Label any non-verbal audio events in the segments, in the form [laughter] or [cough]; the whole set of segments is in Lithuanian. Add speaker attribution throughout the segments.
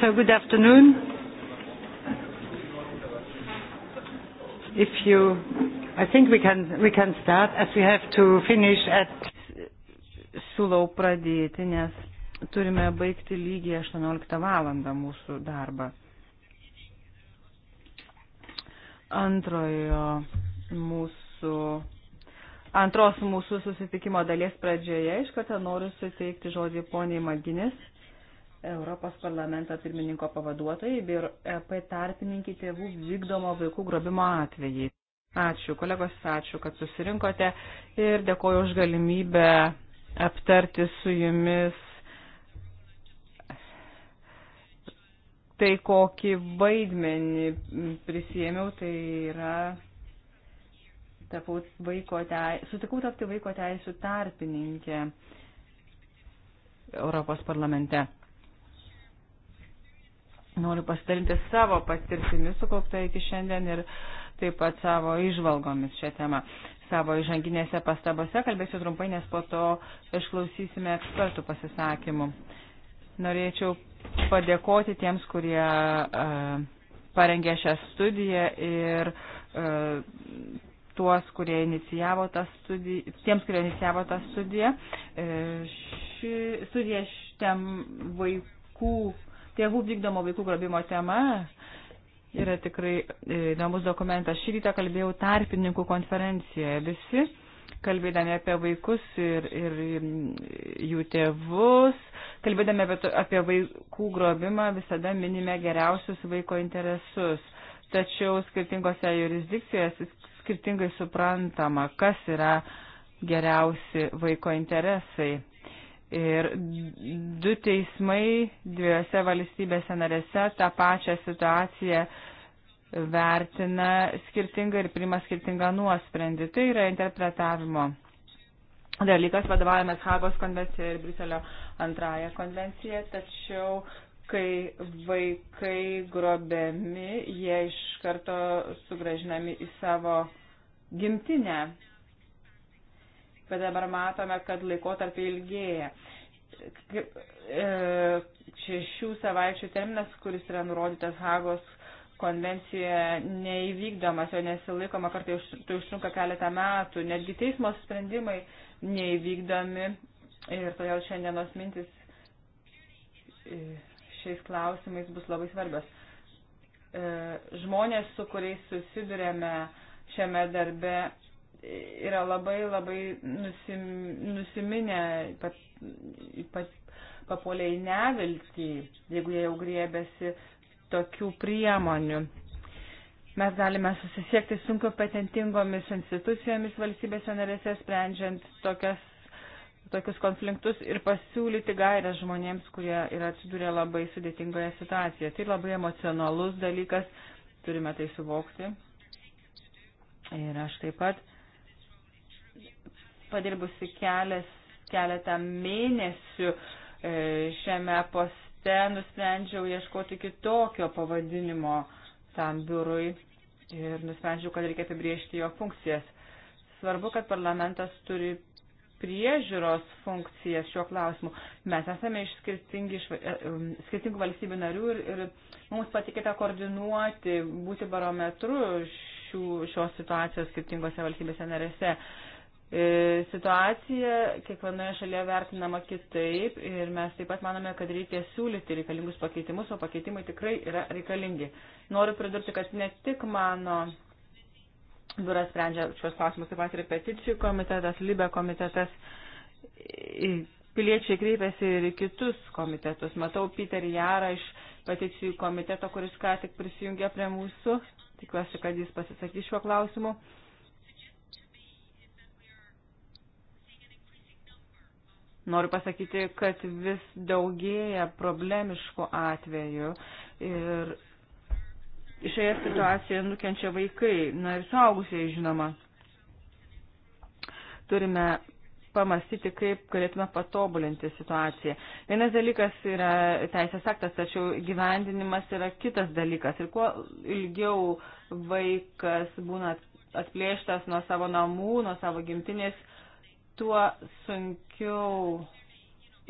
Speaker 1: So good afternoon. If you, I think we can, we can start as we have to finish at. Siūlau pradėti, nes turime baigti lygiai 18 valandą mūsų
Speaker 2: darbą. Antrojo mūsų antros mūsų susitikimo dalies pradžioje iš karto noriu suteikti žodį poniai Maginis, Europos parlamento pirmininko pavaduotojai ir EP tarpininkai tėvų vykdomo vaikų grobimo atvejai. Ačiū, kolegos, ačiū, kad susirinkote ir dėkoju už galimybę aptarti su jumis tai, kokį vaidmenį prisėmiau, tai yra tapau vaiko teisų, sutikau tapti vaiko teisų tarpininkė Europos parlamente. Noriu pasidalinti savo patirtimi sukauptą iki šiandien ir taip pat savo išvalgomis šią temą. Savo įžanginėse pastabose kalbėsiu trumpai, nes po to išklausysime ekspertų pasisakymų. Norėčiau padėkoti tiems, kurie uh, parengė šią studiją ir uh, tuos, kurie inicijavo tą studiją, tiems, kurie inicijavo tą studiją. E, ši studija šitam vaikų, tėvų vykdomo vaikų grobimo tema yra tikrai e, įdomus dokumentas. Šį rytą kalbėjau tarpininkų konferencijoje. Visi kalbėdami apie vaikus ir, ir jų tėvus, kalbėdami apie, apie vaikų grobimą, visada minime geriausius vaiko interesus. Tačiau skirtingose jurisdikcijose skirtingai suprantama, kas yra geriausi vaiko interesai. Ir du teismai dviejose valstybėse narėse tą pačią situaciją vertina skirtingai ir prima skirtingą nuosprendį. Tai yra interpretavimo dalykas, vadovavimės Hagos konvencija ir Briuselio antraja konvencija, tačiau kai vaikai grobiami, jie iš karto sugražinami į savo gimtinę. Bet dabar matome, kad laikotarpiai ilgėja. E, šešių savaičių terminas, kuris yra nurodytas Hagos konvencijoje, neįvykdomas, jo nesilaikoma, kartai už, tai užtrunka keletą metų, netgi teismo sprendimai neįvykdomi ir todėl šiandienos mintis e, šiais klausimais bus labai svarbios. E, žmonės, su kuriais susidurėme šiame darbe, yra labai labai nusim, nusiminę, pat, pat, papuolė į neviltį, jeigu jie jau griebėsi tokių priemonių. Mes galime susisiekti sunku patentingomis institucijomis valstybėse narėse, sprendžiant tokias tokius konfliktus ir pasiūlyti gairias žmonėms, kurie yra atsidūrę labai sudėtingoje situacijoje. Tai labai emocionalus dalykas, turime tai suvokti. Ir aš taip pat padirbusi kelias, keletą mėnesių e, šiame poste nusprendžiau ieškoti kitokio pavadinimo tam biurui ir nusprendžiau, kad reikia apibriežti jo funkcijas. Svarbu, kad parlamentas turi priežiūros funkcijas šiuo klausimu. Mes esame iš, iš e, e, skirtingų valstybių narių ir, ir mums patikėta koordinuoti, būti barometru šių, šios situacijos skirtingose valstybėse narėse. E, situacija kiekvienoje šalyje vertinama kitaip ir mes taip pat manome, kad reikia siūlyti reikalingus pakeitimus, o pakeitimai tikrai yra reikalingi. Noriu pridurti, kad ne tik mano biuras sprendžia šios klausimus, taip pat ir peticijų komitetas, Libe komitetas. Piliečiai kreipiasi ir į kitus komitetus. Matau Peterį Jarą iš peticijų komiteto, kuris ką tik prisijungė prie mūsų. Tikiuosi, kad jis pasisakys šiuo klausimu. Noriu pasakyti, kad vis daugėja problemiškų atvejų ir šioje situacijoje nukenčia vaikai, na ir suaugusiai žinoma. Turime pamastyti, kaip galėtume patobulinti situaciją. Vienas dalykas yra teisės aktas, tačiau gyvendinimas yra kitas dalykas. Ir kuo ilgiau vaikas būna atplėštas nuo savo namų, nuo savo gimtinės, tuo sunkiau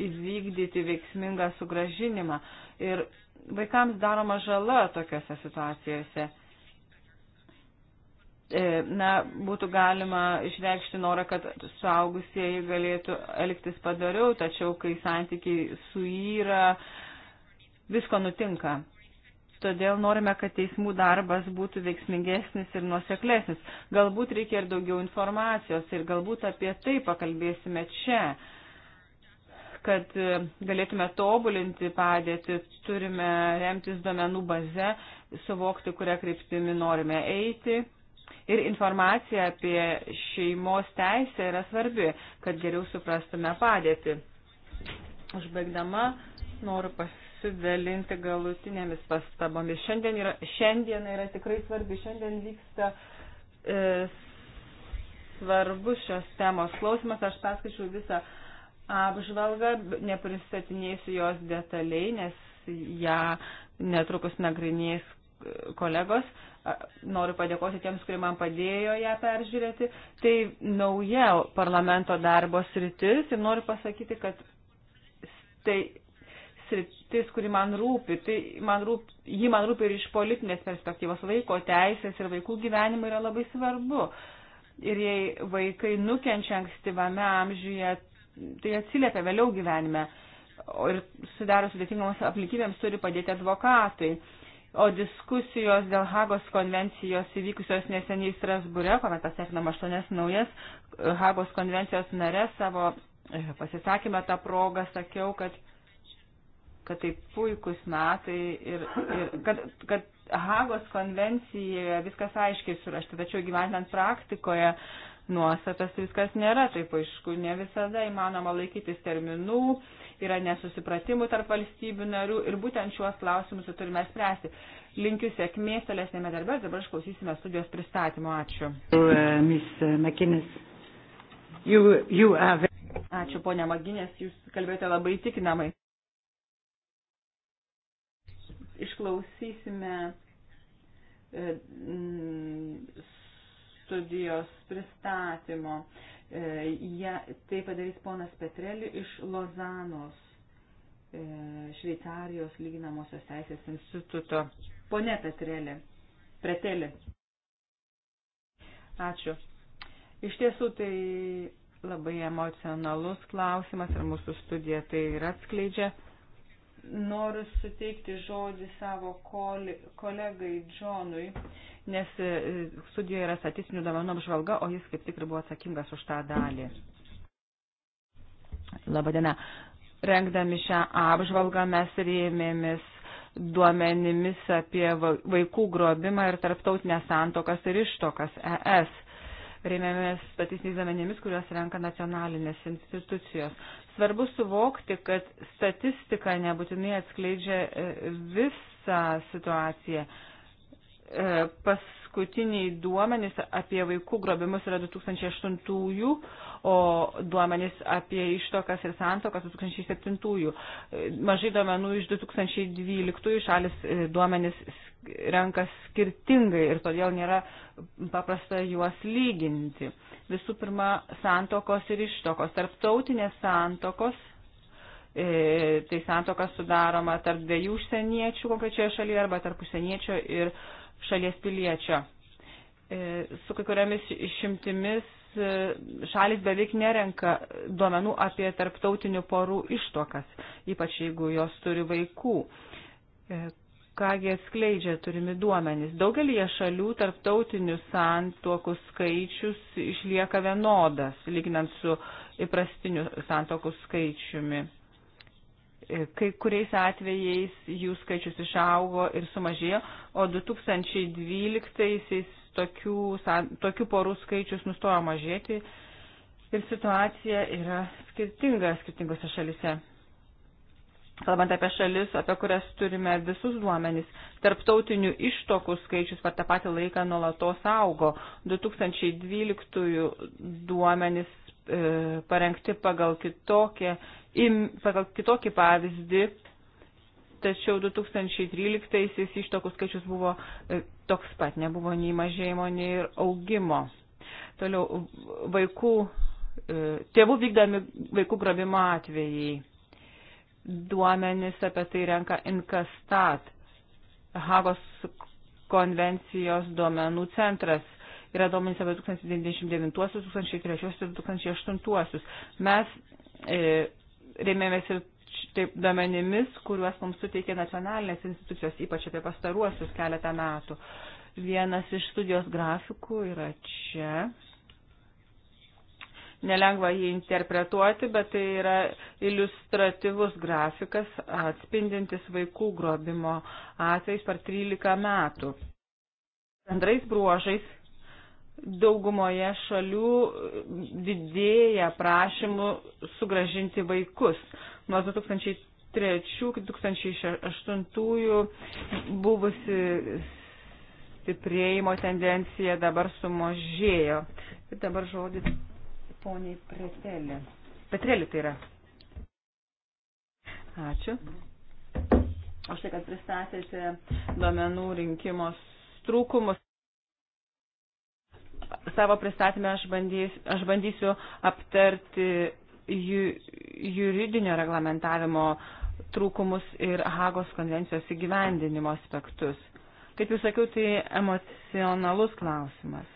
Speaker 2: įvykdyti veiksmingą sugražinimą ir vaikams daroma žala tokiuose situacijose. E, na, būtų galima išreikšti norą, kad suaugusieji galėtų elgtis padariau, tačiau kai santykiai suyra, visko nutinka. Todėl norime, kad teismų darbas būtų veiksmingesnis ir nuoseklesnis. Galbūt reikia ir daugiau informacijos ir galbūt apie tai pakalbėsime čia kad e, galėtume tobulinti padėtį, turime remtis duomenų baze, suvokti, kurią kryptimi norime eiti. Ir informacija apie šeimos teisę yra svarbi, kad geriau suprastume padėtį. Užbaigdama, noriu pasidalinti galutinėmis pastabomis. Šiandien yra, šiandien yra tikrai svarbi, šiandien vyksta e, svarbus šios temos klausimas. Aš perskaičiau visą apžvalgą, nepristatinėsiu jos detaliai, nes ją netrukus nagrinės kolegos. Noriu padėkoti tiems, kurie man padėjo ją peržiūrėti. Tai nauja parlamento darbo sritis ir noriu pasakyti, kad tai sritis, kuri man rūpi, tai man rūpi, ji man rūpi ir iš politinės perspektyvos. Vaiko teisės ir vaikų gyvenimai yra labai svarbu. Ir jei vaikai nukenčia ankstyvame amžiuje, tai atsiliepia vėliau gyvenime ir sudarus sudėtingoms aplinkybėms turi padėti advokatai. O diskusijos dėl Hagos konvencijos įvykusios neseniai Strasbūre, kuomet pasiekinam aštuonias naujas e, Hagos konvencijos narės savo e, pasisakymę tą progą sakiau, kad, kad tai puikus metai ir, ir kad, kad Hagos konvencijoje viskas aiškiai surašta, tačiau gyvenant praktikoje uh, nuostatas viskas nėra taip aišku, ne visada įmanoma laikytis terminų, yra nesusipratimų tarp valstybių narių ir būtent šiuos klausimus turime spręsti. Linkiu sėkmės tolesnėme darbe, dabar išklausysime studijos pristatymo. Ačiū.
Speaker 1: Uh,
Speaker 2: Ačiū, ponia Maginės, jūs kalbėjote labai tikinamai. Išklausysime uh, studijos pristatymo. E, ja, tai padarys ponas Petreli iš Lozanos e, Šveicarijos lyginamosios teisės instituto. Pone Petreli, Preteli. Ačiū. Iš tiesų tai labai emocionalus klausimas ir mūsų studija tai ir atskleidžia. Noriu suteikti žodį savo kolegai Džonui, nes e, studijoje yra statistinių duomenų apžvalga, o jis kaip tik ir buvo atsakingas už tą dalį. Labadiena. Rengdami šią apžvalgą mes rėmėmis duomenimis apie vaikų grobimą ir tarptautinę santokas ir ištokas ES. Rėmėmės statistiniais duomenimis, kuriuos renka nacionalinės institucijos. Svarbu suvokti, kad statistika nebūtinai atskleidžia e, visą situaciją. E, paskutiniai duomenys apie vaikų grobimus yra 2008-ųjų, o duomenys apie ištokas ir santokas 2007-ųjų. E, mažai duomenų iš 2012-ųjų šalis duomenys renka skirtingai ir todėl nėra paprasta juos lyginti. Visų pirma, santokos ir ištokos. Tarptautinės santokos, e, tai santoka sudaroma tarp dviejų užsieniečių konkrečioje šalyje arba tarp užsieniečio ir šalies piliečio. E, su kai kuriamis išimtimis e, šalis beveik nerenka duomenų apie tarptautinių porų ištokas, ypač jeigu jos turi vaikų. E, kągi skleidžia turimi duomenys. Daugelį šalių tarptautinių santuokų skaičius išlieka vienodas, lyginant su įprastiniu santokų skaičiumi. E, kai kuriais atvejais jų skaičius išaugo ir sumažėjo, o 2012-aisiais tokių, tokių porų skaičius nustojo mažėti ir situacija yra skirtinga skirtingose šalise kalbant apie šalis, apie kurias turime visus duomenys, tarptautinių ištokų skaičius per tą patį laiką nuolatos augo. 2012 duomenys e, parengti pagal, kitokie, im, pagal kitokį pavyzdį, tačiau 2013 ištokų skaičius buvo e, toks pat, nebuvo nei mažėjimo, nei augimo. Toliau vaikų, e, tėvų vykdami vaikų grabimo atvejai Duomenis apie tai renka Inkastat, Hagos konvencijos duomenų centras. Yra duomenys apie 1999, 2003 ir 2008. Mes e, rėmėmės ir taip duomenimis, kuriuos mums suteikė nacionalinės institucijos, ypač apie pastaruosius keletą metų. Vienas iš studijos grafikų yra čia. Nelengva jį interpretuoti, bet tai yra iliustratyvus grafikas atspindintis vaikų grobimo atvejais per 13 metų. Bendrais bruožais daugumoje šalių didėja prašymų sugražinti vaikus. Nuo 2003-2008 buvusi stiprėjimo tendencija dabar sumažėjo. Ir dabar žodis poniai Pretelė. Petrelė tai yra. Ačiū. O štai, kad pristatėte duomenų rinkimos trūkumus. Savo pristatymę aš, bandys, aš bandysiu aptarti ju, juridinio reglamentavimo trūkumus ir Hagos konvencijos įgyvendinimo aspektus. Kaip jau sakiau, tai emocionalus klausimas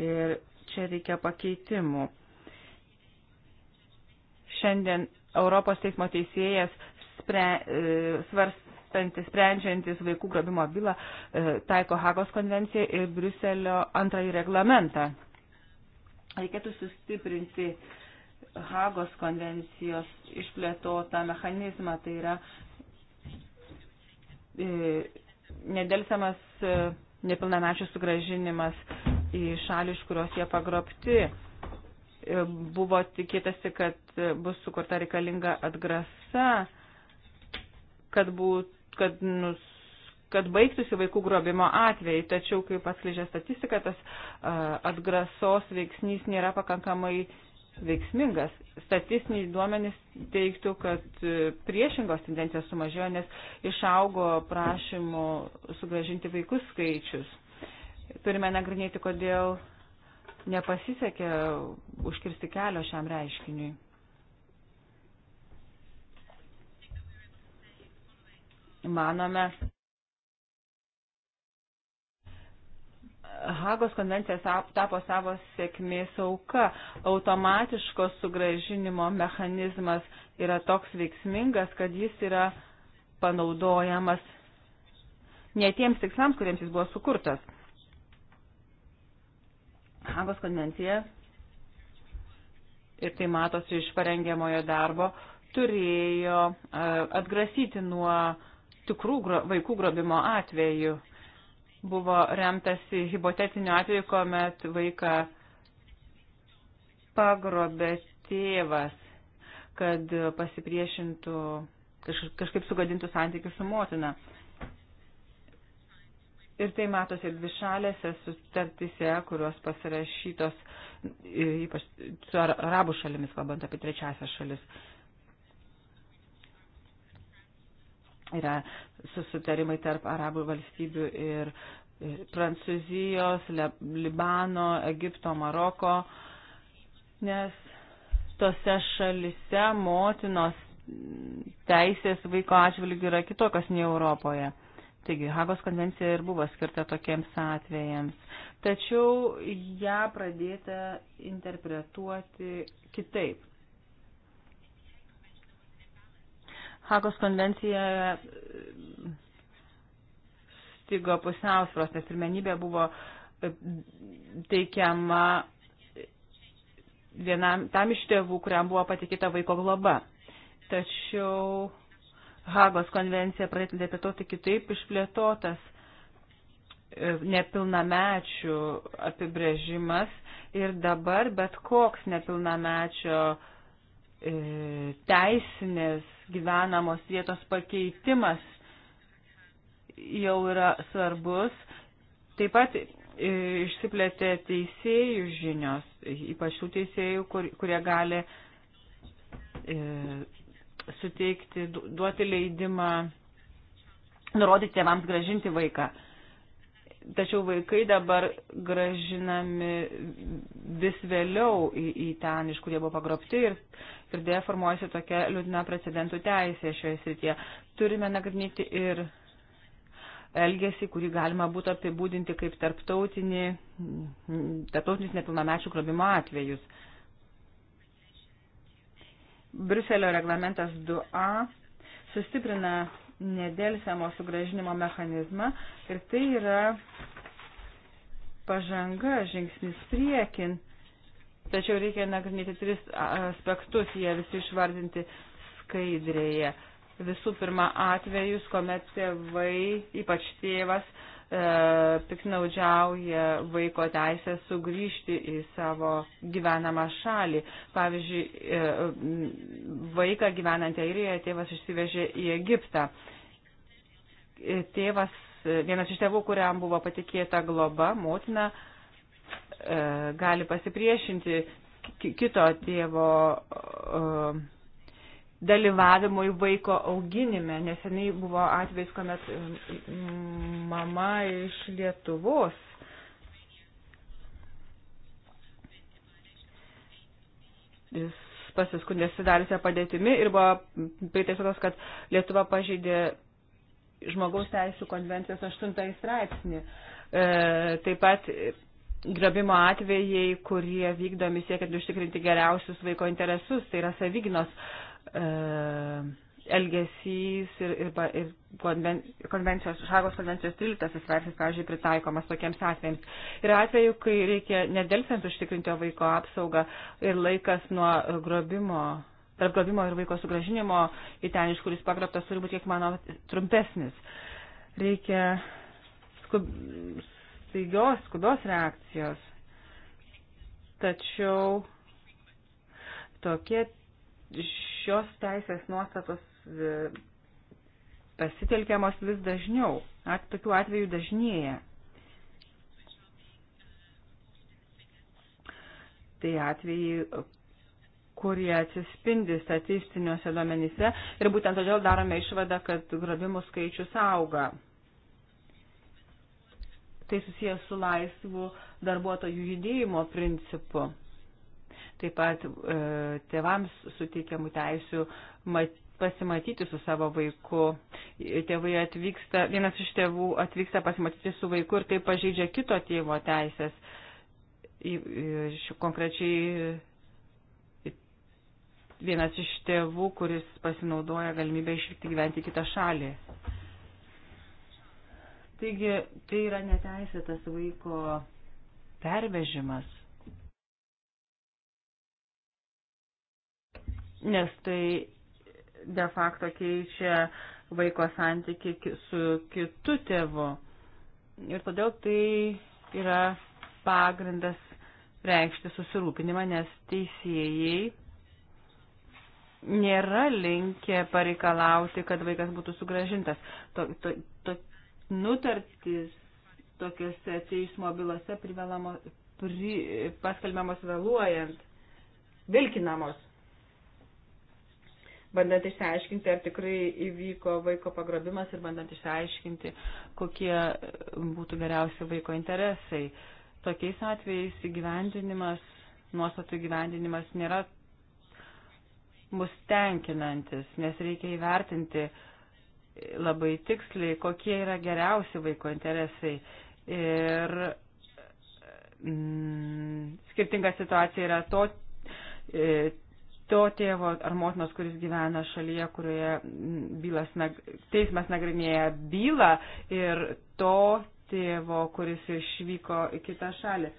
Speaker 2: ir čia reikia pakeitimų. Šiandien Europos teismo teisėjas spre, e, svarstantis, sprendžiantis vaikų grobimo bylą, e, taiko Hagos konvenciją ir Briuselio antrąjį reglamentą. Reikėtų sustiprinti Hagos konvencijos išplėtotą mechanizmą, tai yra e, nedelsiamas nepilnamečių sugražinimas į šalį, iš kurios jie pagrobti. Buvo tikėtasi, kad bus sukurta reikalinga atgrasa, kad, būt, kad, nus, kad baigtųsi vaikų grobimo atvejai. Tačiau, kaip atskleidžia statistika, tas atgrasos veiksnys nėra pakankamai veiksmingas. Statistiniai duomenys teiktų, kad e, priešingos tendencijos sumažėjo, nes išaugo prašymų sugražinti vaikus skaičius. Turime nagrinėti, kodėl nepasisekė užkirsti kelio šiam reiškiniui. Manome, Hagos konvencija tapo savo sėkmės auka. Automatiško sugražinimo mechanizmas yra toks veiksmingas, kad jis yra panaudojamas ne tiems tikslams, kuriems jis buvo sukurtas. Hagos konvencija, ir tai matosi iš parengiamojo darbo, turėjo e, atgrasyti nuo tikrų vaikų grobimo atvejų. Buvo remtasi hipotetiniu atveju, kuomet vaiką pagrobė tėvas, kad pasipriešintų, kažkaip sugadintų santykių su motina. Ir tai matosi ir dvišalėse sutartise, kurios pasirašytos ypač su arabų šalimis, kalbant apie trečiasias šalis. Yra susitarimai tarp arabų valstybių ir Prancūzijos, Libano, Egipto, Maroko, nes tose šalise motinos teisės vaiko atžvilgių yra kitokios nei Europoje. Taigi, Hagos konvencija ir buvo skirta tokiems atvejams. Tačiau ją pradėta interpretuoti kitaip. Hagos konvencija e, stigo pusiausvros, nes pirmenybė buvo e, teikiama vienam tam iš tėvų, kuriam buvo patikėta vaiko globa. Tačiau Hagos konvenciją pradėti interpretuoti kitaip išplėtotas e, nepilnamečių apibrėžimas ir dabar bet koks nepilnamečio e, teisinės gyvenamos vietos pakeitimas jau yra svarbus. Taip pat e, išsiplėtė teisėjų žinios, ypač tų teisėjų, kur, kurie gali suteikti, duoti leidimą, nurodyti tėvams gražinti vaiką. Tačiau vaikai dabar gražinami vis vėliau į, į ten, iš kur jie buvo pagrobti ir, ir dėja formuojasi tokia liūdna precedentų teisė šioje srityje. Turime nagrinėti ir elgesį, kurį galima būtų apibūdinti kaip tarptautinį, tarptautinis nepilnamečių grobimo atvejus. Uh, Briuselio reglamentas 2A sustiprina nedėlsiamo sugražinimo mechanizmą ir tai yra pažanga, žingsnis priekin. Tačiau reikia nagrinėti tris aspektus, jie visi išvardinti skaidrėje. Visų pirma, atvejus, kuomet tėvai, ypač tėvas, E, piknaudžiauja vaiko teisę sugrįžti į savo gyvenamą šalį. Pavyzdžiui, e, vaiką gyvenantį Airijoje tėvas išsivežė į Egiptą. E, tėvas, vienas iš tėvų, kuriam buvo patikėta globa, motina, gali pasipriešinti kito tėvo dalyvavimui vaiko auginime. Neseniai buvo atvejs, kuomet mm, mama iš Lietuvos pasiskundė sudariusią padėtimi ir buvo priteisotas, kad Lietuva pažeidė žmogaus teisų konvencijos 8 straipsnį. E, taip pat grabimo atvejai, kurie vykdomi siekiant užtikrinti geriausius vaiko interesus, tai yra savyginos E, elgesys ir, ir, ir konvencijos, Šagos konvencijos 13 straipsnis, pavyzdžiui, pritaikomas tokiems atvejams. Yra atveju, kai reikia nedelsiant užtikrinti vaiko apsaugą ir laikas nuo grobimo, tarp grobimo ir vaiko sugražinimo į ten, iš kuris pagrobtas, turi būti, kiek mano, trumpesnis. Reikia skub, staigios, skubios reakcijos. Tačiau tokie šios teisės nuostatos e, pasitelkiamos vis dažniau, at, tokių atvejų dažnėja. Tai atvejai, kurie atsispindi statistiniuose duomenyse ir būtent todėl darome išvadą, kad grobimų skaičius auga. Tai susijęs su laisvu darbuotojų judėjimo principu taip pat e, tėvams suteikiamų teisių mat, pasimatyti su savo vaiku. E, tėvai atvyksta, vienas iš tėvų atvyksta pasimatyti su vaiku ir tai pažeidžia kito tėvo teisės. E, I, i, konkrečiai e, vienas iš tėvų, kuris pasinaudoja galimybę išvykti gyventi kitą šalį. Taigi tai yra neteisėtas vaiko pervežimas. nes tai de facto keičia vaiko santyki su kitu tėvu. Ir todėl tai yra pagrindas reikšti susirūpinimą, nes teisėjai nėra linkę pareikalauti, kad vaikas būtų sugražintas. To, to, to, nutartis tokiuose teismo bylose privalamo, pri, paskelbiamos vėluojant, vilkinamos bandant išsiaiškinti, ar tikrai įvyko vaiko pagrobimas ir bandant išsiaiškinti, kokie būtų geriausi vaiko interesai. Tokiais atvejais įgyvendinimas, nuostatų įgyvendinimas nėra mus tenkinantis, nes reikia įvertinti labai tiksliai, kokie yra geriausi vaiko interesai. Ir mm, skirtinga situacija yra to. E, to tėvo ar motinos, kuris gyvena šalyje, kurioje mm, bylas, teismas nagrinėja bylą ir to tėvo, kuris išvyko į kitą šalį.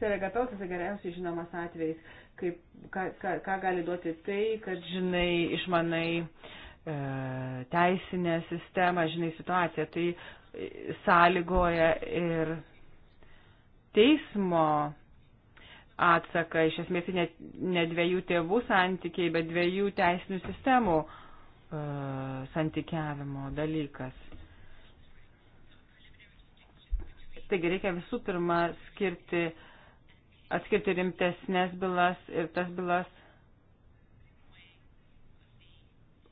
Speaker 2: Seregatosas geriausiai žinomas atvejais, kaip, ką, ką, ką gali duoti tai, kad žinai, išmanai e, teisinę sistemą, žinai situaciją, tai sąlygoja ir teismo atsaką. Iš esmės tai ne, ne dviejų tėvų santykiai, bet dviejų teisinių sistemų e, santykiavimo dalykas. Taigi reikia visų pirma skirti, atskirti rimtesnės bylas ir tas bylas,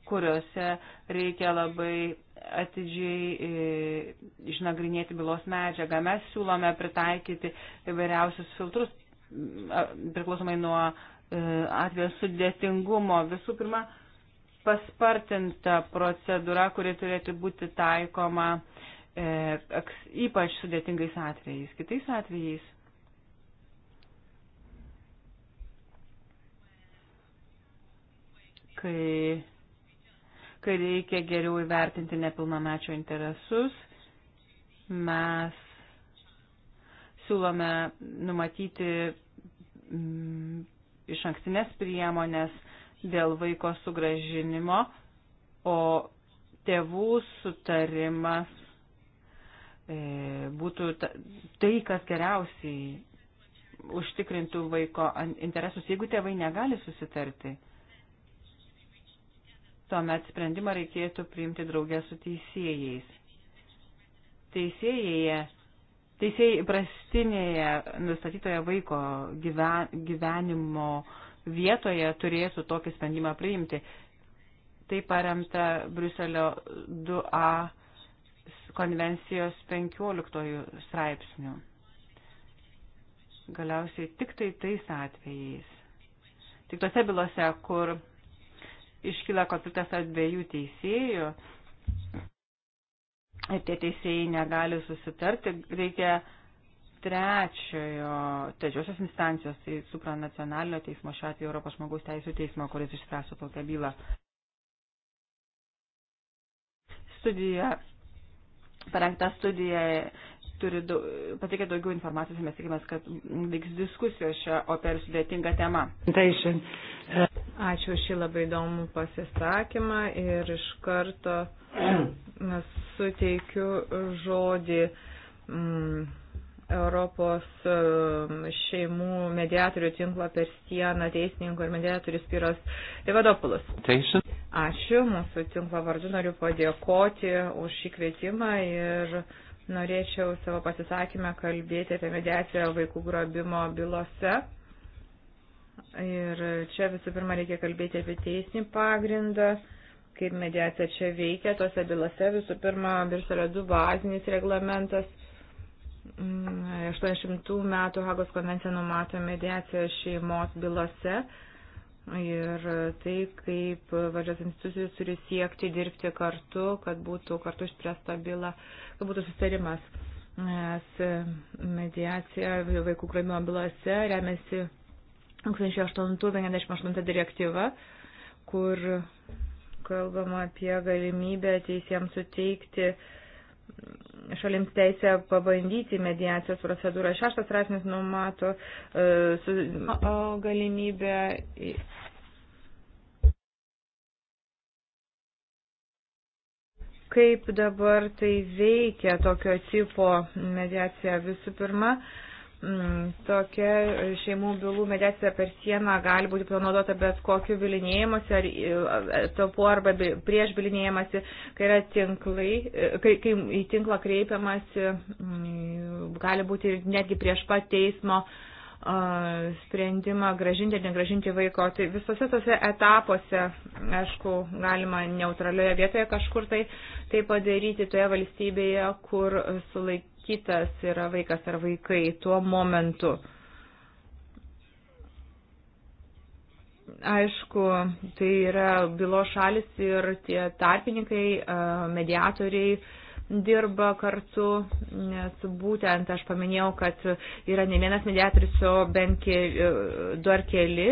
Speaker 2: kuriuose reikia labai atidžiai e, išnagrinėti bylos medžiagą. Mes siūlome pritaikyti įvairiausius filtrus, priklausomai nuo e, atvejo sudėtingumo. Visų pirma, paspartinta procedūra, kuri turėtų būti taikoma e, ypač sudėtingais atvejais. Kitais atvejais kai, kai reikia geriau įvertinti nepilnamečio interesus, mes siūlome numatyti mm, iš ankstinės priemonės dėl vaiko sugražinimo, o tėvų sutarimas e, būtų ta, tai, kas geriausiai užtikrintų vaiko interesus. Jeigu tėvai negali susitarti, tuomet sprendimą reikėtų priimti draugę su teisėjais. Teisėjai Teisėjai įprastinėje nustatytoje vaiko gyvenimo vietoje turėtų tokį sprendimą priimti. Tai paremta Bruselio 2A konvencijos 15 straipsnių. Galiausiai tik tai tais atvejais. Tik tose bylose, kur iškyla konfliktas tarp dviejų teisėjų, tie teisėjai negali susitarti, reikia trečiojo, trečiosios instancijos, tai supranacionalinio teismo, šiuo atveju Europos žmogaus teisų teismo, kuris išspręstų tokią bylą. Studija, parengta studija turi daug, pateikę daugiau informacijos ir mes tikimės, kad vyks diskusijos šią oper sudėtingą temą.
Speaker 3: Ačiū šį labai įdomų pasisakymą ir iš karto suteikiu žodį mm, Europos mm, šeimų mediatorių tinklo per sieną teisininkų ir mediatorius Piros Ivadopulas. Ačiū, mūsų tinklo vardu noriu padėkoti už šį kvietimą ir Norėčiau savo pasisakymę kalbėti apie mediaciją vaikų grobimo bylose. Ir čia visų pirma reikia kalbėti apie teisinį pagrindą, kaip mediacija čia veikia tose bylose. Visų pirma, Biršalio 2 bazinis reglamentas 80 mm, metų Hagos konvencija numato mediaciją šeimos bylose ir tai, kaip valdžios institucijos turi siekti dirbti kartu, kad būtų kartu išspręsta byla, kad būtų susitarimas. Nes mediacija vaikų kraimimo bylose remiasi 2008-58 direktyva, kur kalbama apie galimybę teisėms suteikti uh, šalims teisę pabandyti mediacijos procedūrą. Šeštas straipsnis numato e, su, galimybę kaip dabar tai veikia tokio tipo mediacija. Visų pirma, Mm, tokia šeimų bylų mediacija per sieną gali būti panaudota bet kokiu bilinėjimuose ar etapu arba prieš bilinėjimąsi, kai yra tinklai, e, kai, kai į tinklą kreipiamasi, mm, gali būti ir netgi prieš pat teismo sprendimą gražinti ar negražinti vaiko. Tai visose tose etapuose, aišku, galima neutralioje vietoje kažkur tai, tai padaryti toje valstybėje, kur sulaik, kitas yra vaikas ar vaikai tuo momentu. Aišku, tai yra bylo šalis ir tie tarpininkai, mediatoriai dirba kartu, nes būtent aš paminėjau, kad yra ne vienas mediatorius, o bent ke, e, du ar keli,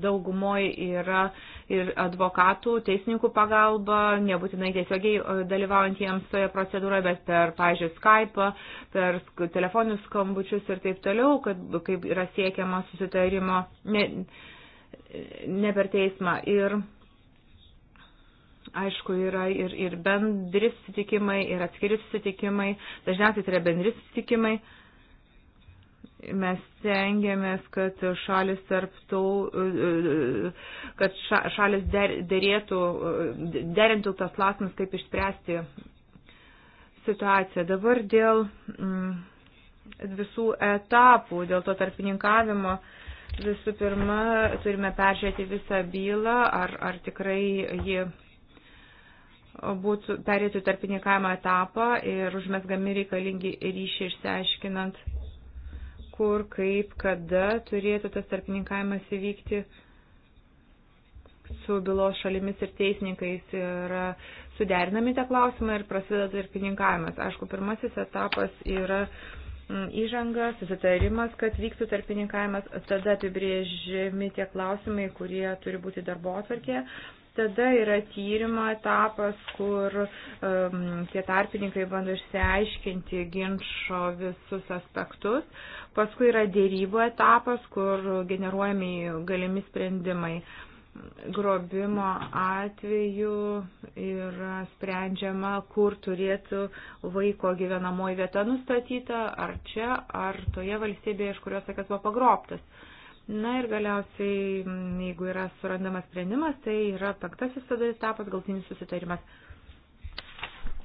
Speaker 3: daugumoje yra ir advokatų, teisininkų pagalba, nebūtinai tiesiogiai e, dalyvaujant jiems toje procedūroje, bet per, pažiūrėjau, Skype, per telefoninius skambučius ir taip toliau, kad kaip yra siekiama susitarimo ne, ne per teismą. Ir aišku, yra ir, ir bendri susitikimai, ir atskiri susitikimai, dažniausiai tai yra bendri susitikimai. Uh, mes stengiamės, kad šalis tarptau, kad šalis derėtų, derintų tas klausimas, kaip išspręsti situaciją. Dabar dėl mm, visų etapų, dėl to tarpininkavimo. Visų pirma, turime peržiūrėti visą bylą, ar, ar tikrai ji būtų perėtų tarpininkavimo etapą ir užmesgami reikalingi ryšiai išsiaiškinant kur, kaip, kada turėtų tas tarpininkavimas įvykti su bylos šalimis ir teisininkais yra e, suderinami tie klausimai ir prasideda tarpininkavimas. Aišku, pirmasis etapas yra mm, įžanga, susitarimas, kad vyktų tarpininkavimas, tada apibrėžiami tie klausimai, kurie turi būti darbo atvarkė, Tada yra tyrimo etapas, kur um, tie tarpininkai bando išsiaiškinti ginčio visus aspektus. Paskui yra dėrybo etapas, kur generuojami galimi sprendimai. Grobimo atveju yra sprendžiama, kur turėtų vaiko gyvenamoji vieta nustatyta, ar čia, ar toje valstybėje, iš kurios vaikas buvo pagrobtas Na ir galiausiai, jeigu yra surandamas sprendimas, tai yra penktasis tada etapas, galtinis susitarimas.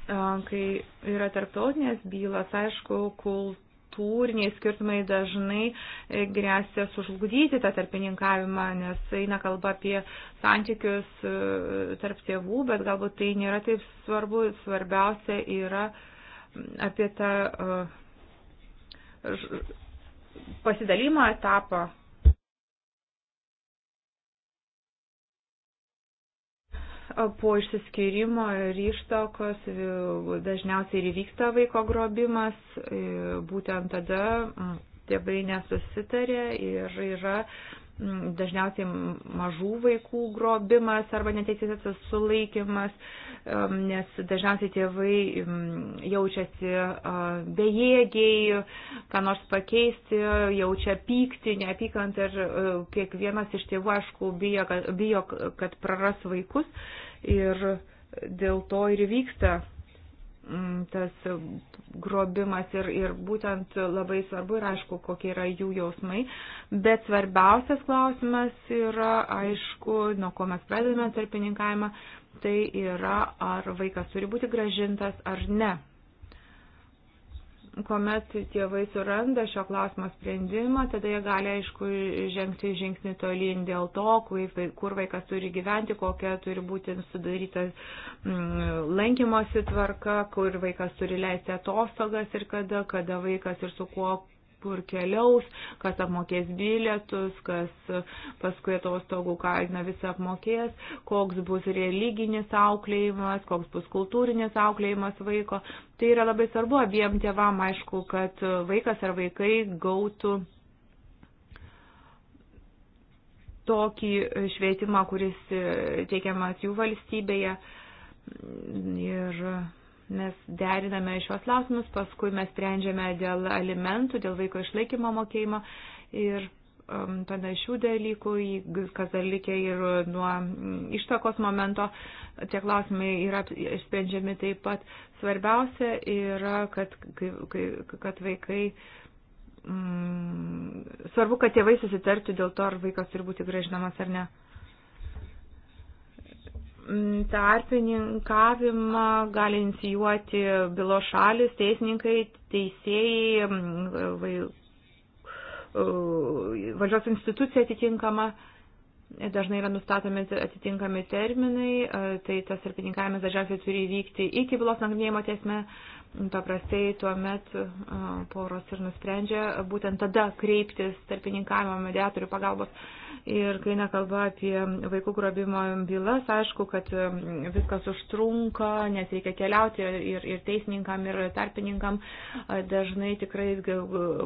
Speaker 3: Kai yra tarptautinės bylos, aišku, kult kultūriniai skirtumai dažnai e, grėsia sužlugdyti tą tarpininkavimą, nes eina kalba apie santykius e, tarp tėvų, bet galbūt tai nėra taip svarbu. Svarbiausia yra apie tą e, pasidalymą etapą po išsiskirimo ir ištakos dažniausiai ir įvyksta vaiko grobimas, būtent tada tėvai nesusitarė ir yra dažniausiai mažų vaikų grobimas arba neteisėtas sulaikimas, um, nes dažniausiai tėvai um, jaučiasi uh, bejėgiai, ką nors pakeisti, jaučia pyktį, neapykant ir uh, kiekvienas iš tėvų, aišku, bijo, kad, bijo, kad praras vaikus ir dėl to ir vyksta Mm, tas grobimas ir, ir būtent labai svarbu ir aišku, kokie yra jų jausmai. Bet svarbiausias klausimas yra, aišku, nuo ko mes pradedame tarpininkavimą, tai yra, ar vaikas turi būti gražintas ar ne kuomet tėvai suranda šio klausimo sprendimą, tada jie gali, aišku, žengti žingsnį tolyn dėl to, kur vaikas turi gyventi, kokia turi būti sudaryta mm, lankymosi tvarka, kur vaikas turi leisti atostogas ir kada, kada vaikas ir su kuo kur keliaus, kas apmokės bilietus, kas paskui atostogų kainą visą apmokės, koks bus religinis auklėjimas, koks bus kultūrinis auklėjimas vaiko. Tai yra labai svarbu abiem tėvam, aišku, kad vaikas ar vaikai gautų tokį švietimą, kuris teikiamas jų valstybėje. Ir Mes deriname šios klausimus, paskui mes sprendžiame dėl alimentų, dėl vaiko išlaikymo mokėjimo ir um, panašių dalykų, kas dar likė ir nuo mm, ištakos momento. Tie klausimai yra sprendžiami taip pat. Svarbiausia yra, kad, kad vaikai. Mm, svarbu, kad tėvai susitartų dėl to, ar vaikas turi būti gražinamas ar ne. Mm, tarpininkavimą gali inicijuoti bylo šalis, teisininkai, teisėjai, mm, vai, valdžios institucija atitinkama. Dažnai yra nustatomi atitinkami terminai, e, tai tas tarpininkavimas dažniausiai turi vykti iki bylos nagrinėjimo teisme. Paprastai tuo metu e, poros ir nusprendžia būtent tada kreiptis tarpininkavimo mediatorių pagalbos Ir kai nekalba apie vaikų grobimo bylas, aišku, kad um, viskas užtrunka, nes reikia keliauti ir, ir teisininkam, ir tarpininkam. Dažnai tikrai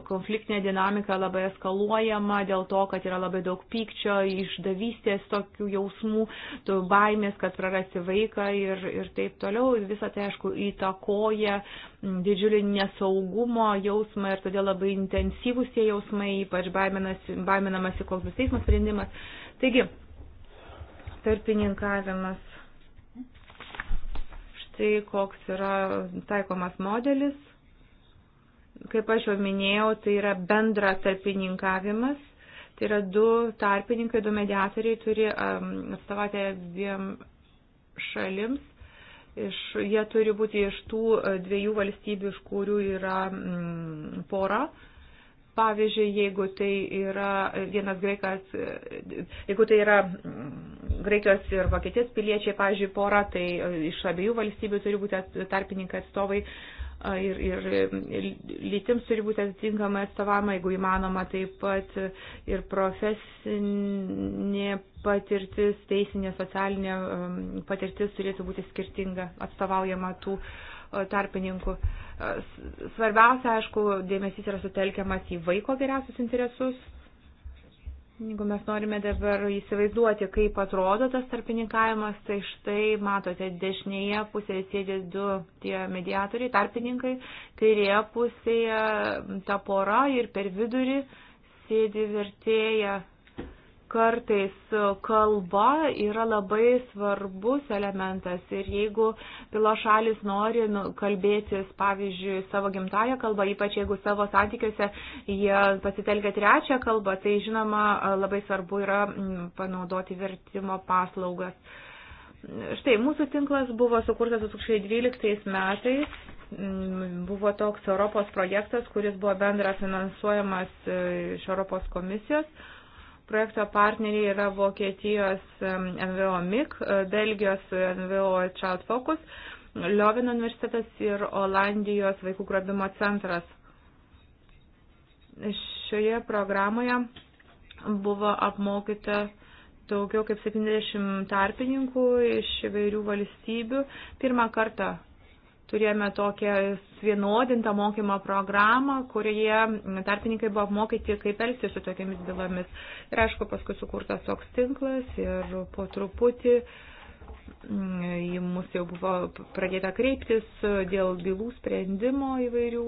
Speaker 3: konfliktinė dinamika labai eskaluojama dėl to, kad yra labai daug pykčio, išdavystės tokių jausmų, to baimės, kad prarasi vaiką ir, ir taip toliau. Visą tai, aišku, įtakoja didžiulį nesaugumo jausmą ir todėl labai intensyvūs tie jausmai, ypač baiminamasi, koks bus teismo sprendimas. Taigi, tarpininkavimas. Štai koks yra taikomas modelis. Kaip aš jau minėjau, tai yra bendra tarpininkavimas. Tai yra du tarpininkai, du mediatoriai turi um, atstovauti abiem šalims Iš, jie turi būti iš tų e, dviejų valstybių, iš kurių yra mm, pora. Pavyzdžiui, jeigu tai yra e, vienas graikas, e, jeigu tai yra mm, Graikijos ir Vokietijos piliečiai, pavyzdžiui, pora, tai iš abiejų valstybių turi būti tarpininkai atstovai. Uh, ir, ir lytims turi būti atitinkamai atstovama, jeigu įmanoma, taip pat ir profesinė patirtis, teisinė, socialinė um, patirtis turėtų būti skirtinga, atstovaujama tų tarpininkų. Svarbiausia, aišku, dėmesys yra sutelkiamas į vaiko geriausius interesus, Jeigu mes norime dabar įsivaizduoti, kaip atrodo tas tarpininkavimas, tai štai matote, dešinėje pusėje sėdė du tie mediatoriai, tarpininkai, kairėje pusėje ta pora ir per vidurį sėdi vertėja kartais kalba yra labai svarbus elementas ir jeigu pilo šalis nori nu, kalbėtis, pavyzdžiui, savo gimtają kalbą, ypač jeigu savo santykiuose jie pasitelkia trečią kalbą, tai žinoma labai svarbu yra mm, panaudoti vertimo paslaugas. Štai, mūsų tinklas buvo sukurtas 2012 metais mm, buvo toks Europos projektas, kuris buvo bendra finansuojamas e, iš Europos komisijos. Projekto partneriai yra Vokietijos NVO MIG, e, Belgijos NVO Child Focus, Liovino universitetas ir Olandijos vaikų grobimo centras. Šioje programoje buvo apmokyta daugiau kaip 70 tarpininkų iš įvairių valstybių. Pirmą kartą turėjome tokią vienodintą mokymo programą, kurioje tarpininkai buvo apmokyti, kaip elgtis su tokiamis bylomis. Ir aišku, paskui sukurtas toks tinklas ir po truputį mm, į mus jau buvo pradėta kreiptis dėl bylų sprendimo įvairių,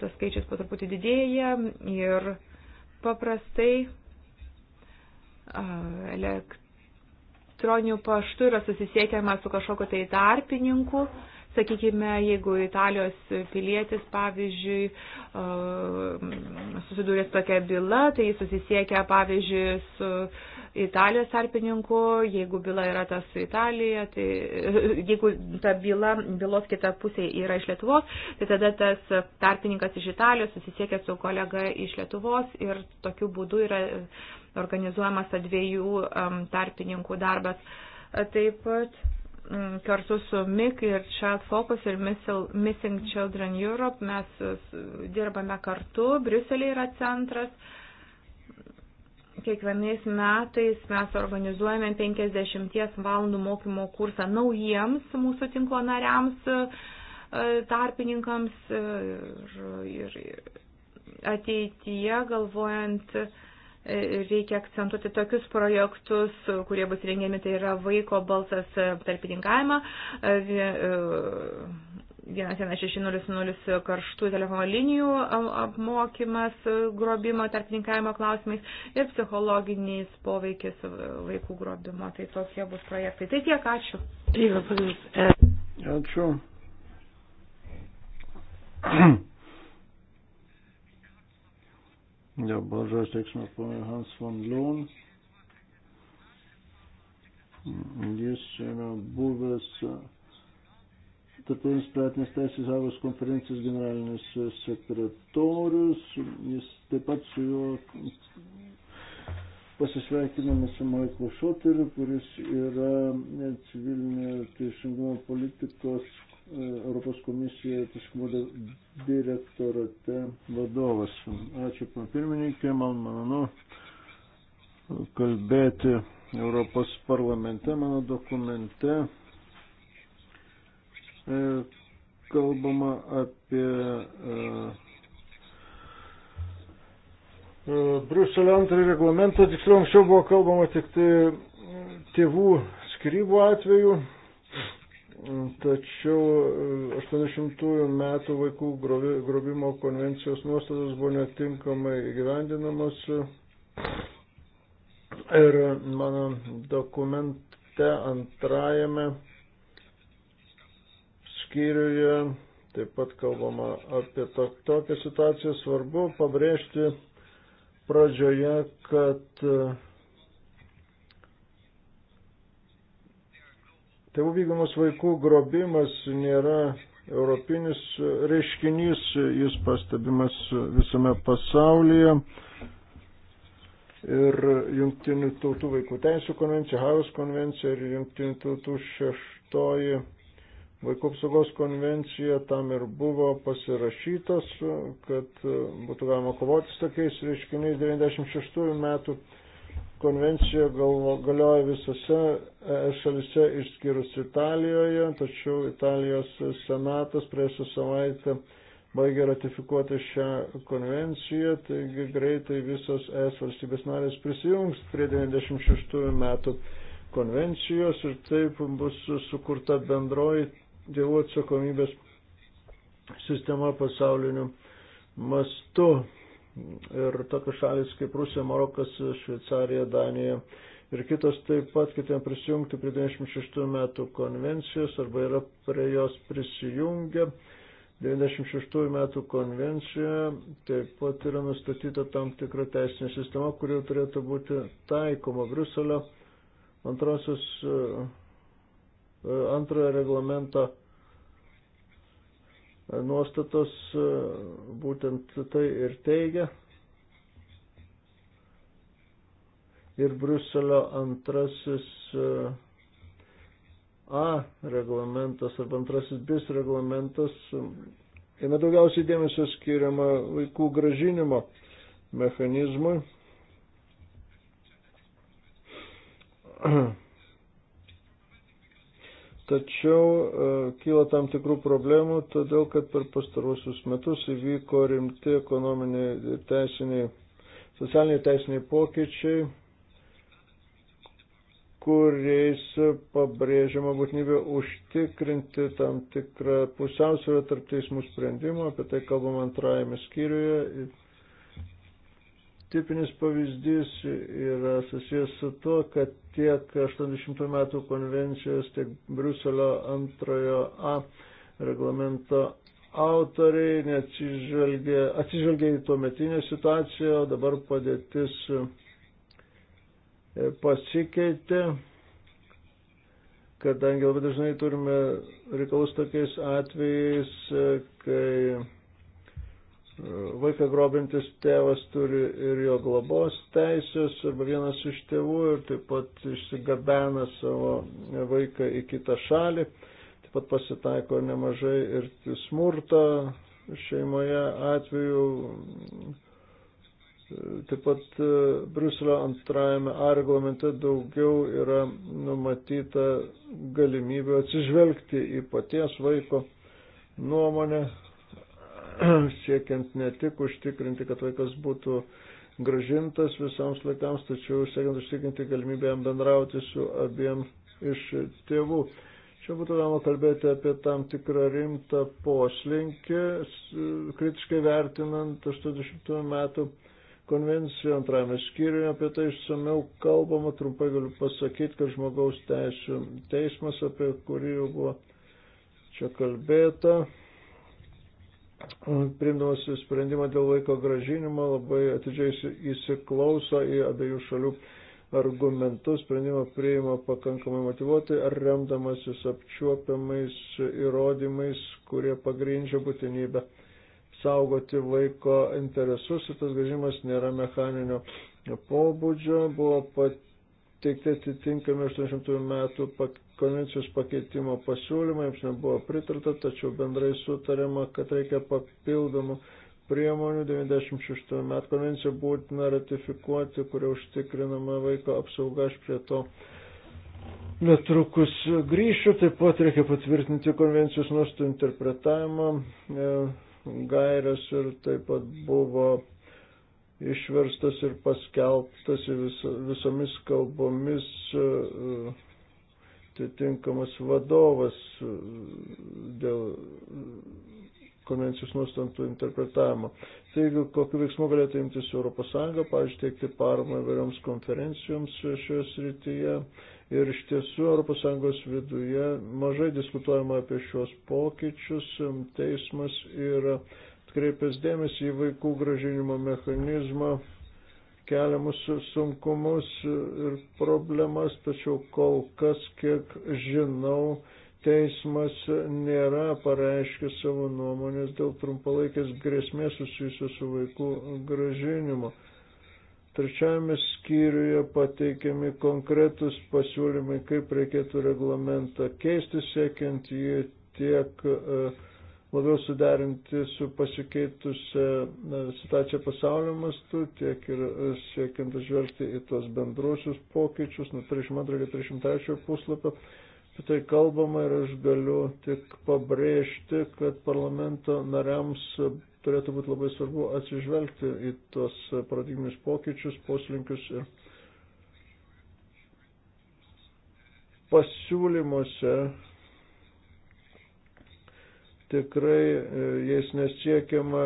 Speaker 3: tas skaičius po truputį didėja ir paprastai elektroniniu paštu yra susisiekiama su kažkokiu tai tarpininku sakykime, jeigu Italijos pilietis, pavyzdžiui, susidūrė su tokia byla, tai jis susisiekia, pavyzdžiui, su Italijos tarpininku, jeigu byla yra ta su Italija, tai [laughs] jeigu ta byla, bylos kita pusė yra iš Lietuvos, tai tada tas tarpininkas iš Italijos susisiekia su kolega iš Lietuvos ir tokiu būdu yra organizuojamas dviejų tarpininkų darbas. Taip pat Mm, kartu su MIC ir Child Focus ir Missing Children Europe mes e, dirbame kartu, Briuselė yra centras. Kiekvienais metais mes organizuojame 50 valandų mokymo kursą naujiems mūsų tinklo nariams, e, tarpininkams e, ir, ir ateityje galvojant reikia akcentuoti tokius projektus, kurie bus rengiami, tai yra vaiko balsas e, tarpininkavimą. 1600 e, e, karštų telefono linijų apmokymas grobimo tarpininkavimo klausimais ir psichologiniais poveikis vaikų grobimo. Tai tokie bus projektai. Tai tiek,
Speaker 1: ačiū.
Speaker 4: Ačiū. [clears throat] Dabar žodžiu teiksime ponui Hans van Loon. Jis yra buvęs uh, Tarptautinės pratinės teisės agos konferencijos generalinis uh, sekretorius. Jis taip pat su juo pasisveikiname su Maiklu Šoteriu, kuris yra civilinio teisingumo politikos Europos komisija tiesiog direktorate vadovas. Ačiū, pirmininkė, man malonu kalbėti Europos parlamente, mano dokumente. E, kalbama apie e, e, Bruselio antrąjį reglamentą, tiksliau anksčiau buvo kalbama tik tai tėvų skrybų atveju, Tačiau 80-ųjų e, metų vaikų grobimo konvencijos nuostatos buvo netinkamai gyvendinamos. Ir mano dokumente antrajame skyriuje taip pat kalbama apie to, tokią situaciją. Svarbu pabrėžti pradžioje, kad uh, Tėvų vykdomas vaikų grobimas nėra europinis reiškinys, jis pastebimas visame pasaulyje. Ir Junktinių tautų vaikų teisų konvencija, Havos konvencija ir Junktinių tautų šeštoji vaikų apsaugos konvencija tam ir buvo pasirašytos, kad būtų galima kovoti su tokiais reiškiniais 96 metų Konvencija galioja visose e šalise išskyrus Italijoje, tačiau Italijos senatas praėjusią savaitę baigė ratifikuoti šią konvenciją, taigi greitai visos ES valstybės narės prisijungs prie 96 metų konvencijos ir taip bus sukurta bendroji dievų atsakomybės sistema pasauliniu mastu ir tokios šalis kaip Rusija, Marokas, Šveicarija, Danija ir kitos taip pat kitiem prisijungti prie 96 metų konvencijos arba yra prie jos prisijungę. 96 metų konvencijoje taip pat yra nustatyta tam tikra teisinė sistema, kuri turėtų būti taikoma Bruselio antrosios e, antrojo reglamento nuostatos e, būtent tai ir teigia. Ir Bruselio antrasis e, A reglamentas arba antrasis bis reglamentas, e, jame daugiausiai dėmesio skiriama vaikų gražinimo mechanizmui. [clears throat] Tačiau e, kyla tam tikrų problemų, todėl kad per pastarosius metus įvyko rimti ekonominiai ir teisiniai, socialiniai teisiniai pokyčiai, kuriais pabrėžiama būtinybė užtikrinti tam tikrą pusiausvyrą tarp teismų sprendimų, apie tai kalbam antrajame skyriuje tipinis pavyzdys yra susijęs su tuo, kad tiek 80 metų konvencijos, tiek Bruselio antrojo A reglamento autoriai neatsižvelgia, atsižvelgia į tuometinę situaciją, dabar padėtis e, pasikeitė, kadangi labai dažnai turime reikalus tokiais atvejais, e, kai Vaiką grobintis tėvas turi ir jo globos teisės arba vienas iš tėvų ir taip pat išsigabena savo vaiką į kitą šalį. Taip pat pasitaiko nemažai ir smurto šeimoje atveju. Taip pat e, Bruselio antrajame A reglamente daugiau yra numatyta galimybė atsižvelgti į paties vaiko nuomonę [clears throat] siekiant ne tik užtikrinti, kad vaikas būtų gražintas visams laikams, tačiau siekiant užtikrinti galimybę jam bendrauti su abiem iš tėvų. Čia būtų galima kalbėti apie tam tikrą rimtą poslinkį, kritiškai vertinant 80 metų konvenciją antrame skyriuje, apie tai išsameu kalbama, trumpai galiu pasakyti, kad žmogaus teisų teismas, apie kurį jau buvo čia kalbėta, primdamas sprendimą dėl vaiko gražinimo, labai atidžiai įsiklauso į abiejų šalių argumentus, sprendimą priima pakankamai motivuotai ar remdamasis apčiuopiamais įrodymais, kurie pagrindžia būtinybę saugoti vaiko interesus ir tas gražimas nėra mechaninio pobūdžio. Buvo pat teikti atitinkami 80 metų konvencijos pakeitimo pasiūlymai, jiems nebuvo pritarta, tačiau bendrai sutarima, kad reikia papildomų priemonių 96 metų konvenciją būtina ratifikuoti, kuria užtikrinama vaiko apsauga, aš prie to netrukus grįšiu, taip pat reikia patvirtinti konvencijos nuostų interpretavimą e, gairias ir taip pat buvo išverstas ir paskelbtas vis, visomis kalbomis e, atitinkamas vadovas e, dėl konvencijos nustantų interpretavimo. Taigi, kokiu veiksmu galėtų imtis ES, pavyzdžiui, teikti paramą įvairioms konferencijoms šioje srityje. Ir iš tiesų ES viduje mažai diskutuojama apie šios pokyčius. Teismas yra. Ir atkreipęs dėmesį į vaikų gražinimo mechanizmą, keliamus sunkumus ir problemas, tačiau kol kas, kiek žinau, teismas nėra pareiškęs savo nuomonės dėl trumpalaikės grėsmės susijusios su vaikų gražinimu. Trečiajame skyriuje pateikiami konkretus pasiūlymai, kaip reikėtų reglamentą keisti, siekiant jį tiek uh, labiau suderinti su pasikeitusią situaciją pasaulio mastu, tiek ir e, siekiant žvelgti į tos bendruosius pokyčius nuo 32-33 puslapio. Apie tai kalbama ir aš galiu tik pabrėžti, kad parlamento nariams turėtų būti labai svarbu atsižvelgti į tos paradigminius pokyčius, poslinkius ir pasiūlymuose tikrai e, jais nesiekiama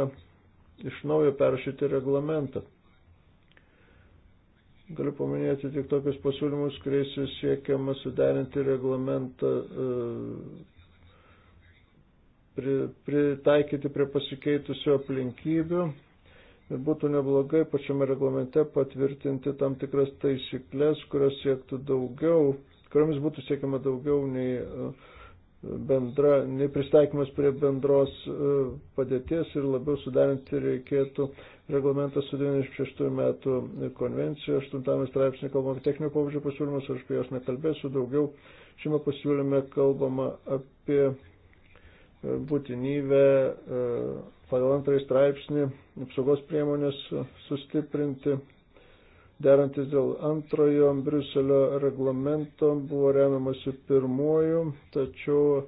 Speaker 4: iš naujo peršyti reglamentą. Galiu paminėti tik tokius pasiūlymus, kuriais siekiama suderinti reglamentą, e, pritaikyti prie pasikeitusių aplinkybių. Ir būtų neblogai pačiame reglamente patvirtinti tam tikras taisyklės, kurios siektų daugiau, kuriomis būtų siekiama daugiau nei uh, bendra, nei pristaikymas prie bendros e, padėties ir labiau sudarinti reikėtų reglamentą su 96 metų konvencija, 8 straipsnė kalbama techninio pobūdžio pasiūlymas, aš apie jos nekalbėsiu daugiau. Šiame pasiūlyme kalbama apie e, būtinybę e, pagal antrąjį straipsnį apsaugos priemonės sustiprinti Derantis dėl antrojo Briuselio reglamento buvo remiamasi pirmuoju, tačiau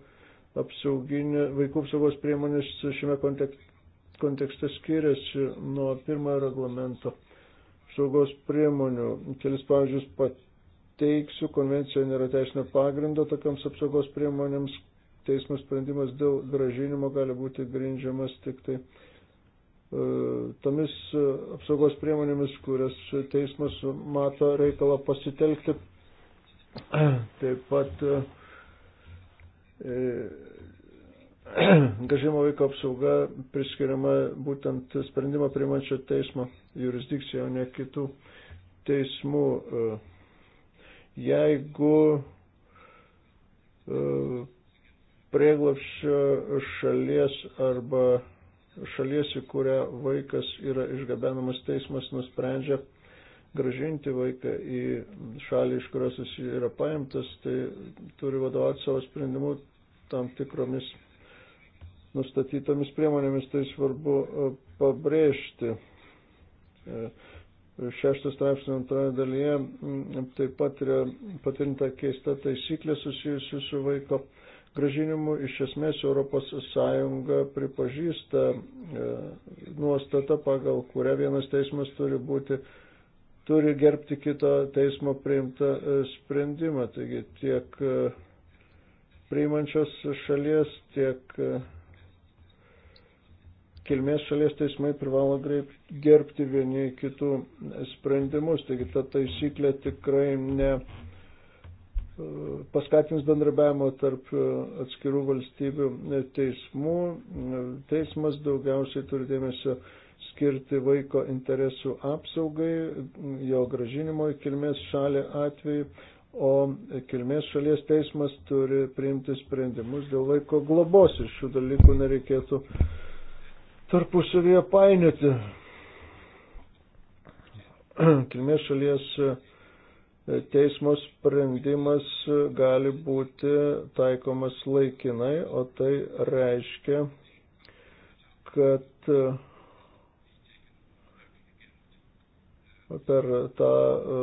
Speaker 4: apsauginė, vaikų apsaugos priemonės šiame kontekste, kontekste skiriasi nuo pirmojo reglamento apsaugos priemonių. Kelis pavyzdžius pateiksiu, konvencija nėra teisinio pagrindo tokiams apsaugos priemonėms, teismo sprendimas dėl gražinimo gali būti grindžiamas tik tai E, tomis e, apsaugos priemonėmis, kurias teismas mato reikalą pasitelkti. [clears throat] Taip pat e, [clears throat] gažimo vaiko apsauga priskiriama būtent sprendimą priimančio teismo jurisdikciją, o ne kitų teismų. Jeigu prieglapščio šalies arba šalies, į kurią vaikas yra išgabenamas, teismas nusprendžia gražinti vaiką į šalį, iš kurios jis yra paimtas, tai turi vadovauti savo sprendimu tam tikromis nustatytomis priemonėmis, tai svarbu e, pabrėžti. E, Šeštas straipsnio antroje dalyje taip pat yra patvirtinta keista taisyklė susijusi su vaiko gražinimu iš esmės ES pripažįsta e, nuostatą, pagal kurią vienas teismas turi būti turi gerbti kito teismo priimtą e, sprendimą. Taigi tiek e, priimančios šalies, tiek kilmės šalies teismai privalo gerbti vieni kitų sprendimus. Taigi ta taisyklė tikrai ne paskatins bendrabiavimo tarp e, atskirų valstybių teismų. Teismas daugiausiai turi dėmesio skirti vaiko interesų apsaugai, jo gražinimo į kilmės šalį atveju, o kilmės šalies teismas turi priimti sprendimus dėl vaiko globos ir šių dalykų nereikėtų tarpusavyje painioti. [clears throat] kilmės šalies teismo sprendimas gali būti taikomas laikinai, o tai reiškia, kad e, per tą e,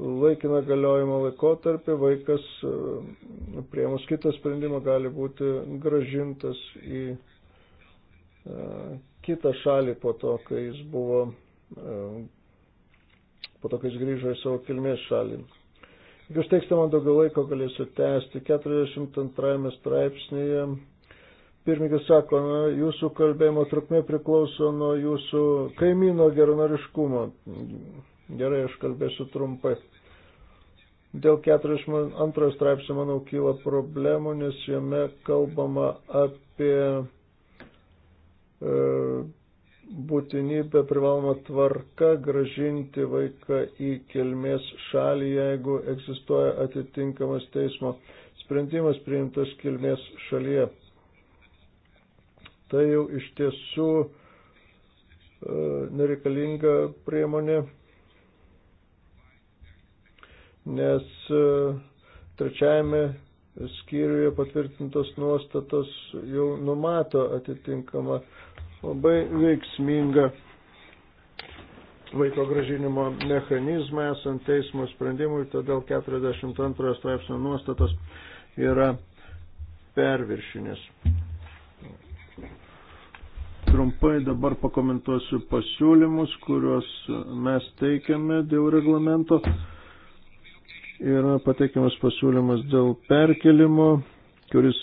Speaker 4: laikiną galiojimo laikotarpį vaikas e, priemus kitą sprendimą gali būti gražintas į kitą šalį po to, kai jis buvo po to, kai jis grįžo į savo kilmės šalį. Jeigu užteiksite man daugiau laiko, galėsiu tęsti. 42 straipsnėje pirmininkas sako, na, jūsų kalbėjimo trukmė priklauso nuo jūsų kaimyno geronoriškumo. Gerai, aš kalbėsiu trumpai. Dėl 42 straipsnio, manau, kyla problemų, nes jame kalbama apie e, būtinybę privaloma tvarka gražinti vaiką į kilmės šalį, jeigu egzistuoja atitinkamas teismo sprendimas priimtas kilmės šalyje. Tai jau iš tiesų e, nereikalinga priemonė, nes e, trečiajame skyriuje patvirtintos nuostatos jau numato atitinkamą labai veiksmingą vaiko gražinimo mechanizmą esant teismo sprendimui, todėl 42 straipsnio nuostatos yra perviršinės. Trumpai dabar pakomentuosiu pasiūlymus, kuriuos mes teikiame dėl reglamento. Yra pateikiamas pasiūlymas dėl perkelimo kuris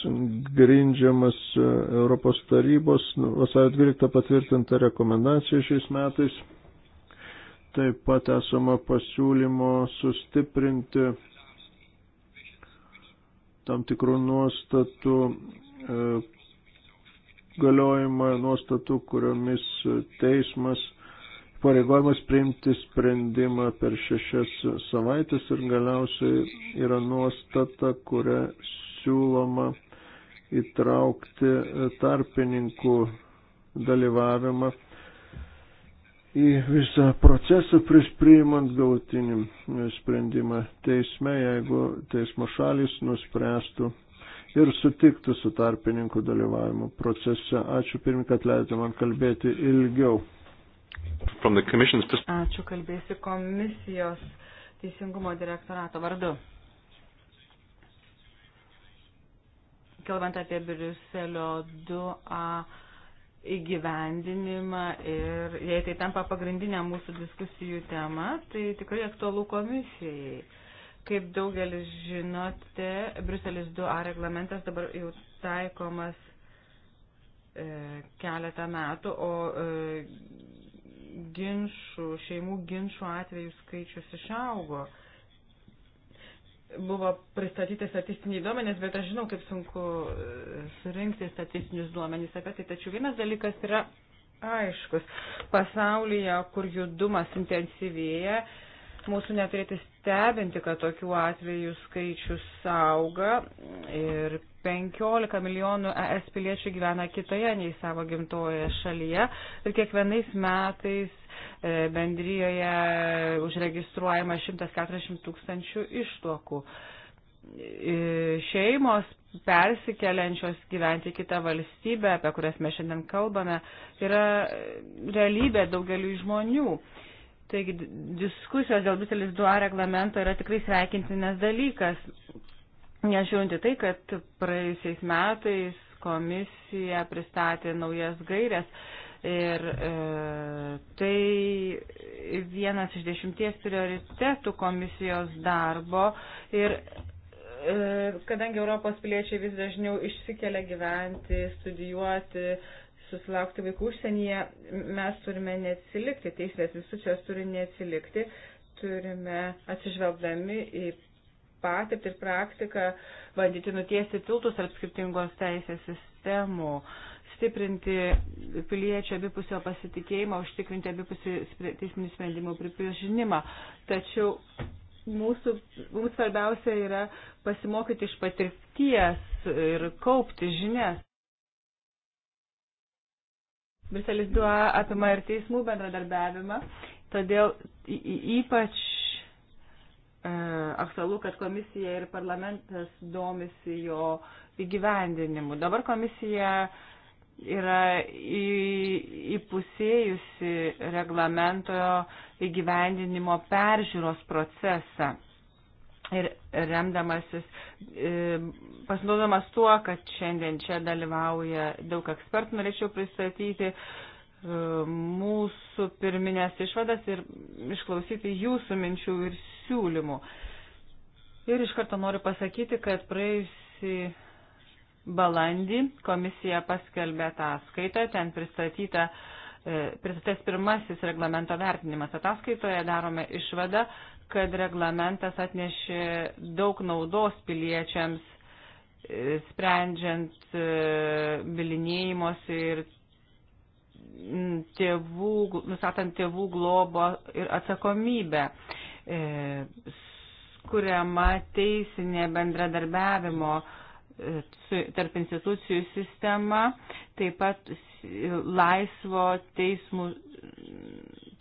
Speaker 4: grindžiamas e, Europos tarybos vasario 12 patvirtinta rekomendacija šiais metais. Taip pat esama pasiūlymo sustiprinti tam tikrų nuostatų e, galiojimą, nuostatų, kuriomis teismas pareigojimas priimti sprendimą per šešias savaitės ir galiausiai yra nuostata, kuria siūloma įtraukti tarpininkų dalyvavimą į visą procesą prieš priimant galutinį sprendimą teisme, jeigu teismo šalis nuspręstų ir sutiktų su tarpininkų dalyvavimu procese. Ačiū pirmį, kad leidote man kalbėti ilgiau. Ačiū,
Speaker 2: kalbėsiu komisijos teisingumo direktorato vardu. kalbant apie Briuselio 2A įgyvendinimą ir jei tai tampa pagrindinė mūsų diskusijų tema, tai tikrai aktualu komisijai. Kaip daugelis žinote, Briuselis 2A reglamentas dabar jau taikomas e, keletą metų, o e, ginšų, šeimų ginšų atvejų skaičius išaugo. E, buvo pristatyti statistiniai duomenys, bet aš žinau, kaip sunku e, surinkti statistinius duomenys apie tai. Tačiau vienas dalykas yra aiškus. Pasaulyje, kur judumas intensyvėja, mūsų neturėtų stebinti, kad tokių atvejų skaičius auga ir 15 milijonų ES piliečių gyvena kitoje nei savo gimtojoje šalyje ir kiekvienais metais E, bendryjoje užregistruojama 140 tūkstančių ištuokų. E, šeimos persikeliančios gyventi kitą valstybę, apie kurias mes šiandien kalbame, yra realybė daugeliu žmonių. Taigi diskusijos dėl Bruselis 2 reglamento yra tikrai sveikintinas dalykas. Nežiūrint į tai, kad praėjusiais metais komisija pristatė naujas gairias, Ir e, tai vienas iš dešimties prioritetų komisijos darbo. Ir e, kadangi Europos piliečiai vis dažniau išsikelia gyventi, studijuoti, susilaukti vaikų užsienyje, mes turime neatsilikti, teisės institucijos turi neatsilikti, turime atsižvelgdami į patirtį ir praktiką bandyti nutiesti tiltus tarp skirtingos teisės sistemų. E, stiprinti piliečių abipusio pasitikėjimą, užtikrinti abipusį teisminių sprendimų pripažinimą. Tačiau mūsų, mums svarbiausia yra pasimokyti iš
Speaker 1: patirties
Speaker 2: ir kaupti žinias. Briselis 2 apima ir teismų bendradarbiavimą, todėl ypač e, aktualu, kad komisija ir parlamentas domisi jo įgyvendinimu. Dabar komisija e, yra įpusėjusi reglamento įgyvendinimo peržiūros procesą. Ir remdamasis, e, pasinaudodamas tuo, kad šiandien čia dalyvauja daug ekspertų, norėčiau pristatyti e, mūsų pirminės išvadas ir išklausyti jūsų minčių ir siūlymų. Ir iš karto noriu pasakyti, kad praėjusi Balandį komisija paskelbė ataskaitą, ten pristatyta e, pristatęs pirmasis reglamento vertinimas. Ataskaitoje darome išvadą, kad reglamentas atnešė daug naudos piliečiams, e, sprendžiant e, bilinėjimus ir tėvų, nusatant tėvų globo ir atsakomybę, kuriama teisinė bendradarbiavimo tarp institucijų sistema, taip pat laisvo teismų,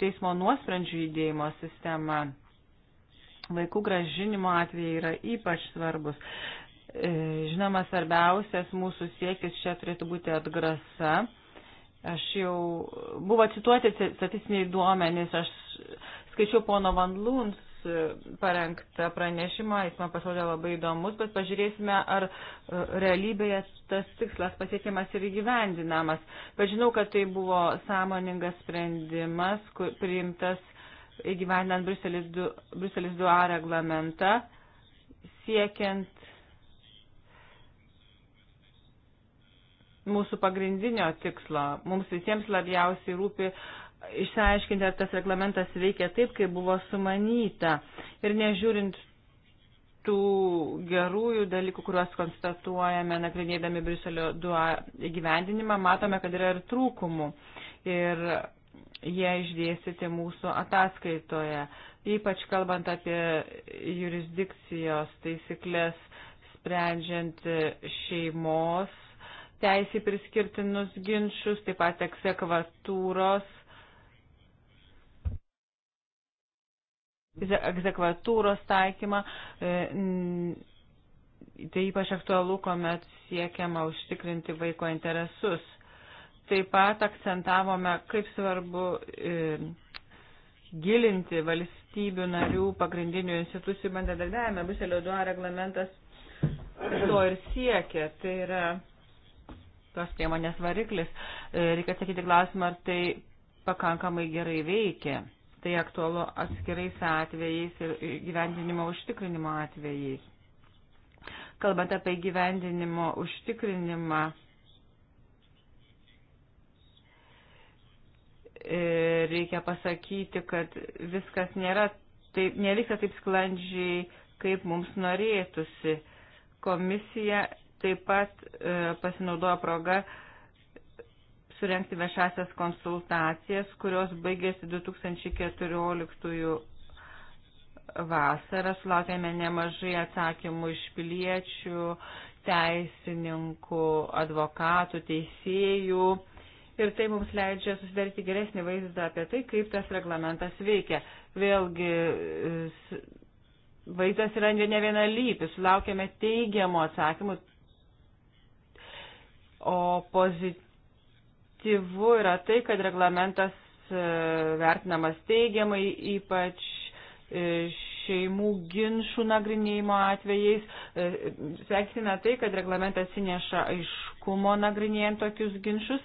Speaker 2: teismo nuosprendžių judėjimo sistema. Vaikų gražinimo atvejai yra ypač svarbus. E, žinoma, svarbiausias mūsų siekis čia turėtų būti atgrasa. Aš jau buvo cituoti statistiniai duomenys, aš skaičiau pono Van Luns parengtą pranešimą, jis man pasirodė labai įdomus, bet pažiūrėsime, ar e, realybėje tas tikslas pasiekiamas ir įgyvendinamas. Bet žinau, kad tai buvo sąmoningas sprendimas, kur, priimtas įgyvendinant Bruselis 2A reglamentą, siekiant mūsų pagrindinio tikslo. Mums visiems labiausiai rūpi uh, išsiaiškinti, ar tas reglamentas veikia taip, kaip buvo sumanyta. Ir nežiūrint tų gerųjų dalykų, kuriuos konstatuojame, nagrinėdami Briuselio 2 gyvendinimą, matome, kad yra ir trūkumų. Ir jie išdėstyti mūsų ataskaitoje, ypač kalbant apie jurisdikcijos taisyklės, sprendžiant šeimos teisį priskirtinus ginčius, taip pat eksekvatūros egzekvatūros taikymą. E, tai ypač aktualu, kuomet siekiama užtikrinti vaiko interesus. Taip pat akcentavome, kaip svarbu e, gilinti valstybių narių pagrindinių institucijų bendradarbiavimą. Briuselio 2 reglamentas to ir siekia. Tai yra tos priemonės variklis. E, reikia atsakyti klausimą, ar tai pakankamai gerai veikia. Tai aktualu atskirais atvejais ir gyvendinimo užtikrinimo atvejais. Kalbant apie gyvendinimo užtikrinimą, e, reikia pasakyti, kad viskas nėra taip, nevyksta taip sklandžiai, kaip mums norėtųsi. Komisija taip pat e, pasinaudoja proga e, surenkti viešasias konsultacijas, kurios baigėsi 2014 vasarą sulaukėme nemažai atsakymų iš piliečių, teisininkų, advokatų, teisėjų. Ir tai mums leidžia susidaryti geresnį vaizdą apie tai, kaip tas reglamentas veikia. Vėlgi, vaizdas yra ne vienalypis, sulaukėme teigiamų atsakymų, o pozit pozityvu yra tai, kad reglamentas e, vertinamas teigiamai, ypač e, šeimų ginčių nagrinėjimo atvejais. E, Sveiksina tai, kad reglamentas įneša aiškumo nagrinėjant tokius ginčius.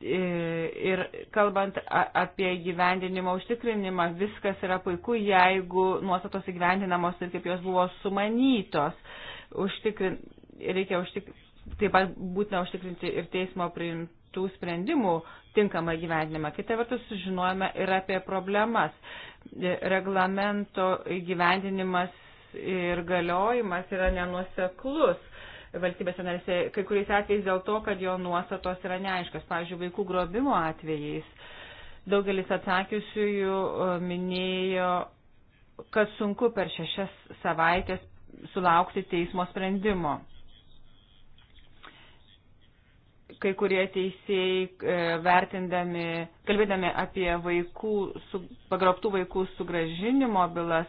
Speaker 2: Ir kalbant apie gyvendinimo užtikrinimą, viskas yra puiku, jeigu nuostatos įgyvendinamos ir kaip jos buvo sumanytos. Užtikrin, reikia užtikrinti Taip pat būtina užtikrinti ir teismo priimtų sprendimų tinkamą gyvenimą. Kita vertus, sužinojame ir apie problemas. Reglamento gyvendinimas ir galiojimas yra nenuoseklus valstybėse narėse, kai kuriais atvejais dėl to, kad jo nuostatos yra neaiškios. Pavyzdžiui, vaikų grobimo atvejais daugelis atsakiusiųjų e, minėjo, kad sunku per šešias savaitės sulaukti teismo sprendimo kai kurie teisėjai e, vertindami, kalbėdami apie vaikų, su, pagrobtų vaikų sugražinimo bylas,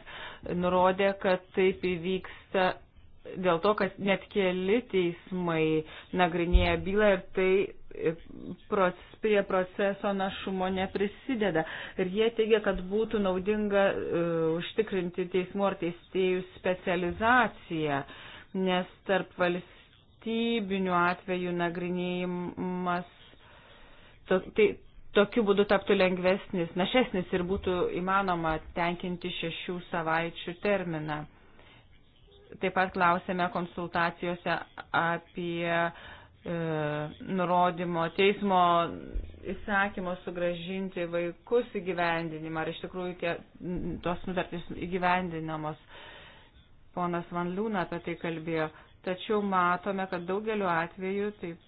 Speaker 2: nurodė, kad taip įvyksta dėl to, kad net keli teismai nagrinėja bylą ir tai e, prie proceso našumo neprisideda. Ir jie teigia, kad būtų naudinga uh, užtikrinti teismų ar teistėjų specializaciją, nes tarp valstybės valstybinių atvejų nagrinėjimas to, tai, tokiu būdu taptų lengvesnis, našesnis ir būtų įmanoma tenkinti šešių savaičių terminą. Taip pat klausėme konsultacijose apie e, nurodymo teismo įsakymo sugražinti vaikus įgyvendinimą, ar iš tikrųjų tie, tos nutartys įgyvendinamos. Ponas Van Liūna apie tai kalbėjo tačiau matome, kad daugeliu atveju taip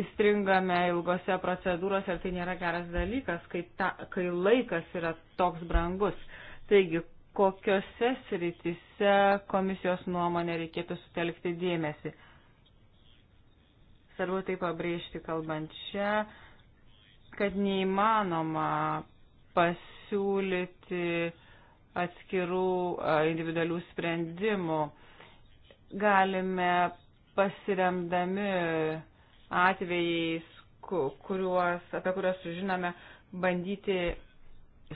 Speaker 2: įstringame ilgose procedūrose ir tai nėra geras dalykas, kai, ta, kai laikas yra toks brangus. Taigi, kokiuose sritise komisijos nuomonė reikėtų sutelkti dėmesį? Svarbu tai pabrėžti kalbant čia, kad neįmanoma pasiūlyti atskirų individualių sprendimų. Galime pasiremdami atvejais, kuriuos, apie kuriuos sužinome, bandyti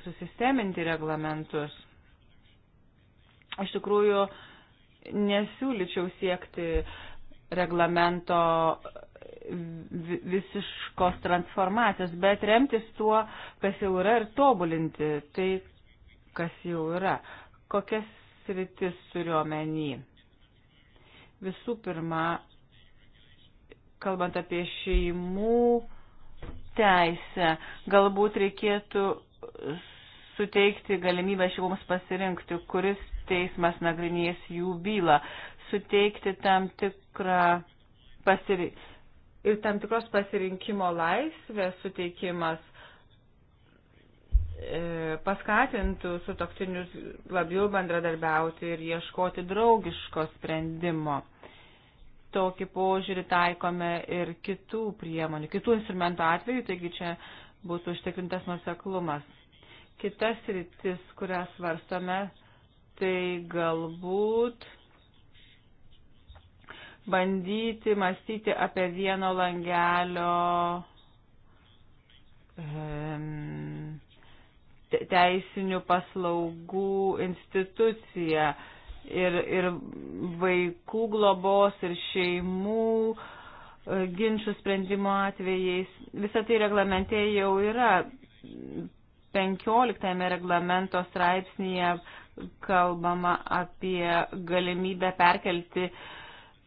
Speaker 2: susisteminti reglamentus. Aš tikrųjų nesiūlyčiau siekti reglamento visiškos transformacijos, bet remtis tuo, kas jau yra ir tobulinti tai, kas jau yra. Kokias sritis turiu omeny? Visų pirma, kalbant apie šeimų teisę, galbūt reikėtų suteikti galimybę šeimoms pasirinkti, kuris teismas nagrinės jų bylą, suteikti tam tikrą pasirinkimą ir tam tikros pasirinkimo laisvės suteikimas E, paskatintų sutoktinius labiau bendradarbiauti ir ieškoti draugiško sprendimo. Tokį požiūrį taikome ir kitų priemonių, kitų instrumentų atveju, taigi čia būtų užtikrintas nuseklumas. Kitas rytis, kurią svarstome, tai galbūt bandyti mąstyti apie vieno langelio um, teisinių paslaugų institucija ir, ir vaikų globos ir šeimų e, ginčių sprendimo atvejais. Visą tai reglamente jau yra. 15 reglamento straipsnėje kalbama apie galimybę perkelti uh,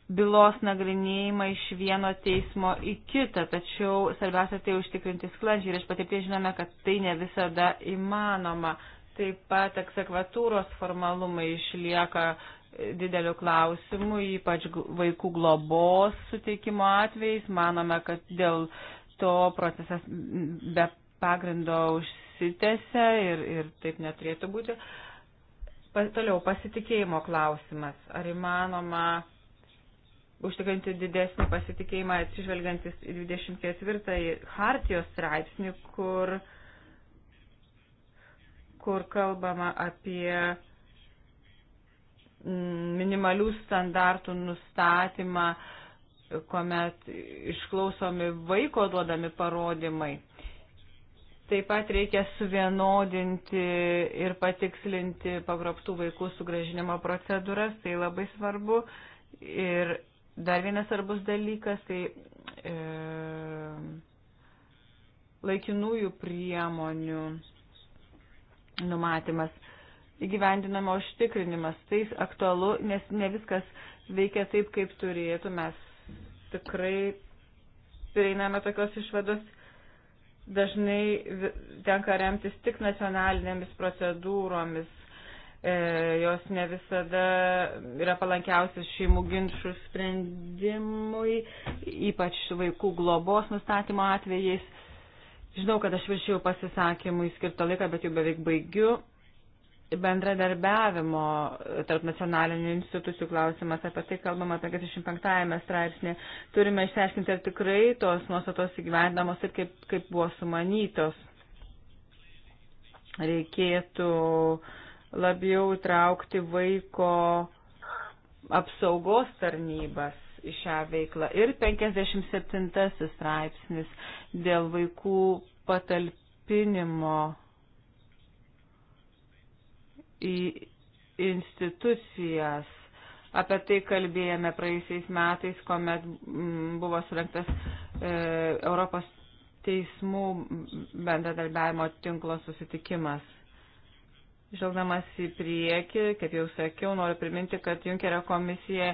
Speaker 2: bylos nagrinėjimą iš vieno teismo į kitą, tačiau svarbiausia tai užtikrinti sklandžiai ir iš patirties žinome, kad tai ne visada įmanoma. Taip pat eksekvatūros formalumai išlieka didelių klausimų, ypač vaikų globos suteikimo atvejais. Manome, kad dėl to procesas be pagrindo užsitęsia ir, ir taip neturėtų būti. Toliau pasitikėjimo klausimas. Ar įmanoma užtikrinti didesnį pasitikėjimą atsižvelgiantis į 24-ąjį Hartijos straipsnį, kur, kur kalbama apie mm, minimalių standartų nustatymą, kuomet išklausomi vaiko duodami parodymai. Taip pat reikia suvienodinti ir patikslinti pagrobtų vaikų sugražinimo procedūras, tai labai svarbu. Ir Dar vienas svarbus dalykas, tai e, laikinųjų priemonių numatymas, įgyvendinamo užtikrinimas. Tai aktualu, nes ne viskas veikia taip, kaip turėtų. Mes tikrai prieiname tokios išvados. Dažnai tenka remtis tik nacionalinėmis procedūromis, E, jos ne visada yra palankiausias šeimų ginčių sprendimui, ypač vaikų globos nustatymo atvejais. Žinau, kad aš viršėjau pasisakymui skirtą laiką, bet jau beveik baigiu. Bendradarbiavimo tarp nacionalinių institucijų klausimas, apie tai kalbama 55 straipsnė, turime išsiaiškinti, ar tikrai tos nuostatos įgyvendamos ir kaip, kaip buvo sumanytos. Reikėtų uh, labiau traukti vaiko apsaugos tarnybas į šią veiklą. Ir 57 straipsnis dėl vaikų patalpinimo į institucijas. Apie tai kalbėjome praeisiais metais, kuomet mm, buvo surinktas e, Europos teismų bendradarbiavimo tinklo susitikimas. Žvelgdamas į priekį, kaip jau sakiau, noriu priminti, kad Junkerio komisija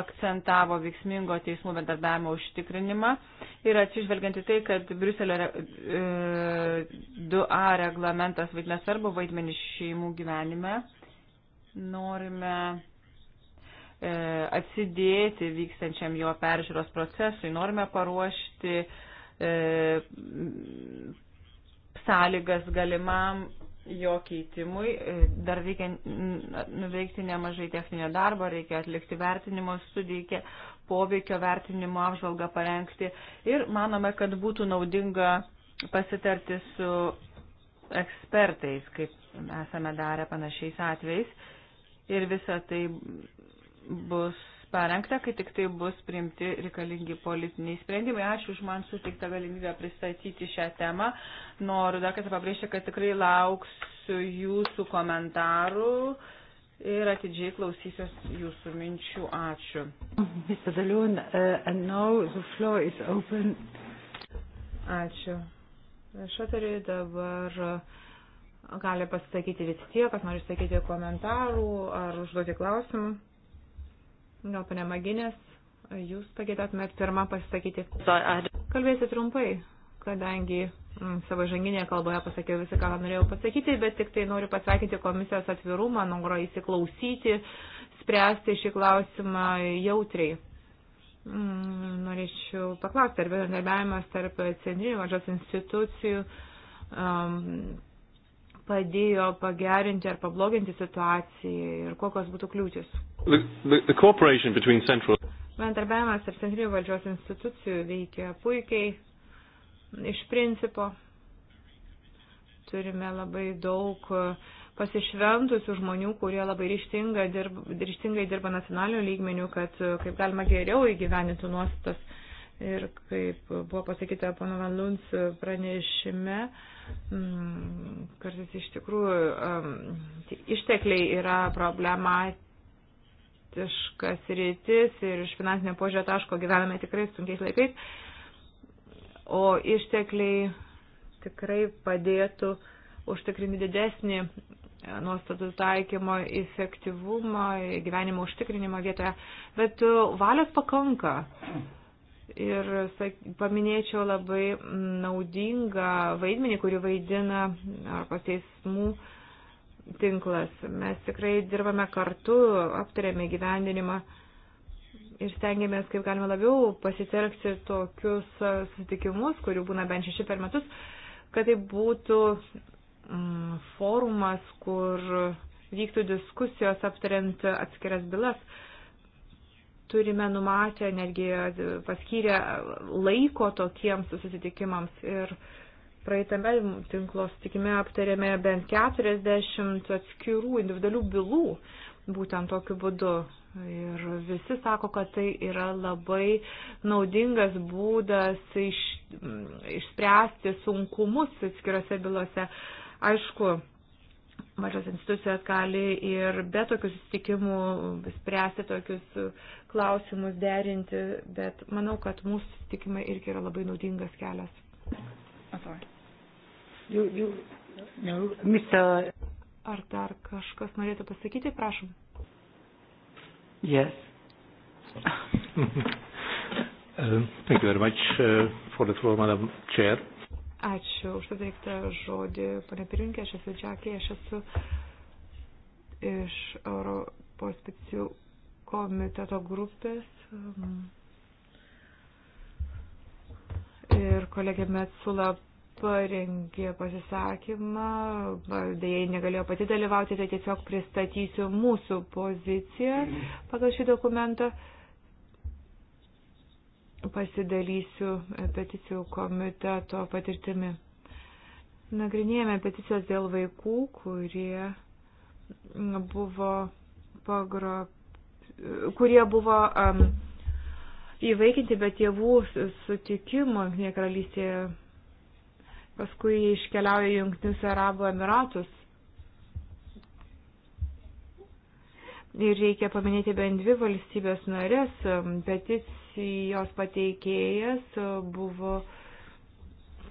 Speaker 2: akcentavo veiksmingo teismų bendarbiavimo užtikrinimą ir atsižvelgiant į tai, kad Briuselio e, 2A reglamentas vaidina svarbu vaidmenį šeimų gyvenime, norime e, atsidėti vykstančiam jo peržiūros procesui, norime paruošti e, sąlygas galimam jo keitimui. E, dar reikia nuveikti nemažai techninio darbo, reikia atlikti vertinimo studiją, poveikio vertinimo apžvalgą parengti. Ir manome, kad būtų naudinga pasitarti su ekspertais, kaip esame darę panašiais atvejais. Ir visa tai bus parengta, kai tik tai bus priimti reikalingi politiniai sprendimai. Ačiū už man suteiktą galimybę pristatyti šią temą. Noriu dar kartą pabrėžti, kad tikrai lauksiu jūsų komentarų ir atidžiai klausysiuos jūsų minčių. Ačiū.
Speaker 1: Uh,
Speaker 3: Ačiū. Šoteriai dabar uh, gali pasisakyti visi tie, kas nori sakyti komentarų ar užduoti klausimų. Gal nu, pane Maginės, jūs pagėdėtumėt pirmą pasisakyti. Kalbėsiu trumpai, kadangi mm, savo žanginėje kalboje pasakiau visą, ką norėjau pasakyti, bet tik tai noriu pasveikinti komisijos atvirumą, norą įsiklausyti, spręsti šį klausimą jautriai. Mm, norėčiau paklausti, ar bendradarbiavimas tarp centrinių valdžios institucijų um, padėjo pagerinti ar pabloginti situaciją ir kokios būtų kliūtis.
Speaker 5: Bendarbiavimas
Speaker 3: ir centrinių valdžios institucijų veikia puikiai. Iš principo turime labai daug pasišventusių žmonių, kurie labai ryštingai dirba, ryštingai dirba nacionaliniu lygmeniu, kad kaip galima geriau įgyvenintų nuostatas. Ir kaip buvo pasakyta pono Van Luns pranešime, mm, kartais iš tikrųjų ištekliai yra problematika kritiškas rytis ir iš finansinio požiūrio taško gyvename tikrai sunkiais laikais, o ištekliai tikrai padėtų užtikrinti didesnį e, nuostatų taikymo efektyvumą, gyvenimo užtikrinimo vietoje, bet e, valios pakanka. Ir sak, paminėčiau labai naudingą vaidmenį, kurį vaidina Europos teismų uh, tinklas. Mes tikrai dirbame kartu, aptarėme gyvendinimą ir stengiamės, kaip galima labiau pasitelkti tokius susitikimus, kurių būna bent šeši per metus, kad tai būtų mm, forumas, kur vyktų diskusijos aptariant atskiras bylas. Turime numatę, netgi paskyrę laiko tokiems susitikimams ir uh, Praeitame tinklo sutikime aptarėme bent 40 atskirų individualių bylų būtent tokiu būdu. Ir visi sako, kad tai yra labai naudingas būdas iš, išspręsti sunkumus atskirose bylose. Aišku, mažos institucijos gali ir be tokių susitikimų spręsti tokius klausimus, derinti, bet manau, kad mūsų susitikimai irgi yra labai naudingas kelias. Atsvark. You, you, no, Mr. Ar dar kažkas norėtų pasakyti, prašom?
Speaker 1: Yes. uh,
Speaker 6: [laughs] thank you very much uh, for the floor, Madam Chair.
Speaker 3: Ačiū už suteiktą žodį, pane Pirinkė, aš esu Džakė, aš esu iš Europos peticijų komiteto grupės. Um, ir kolegė Metsula parengė pasisakymą, dėja negalėjo pati dalyvauti, tai tiesiog pristatysiu mūsų poziciją pagal šį dokumentą. Pasidalysiu peticijų komiteto patirtimi. Nagrinėjame peticijas dėl vaikų, kurie buvo pagro, kurie buvo um, įvaikinti be tėvų sutikimo, jie karalystėje paskui jie iškeliauja į Junktinius Arabų Emiratus. Ir reikia paminėti bent dvi valstybės narės. Peticijos pateikėjas buvo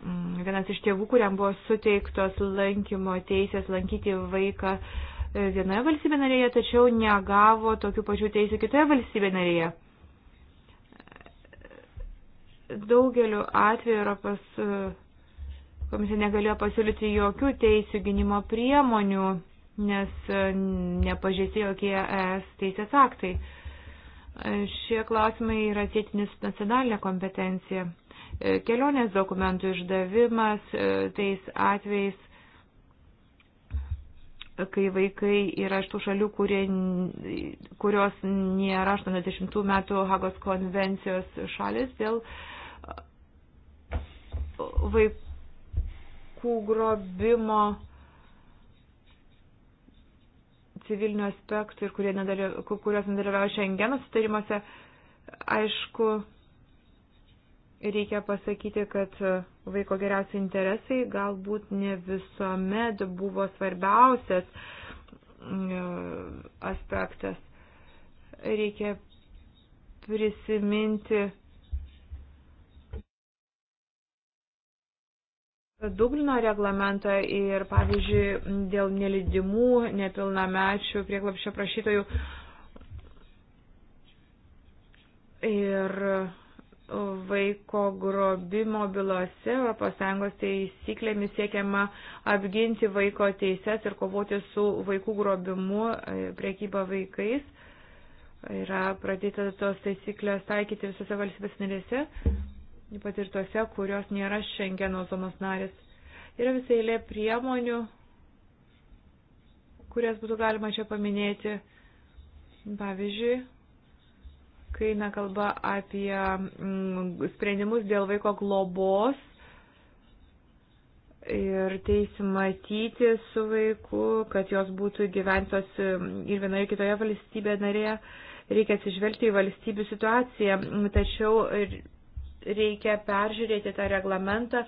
Speaker 3: mm, vienas iš tėvų, kuriam buvo suteiktos lankymo teisės lankyti vaiką e, vienoje valstybė narėje, tačiau negavo tokių pačių teisų kitoje valstybė narėje. Daugeliu atveju Europos e, Komisija negalėjo pasiūlyti jokių teisų gynimo priemonių, nes e, nepažeisė jokie ES teisės aktai. E, šie klausimai yra sėtinis nacionalinė kompetencija. E, kelionės dokumentų išdavimas tais atvejais, kai vaikai yra iš tų šalių, kurie, kurios nėra 80 metų Hagos konvencijos šalis dėl vaikų aukų grobimo civilinių aspektų ir kurie nedalyv, kurios nedalyvauja šiandieno sutarimuose, aišku, reikia pasakyti, kad vaiko geriausi interesai galbūt ne visuomet buvo svarbiausias mm, aspektas. Reikia prisiminti Dublino reglamentą ir, pavyzdžiui, dėl nelidimų nepilnamečių prieglapščio prašytojų. Ir vaiko grobimo bylose ES teisiklėmis siekiama apginti vaiko teises ir kovoti su vaikų grobimu, e, priekyba vaikais. Yra pradėta tos taisyklės taikyti visose valstybės narėse ypač ir tose, kurios nėra Šengeno zonos narės. Yra visai eilė priemonių, kurias būtų galima čia paminėti. Pavyzdžiui, kai na kalba apie mm, sprendimus dėl vaiko globos ir teisimatyti su vaiku, kad jos būtų gyventos mm, ir vienoje kitoje valstybėje narėje, reikia atsižvelgti į valstybių situaciją. Tačiau reikia peržiūrėti tą reglamentą,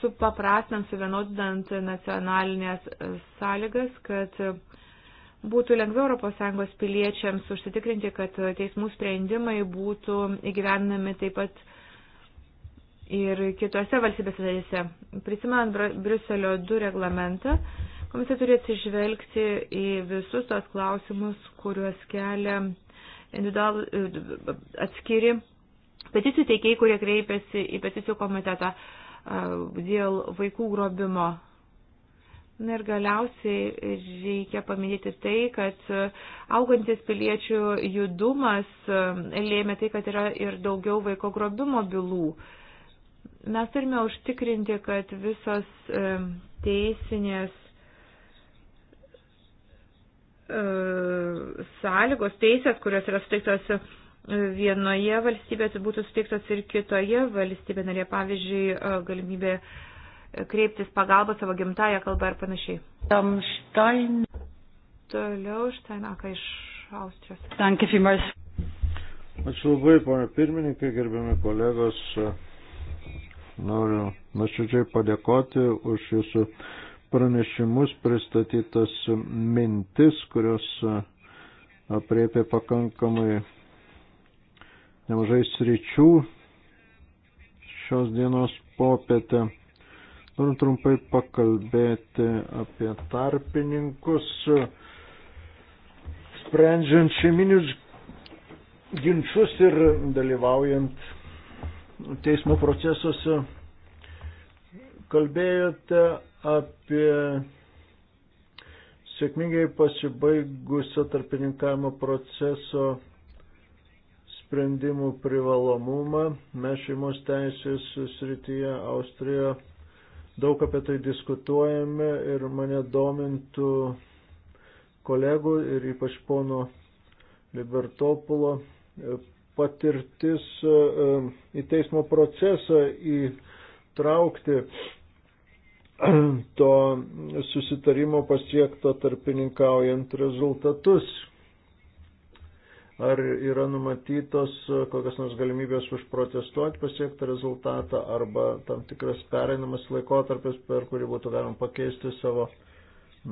Speaker 3: supaprastinant, suvienodinant nacionalinės e, sąlygas, kad būtų lengviau ES piliečiams užsitikrinti, kad teismų sprendimai būtų įgyvendinami taip pat ir kitose valstybės dalyse. Prisimenant Briuselio 2 reglamentą, komisija turi atsižvelgti į visus tos klausimus, kuriuos kelia e, atskiri peticijų teikiai, kurie kreipėsi į peticijų komitetą dėl vaikų grobimo. Na ir galiausiai reikia paminėti tai, kad augantis piliečių judumas lėmė tai, kad yra ir daugiau vaiko grobimo bylų. Mes turime užtikrinti, kad visos teisinės sąlygos, teisės, kurios yra suteiktos vienoje valstybėje būtų suteiktos ir kitoje valstybėje narėje, pavyzdžiui, e, galimybė kreiptis pagalbą savo gimtają kalbą ir panašiai. Tamštain. Toliau Štainaka iš Austrijos. Danke
Speaker 4: vielmals. Ačiū labai, ponia pirmininkė, gerbiami kolegos. Noriu nuoširdžiai padėkoti už jūsų pranešimus pristatytas mintis, kurios apriepia pakankamai nemažai sričių šios dienos popietę. Noriu trumpai pakalbėti apie tarpininkus, sprendžiant šeiminius ginčius ir dalyvaujant teismo procesuose. Kalbėjote apie sėkmingai pasibaigusio tarpininkavimo proceso sprendimų privalomumą. Mes šeimos teisės srityje Austrijoje daug apie tai diskutuojame ir mane domintų kolegų ir ypač pono Libertopulo patirtis e, į teismo procesą įtraukti to susitarimo pasiekto tarpininkaujant rezultatus. Ar yra numatytos e, kokias nors galimybės užprotestuoti pasiektą rezultatą arba tam tikras pereinamas laikotarpis, per kurį būtų galima pakeisti savo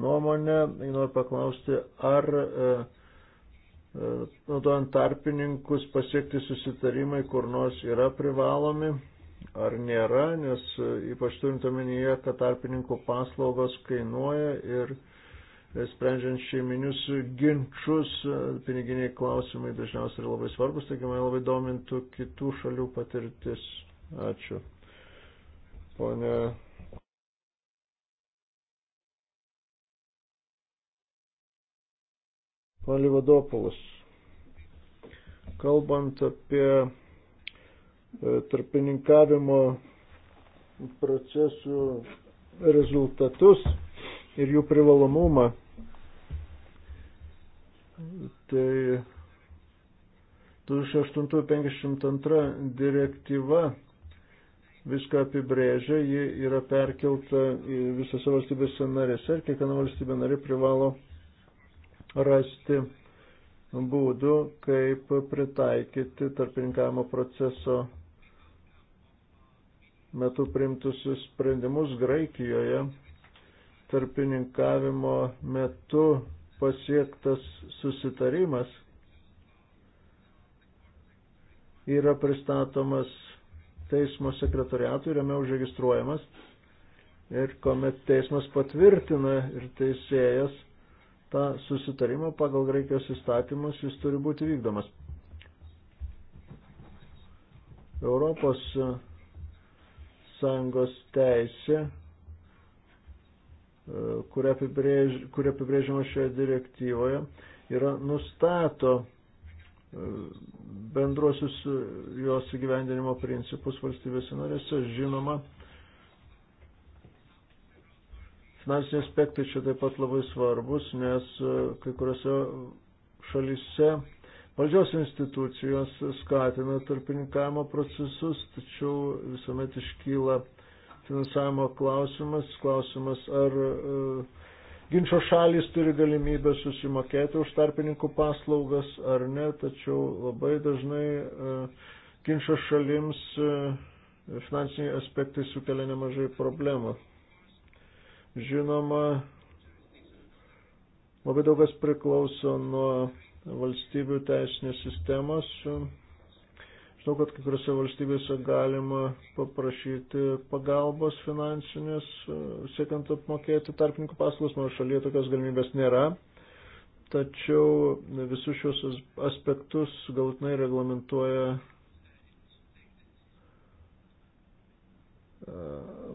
Speaker 4: nuomonę. Noriu paklausti, ar e, e, naudojant tarpininkus pasiekti susitarimai kur nors yra privalomi ar nėra, nes e, ypač turint omenyje, kad tarpininkų paslaugos kainuoja ir sprendžiant šeiminius ginčius, piniginiai klausimai dažniausiai yra labai svarbus, taigi mane labai domintų kitų šalių patirtis. Ačiū. Pone. Pone Livadopolas, kalbant apie e, tarpininkavimo procesų rezultatus ir jų privalomumą, Tai 2008-52 direktyva viską apibrėžia, ji yra perkelta į visose valstybėse narėse ir kiekviena valstybė narė privalo rasti būdų, kaip pritaikyti tarpininkavimo proceso metu priimtus sprendimus Graikijoje. Tarpininkavimo metu pasiektas susitarimas yra pristatomas teismo sekretoriatui, jame užregistruojamas ir kuomet teismas patvirtina ir teisėjas tą susitarimą pagal Graikijos įstatymus, jis turi būti vykdomas. Europos Sąjungos teisė kuria apibrėž, kuri apibrėžiama šioje direktyvoje, yra nustato e, bendruosius e, jos įgyvendinimo principus valstybėse norėse. Žinoma, finansiniai aspektai čia taip pat labai svarbus, nes e, kai kuriuose šalyse valdžios institucijos skatina tarpininkavimo procesus, tačiau visuomet iškyla finansavimo klausimas, klausimas ar e, ginčio šalis turi galimybę susimokėti už tarpininkų paslaugas ar ne, tačiau labai dažnai e, ginčio šalims e, finansiniai aspektai sukelia nemažai problemų. Žinoma, labai daugas priklauso nuo valstybių teisinės sistemos Žinau, kad kai kuriuose valstybėse galima paprašyti pagalbos finansinės, e, siekiant apmokėti tarpininkų paslaugas, nors šalyje tokios galimybės nėra. Tačiau visus šios aspektus galutinai reglamentuoja e,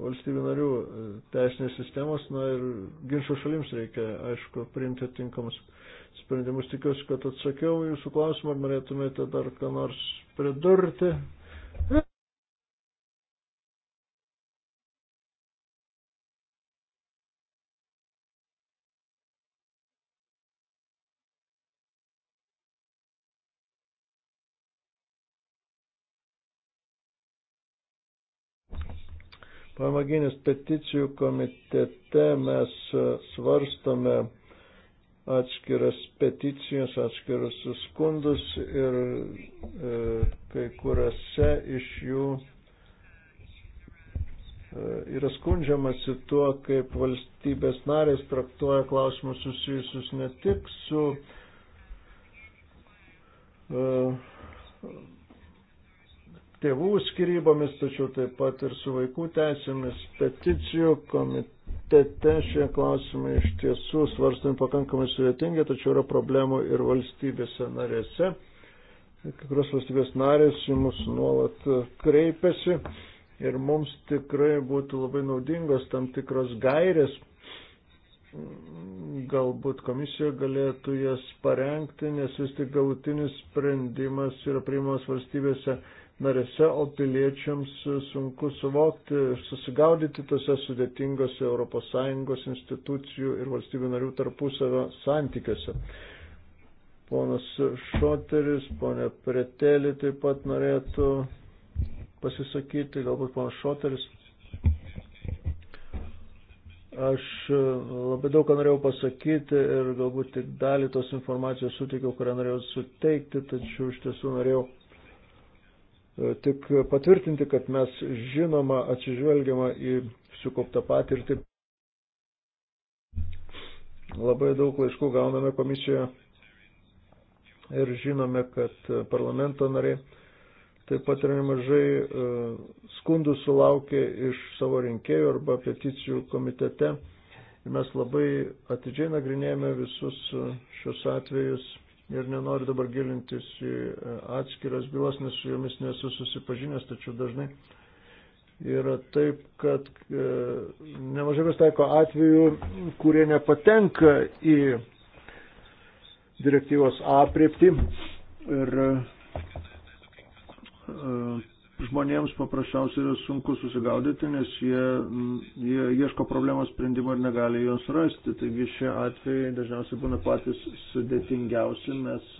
Speaker 4: valstybių narių e, teisinės sistemos, na ir ginčio šalims reikia, aišku, priimti tinkamus sprendimus. Tikiuosi, kad atsakiau jūsų klausimą, ar norėtumėte dar ką nors pridurti. Pamaginis peticijų komitete mes svarstome atskiras peticijas, atskirus skundus ir e, kai kuriuose iš jų e, yra skundžiamasi tuo, kaip valstybės narės traktuoja klausimus susijusius ne tik su e, tėvų skirybomis, tačiau taip pat ir su vaikų teisėmis peticijų komitetu komitete šie klausimai iš tiesų svarstami pakankamai sudėtingi, tačiau yra problemų ir valstybėse narėse. Kai kurios valstybės narės į mus nuolat kreipiasi ir mums tikrai būtų labai naudingos tam tikros gairės. Galbūt komisija galėtų jas parengti, nes vis tik galutinis sprendimas yra priimamas valstybėse narėse narėse, o piliečiams sunku suvokti ir susigaudyti tose sudėtingose ES institucijų ir valstybių narių tarpusavio santykiuose. Ponas Šoteris, ponė Pretelė taip pat norėtų pasisakyti, galbūt ponas Šoteris. Aš labai daug ką norėjau pasakyti ir galbūt tik dalį tos informacijos suteikiau, kurią norėjau suteikti, tačiau iš tiesų norėjau E, tik patvirtinti, kad mes žinoma atsižvelgiama į sukauptą patirtį. Labai daug laiškų gauname komisijoje ir žinome, kad parlamento nariai taip pat yra nemažai e, skundų sulaukė iš savo rinkėjų arba peticijų komitete. Ir mes labai atidžiai nagrinėjame visus e, šios atvejus ir nenoriu dabar gilintis į e, atskiras bylas, nes su jomis nesu susipažinęs, tačiau dažnai yra taip, kad e, nemažai pasitaiko atvejų, kurie nepatenka į direktyvos apriepti ir e, žmonėms paprasčiausiai yra sunku susigaudyti, nes jie, jie ieško problemos sprendimo ir negali jos rasti. Taigi šie atvejai dažniausiai būna patys sudėtingiausi. Mes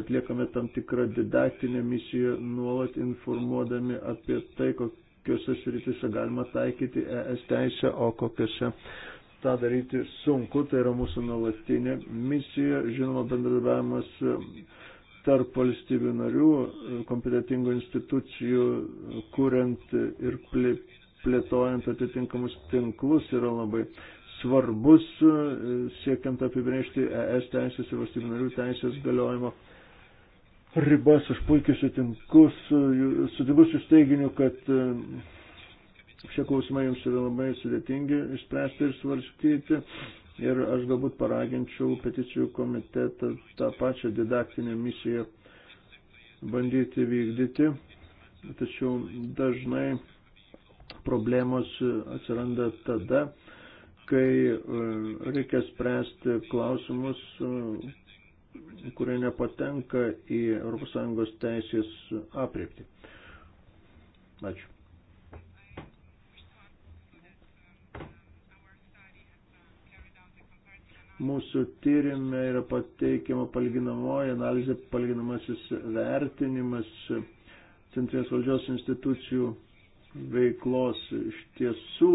Speaker 4: atliekame tam tikrą didaktinę misiją nuolat informuodami apie tai, kokiuose sritise galima taikyti ES teisę, o kokiuose tą daryti sunku. Tai yra mūsų nuolatinė misija. Žinoma, bendradarbiavimas tarp valstybių narių, kompetitingų institucijų, kuriant ir plėtojant atitinkamus tinklus yra labai svarbus, e, siekiant apibrėžti ES teisės ir valstybių narių teisės galiojimo ribas. Aš puikiai sutinku su, sutinku su steiginiu, kad e, šie klausimai jums yra labai sudėtingi išspręsti ir svarstyti ir aš galbūt paraginčiau peticijų komitetą tą pačią didaktinę misiją bandyti vykdyti, tačiau dažnai problemos atsiranda tada, kai e, reikia spręsti klausimus, e, kurie nepatenka į ES teisės apriepti. Ačiū. Mūsų tyrimė yra pateikiama palyginamoji analizė, palyginamasis vertinimas centrinės valdžios institucijų veiklos iš tiesų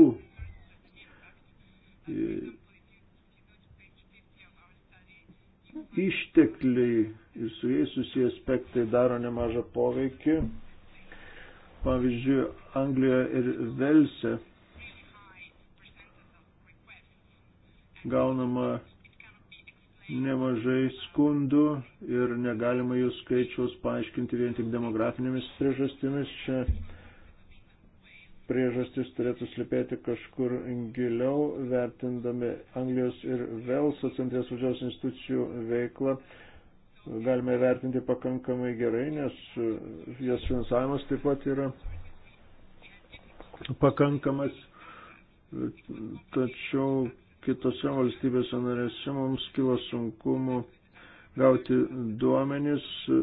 Speaker 4: ištekliai ir su jais susiję aspektai daro nemažą poveikį. Pavyzdžiui, Anglijoje ir Velse gaunama nemažai skundų ir negalima jų skaičiaus paaiškinti vien tik demografinėmis priežastimis. Čia priežastis turėtų slipėti kažkur giliau, vertindami Anglijos ir Velso centrės valdžios institucijų veiklą. Galime vertinti pakankamai gerai, nes jas finansavimas taip pat yra pakankamas. Tačiau kitose valstybėse narėse mums kilo sunkumų gauti duomenis e,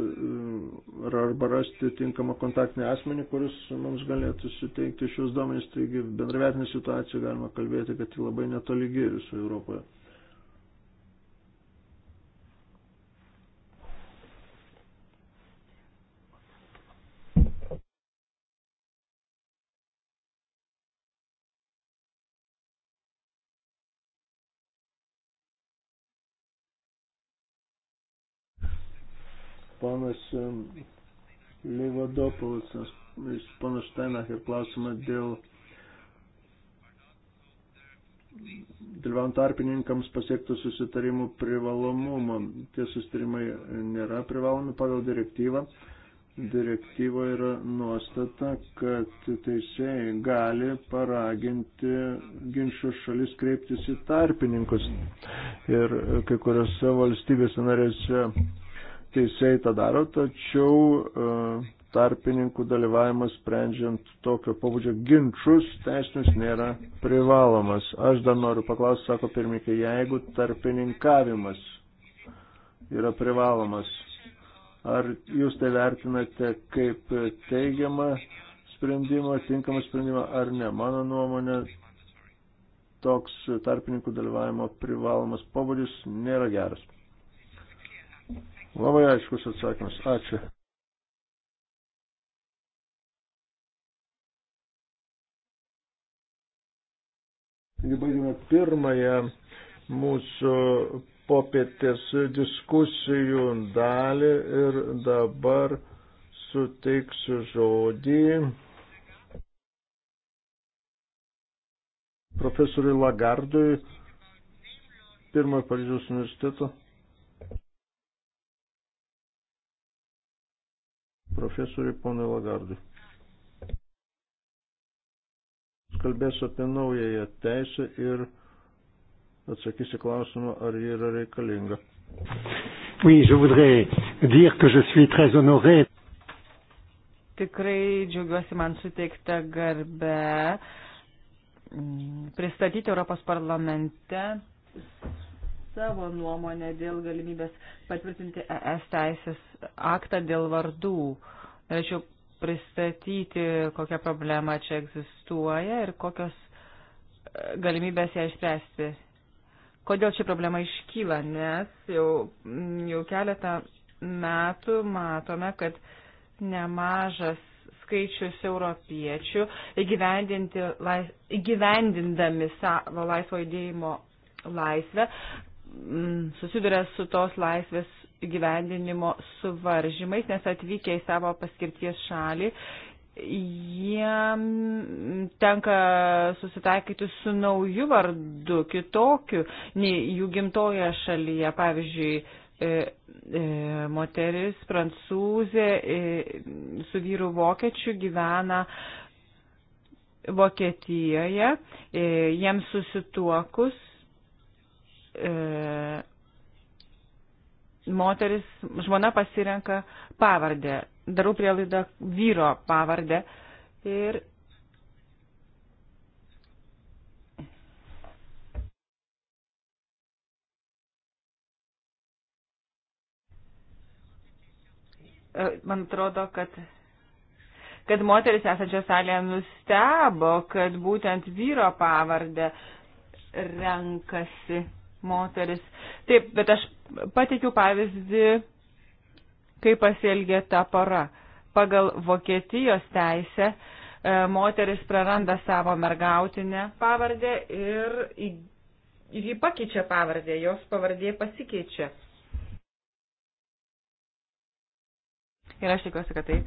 Speaker 4: arba rasti tinkamą kontaktinį asmenį, kuris mums galėtų suteikti šios duomenys. Taigi bendravertinė situacija galima kalbėti, kad ji labai netolygi visoje Europoje. ponas Levadopolas, ponas Štainacher klausimą dėl dalyvaujant tarpininkams pasiektų susitarimų privalomumo. Tie susitarimai nėra privalomi pagal direktyvą. Direktyva yra nuostata, kad teisėjai gali paraginti ginčių šalis kreiptis į tarpininkus. Ir kai kuriuose valstybėse narėse teisėjai tą daro, tačiau e, tarpininkų dalyvavimas sprendžiant tokio pabudžio ginčius teisinius nėra privalomas. Aš dar noriu paklausti, sako pirmininkė, jeigu tarpininkavimas yra privalomas, ar jūs tai vertinate kaip teigiamą sprendimą, tinkamą sprendimą ar ne? Mano nuomonė, toks tarpininkų dalyvavimo privalomas pabudis nėra geras. Labai aiškus atsakymas. Ačiū. Taigi baigime pirmąją mūsų popietės diskusijų dalį ir dabar suteiksiu žodį profesoriui Lagardui, pirmojo Paryžiaus universiteto profesoriui ponui Lagardui. Kalbės apie naująją teisę ir atsakysi klausimą, ar ji yra reikalinga.
Speaker 5: Oui, je voudrais dire que je suis très honoré.
Speaker 4: Tikrai džiaugiuosi man suteikta
Speaker 2: garbė mm, pristatyti Europos parlamente savo nuomonę dėl galimybės patvirtinti ES teisės aktą dėl vardų. Norėčiau pristatyti, kokia problema čia egzistuoja ir kokios e, galimybės ją išspręsti. Kodėl ši problema iškyla? Nes jau, jau keletą metų matome, kad nemažas skaičius europiečių įgyvendindami savo laisvo judėjimo laisvę Mm, susiduria su tos laisvės gyvendinimo suvaržymais, nes atvykę į savo paskirties šalį, jiem tenka susitaikyti su nauju vardu, kitokiu, nei jų gimtoje šalyje, pavyzdžiui, e, e, moteris prancūzė e, su vyru vokiečiu gyvena Vokietijoje, e, jiems susituokus e, moteris, žmona pasirenka pavardę, darau prielaidą vyro pavardę ir e, man atrodo, kad kad moteris esančio salėje nustebo, kad būtent vyro pavardę renkasi moteris. Taip, bet aš pateikiu pavyzdį, kaip pasielgė ta para. Pagal Vokietijos teisę e, moteris praranda savo mergautinę pavardę ir jį pakeičia pavardę, jos pavardė pasikeičia. Ir aš tikiuosi, kad tai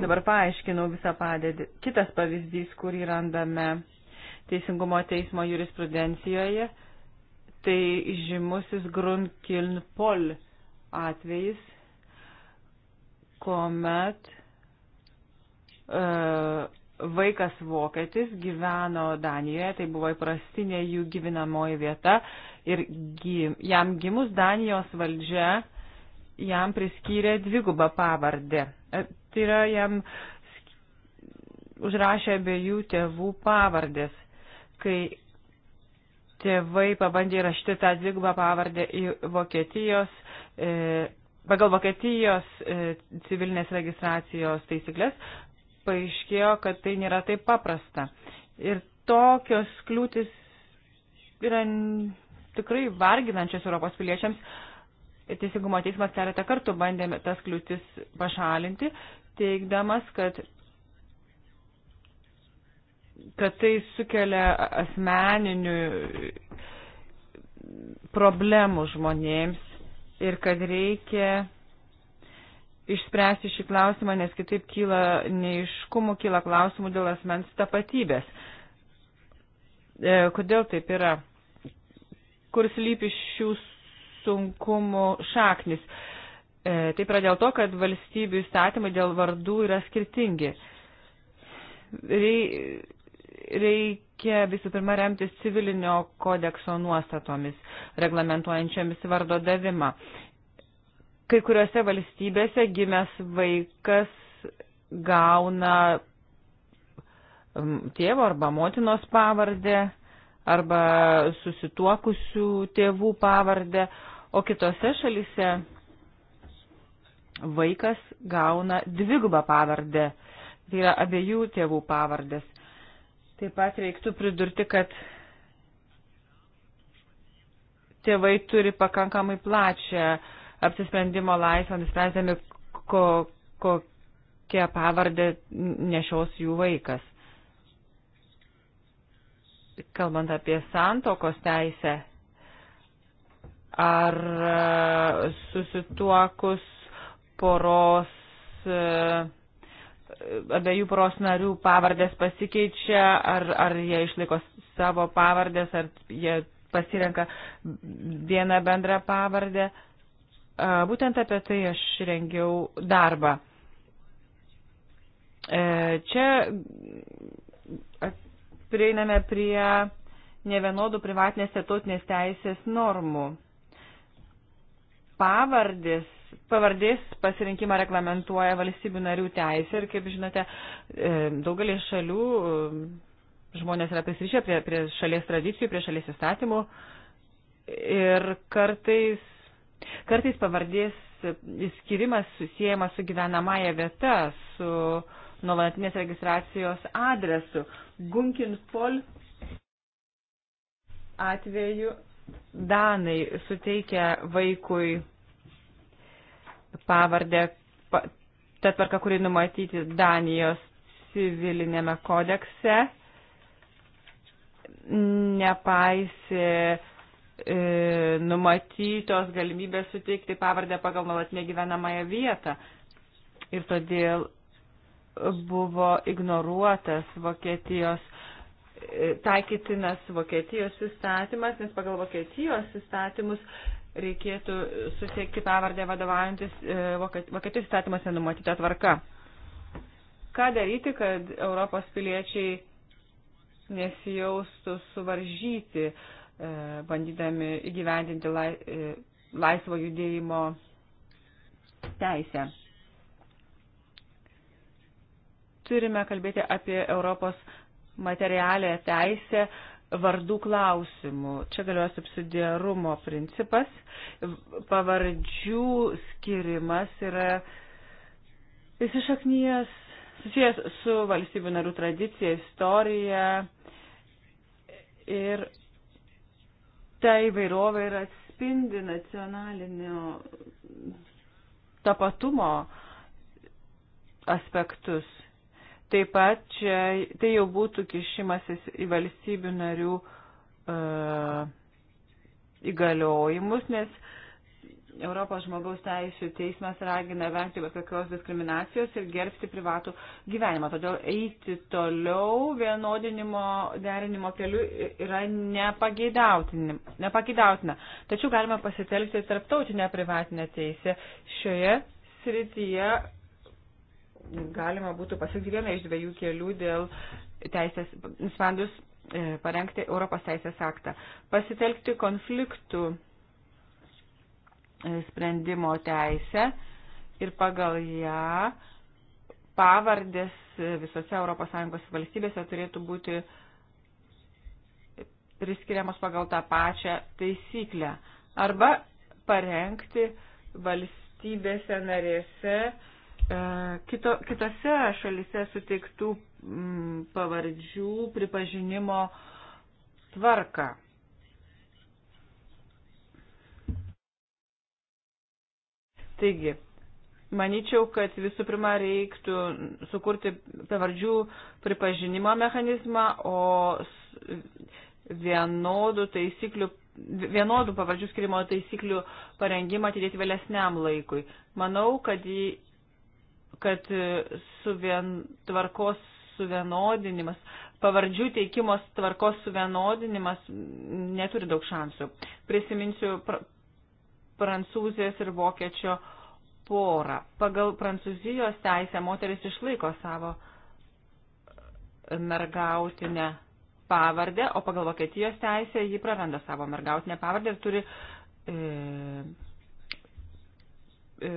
Speaker 2: dabar paaiškinau visą padėtį. Kitas pavyzdys, kurį randame Teisingumo teismo jurisprudencijoje, Tai žymusis Grunkilnpol atvejis, kuomet e, vaikas vokietis gyveno Danijoje, tai buvo įprastinė jų gyvenamoji vieta ir gim, jam gimus Danijos valdžia jam priskyrė dvigubą pavardę. E, tai yra jam užrašė abiejų tėvų pavardės. Kai tėvai pabandė rašti tą dvigubą pavardę į Vokietijos, e, pagal Vokietijos e, civilinės registracijos taisyklės, paaiškėjo, kad tai nėra taip paprasta. Ir tokios kliūtis yra tikrai varginančios Europos piliečiams. Teisingumo teismas keletą kartų bandė tas kliūtis pašalinti, teikdamas, kad kad tai sukelia asmeninių problemų žmonėms ir kad reikia išspręsti šį klausimą, nes kitaip kyla neiškumų, kyla klausimų dėl asmens tapatybės. E, kodėl taip yra? Kur slypi šių sunkumų šaknis? E, taip yra dėl to, kad valstybių įstatymai dėl vardų yra skirtingi. Rei, reikia visų pirma remtis civilinio kodekso nuostatomis, reglamentuojančiamis vardo davimą. Kai kuriuose valstybėse gimęs vaikas gauna tėvo arba motinos pavardę arba susituokusių tėvų pavardę, o kitose šalise vaikas gauna dvigubą pavardę, tai yra abiejų tėvų pavardės. Taip pat reiktų pridurti, kad tėvai turi pakankamai plačią apsisprendimo laisvę, nuspręsdami, ko, kokią pavardę nešios jų vaikas. Kalbant apie santokos teisę, ar e, susituokus poros e, abiejų poros narių pavardės pasikeičia, ar, ar jie išlaiko savo pavardės, ar jie pasirenka vieną bendrą pavardę. Būtent apie tai aš rengiau darbą. E, čia prieiname prie nevienodų privatinės ir tautinės teisės normų. Pavardės pavardės pasirinkimą reglamentuoja valstybių narių teisė ir, kaip žinote, e, daugelį šalių e, žmonės yra prisirišę prie, prie šalies tradicijų, prie šalies įstatymų ir kartais, kartais pavardės skirimas susijęs su gyvenamąją vietą, su nuolatinės registracijos adresu. Gunkinpol atveju Danai suteikia vaikui pavardę, pa, ta tvarka, kuri numatyti Danijos civilinėme kodekse, nepaisė e, numatytos galimybės suteikti pavardę pagal nuolatinę gyvenamąją vietą. Ir todėl buvo ignoruotas Vokietijos e, taikytinas Vokietijos įstatymas, nes pagal Vokietijos įstatymus reikėtų susiekti pavardę vadovaujantis e, Vokietijos įstatymuose numatyta tvarka. Ką daryti, kad Europos piliečiai nesijaustų suvaržyti, e, bandydami įgyvendinti e, laisvo judėjimo teisę? Turime kalbėti apie Europos materialę teisę, vardų klausimų. Čia galioja subsidiarumo principas. Pavardžių skirimas yra įsišaknyjas susijęs su valstybių narių tradicija, istorija ir ta įvairovė yra atspindi nacionalinio tapatumo aspektus Taip pat čia tai jau būtų kišimasis į valstybių narių uh, įgaliojimus, nes Europos žmogaus teisų teismas ragina vengti bet kokios diskriminacijos ir gerbti privatų gyvenimą. Todėl eiti toliau vienodinimo derinimo keliu yra nepageidautina. Tačiau galima pasitelkti tarptautinę privatinę teisę šioje srityje galima būtų pasirinkti vieną iš dviejų kelių dėl teisės, nusprendus e, parengti Europos teisės aktą. Pasitelkti konfliktų e, sprendimo teisę ir pagal ją pavardės e, visose ES valstybėse turėtų būti priskiriamos pagal tą pačią taisyklę. Arba parengti valstybėse narėse E, kito, kitose šalise suteiktų m, mm, pavardžių pripažinimo tvarką. Taigi, manyčiau, kad visų pirma reiktų sukurti pavardžių pripažinimo mechanizmą, o vienodų taisyklių vienodų pavardžių skirimo taisyklių parengimą atidėti vėlesniam laikui. Manau, kad jį kad e, su vien, tvarkos suvienodinimas, pavardžių teikimos tvarkos suvienodinimas neturi daug šansų. Prisiminsiu pr prancūzijos ir vokiečio porą. Pagal prancūzijos teisę moteris išlaiko savo mergautinę pavardę, o pagal vokietijos teisę ji praranda savo mergautinę pavardę ir turi e, e,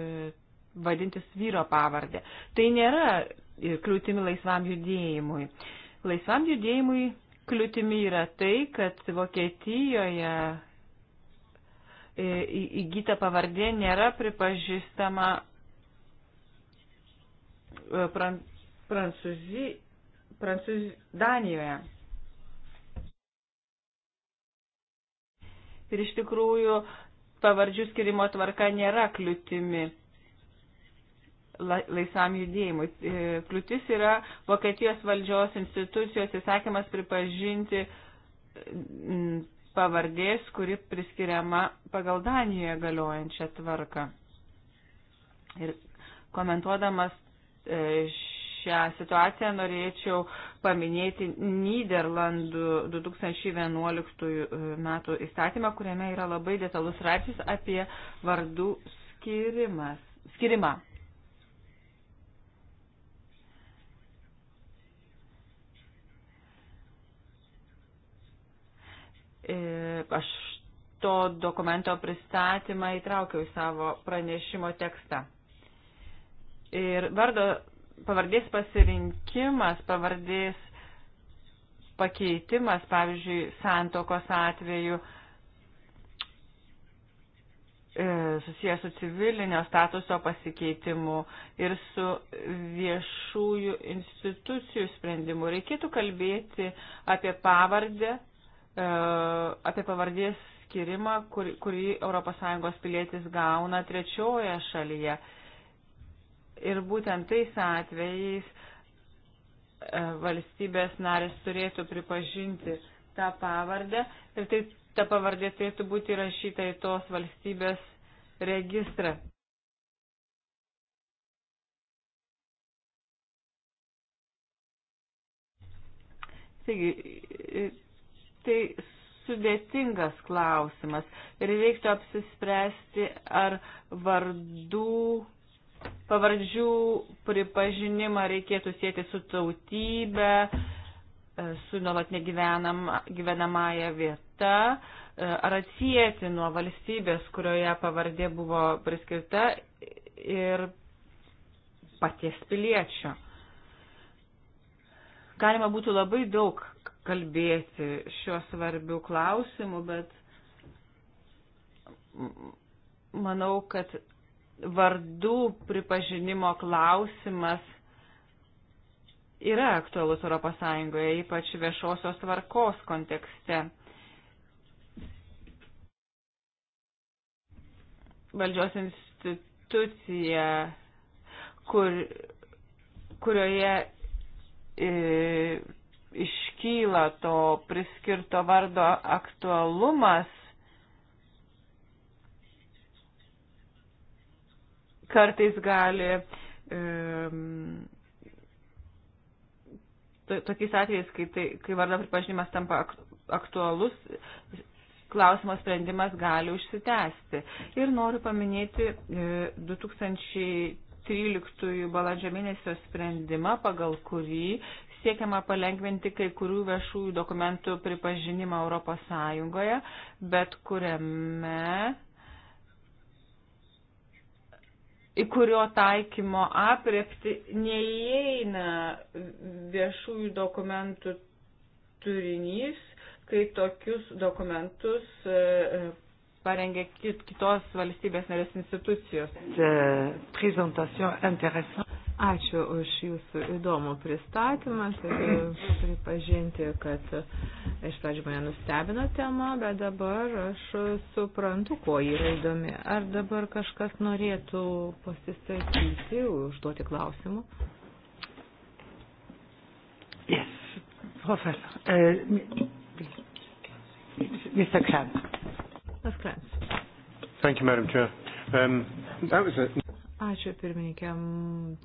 Speaker 2: vadintis vyro pavardė. Tai nėra kliūtimi laisvam judėjimui. Laisvam judėjimui kliūtimi yra tai, kad Vokietijoje e, įgyta pavardė nėra pripažįstama e, pran, prancūzi, prancūzi, Danijoje. Ir iš tikrųjų pavardžių skirimo tvarka nėra kliūtimi laisvam judėjimui. E, kliūtis yra Vokietijos valdžios institucijos įsakymas pripažinti mm, pavardės, kuri priskiriama pagal Danijoje galiojančią tvarką. Ir komentuodamas e, šią situaciją norėčiau paminėti Niderlandų 2011 e, metų įstatymą, kuriame yra labai detalus raipsis apie vardų skirimas, skirimą. E, aš to dokumento pristatymą įtraukiau į savo pranešimo tekstą. Ir vardo pavardės pasirinkimas, pavardės pakeitimas, pavyzdžiui, santokos atveju e, susijęs su civilinio statuso pasikeitimu ir su viešųjų institucijų sprendimu. Reikėtų kalbėti apie pavardę E, apie pavardės skirimą, kur, kurį ES pilietis gauna trečioje šalyje. Ir būtent tais atvejais e, valstybės narės turėtų pripažinti tą pavardę ir tai, ta pavardė turėtų būti įrašyta į tos valstybės registrą. Taigi, Tai sudėtingas klausimas ir reiktų apsispręsti, ar vardų, pavardžių pripažinimą reikėtų sėti su tautybe, su nuolat negyvenamąją vieta, e, ar atsijėti nuo valstybės, kurioje pavardė buvo priskirta ir paties piliečio. Galima būtų labai daug kalbėti šiuo svarbiu klausimu, bet manau, kad vardų pripažinimo klausimas yra aktualus ES, ypač viešosios tvarkos kontekste. Valdžios institucija, kur, kurioje e, iškyla to priskirto vardo aktualumas, kartais gali to, tokiais atvejais, kai, tai, kai vardo pripažinimas tampa aktualus, klausimo sprendimas gali užsitęsti. Ir noriu paminėti 2013 e, balandžio mėnesio sprendimą, pagal kurį siekiama palengventi kai kurių viešųjų dokumentų pripažinimą Europos Sąjungoje, bet kuriame į kurio taikymo aprepti neįeina viešųjų dokumentų turinys, kai tokius dokumentus e, parengia kitos valstybės narės institucijos.
Speaker 3: Ačiū už jūsų įdomų pristatymą. Turiu pripažinti, kad iš pradžių mane nustebino tema, bet dabar aš suprantu, kuo yra įdomi. Ar dabar kažkas norėtų pasisakyti, užduoti klausimų? Yes,
Speaker 1: profesor. Uh, Mr. Krantz.
Speaker 3: Mr. Krantz.
Speaker 5: Thank you, Madam Chair. Um, that was a
Speaker 3: Ačiū pirmininkė,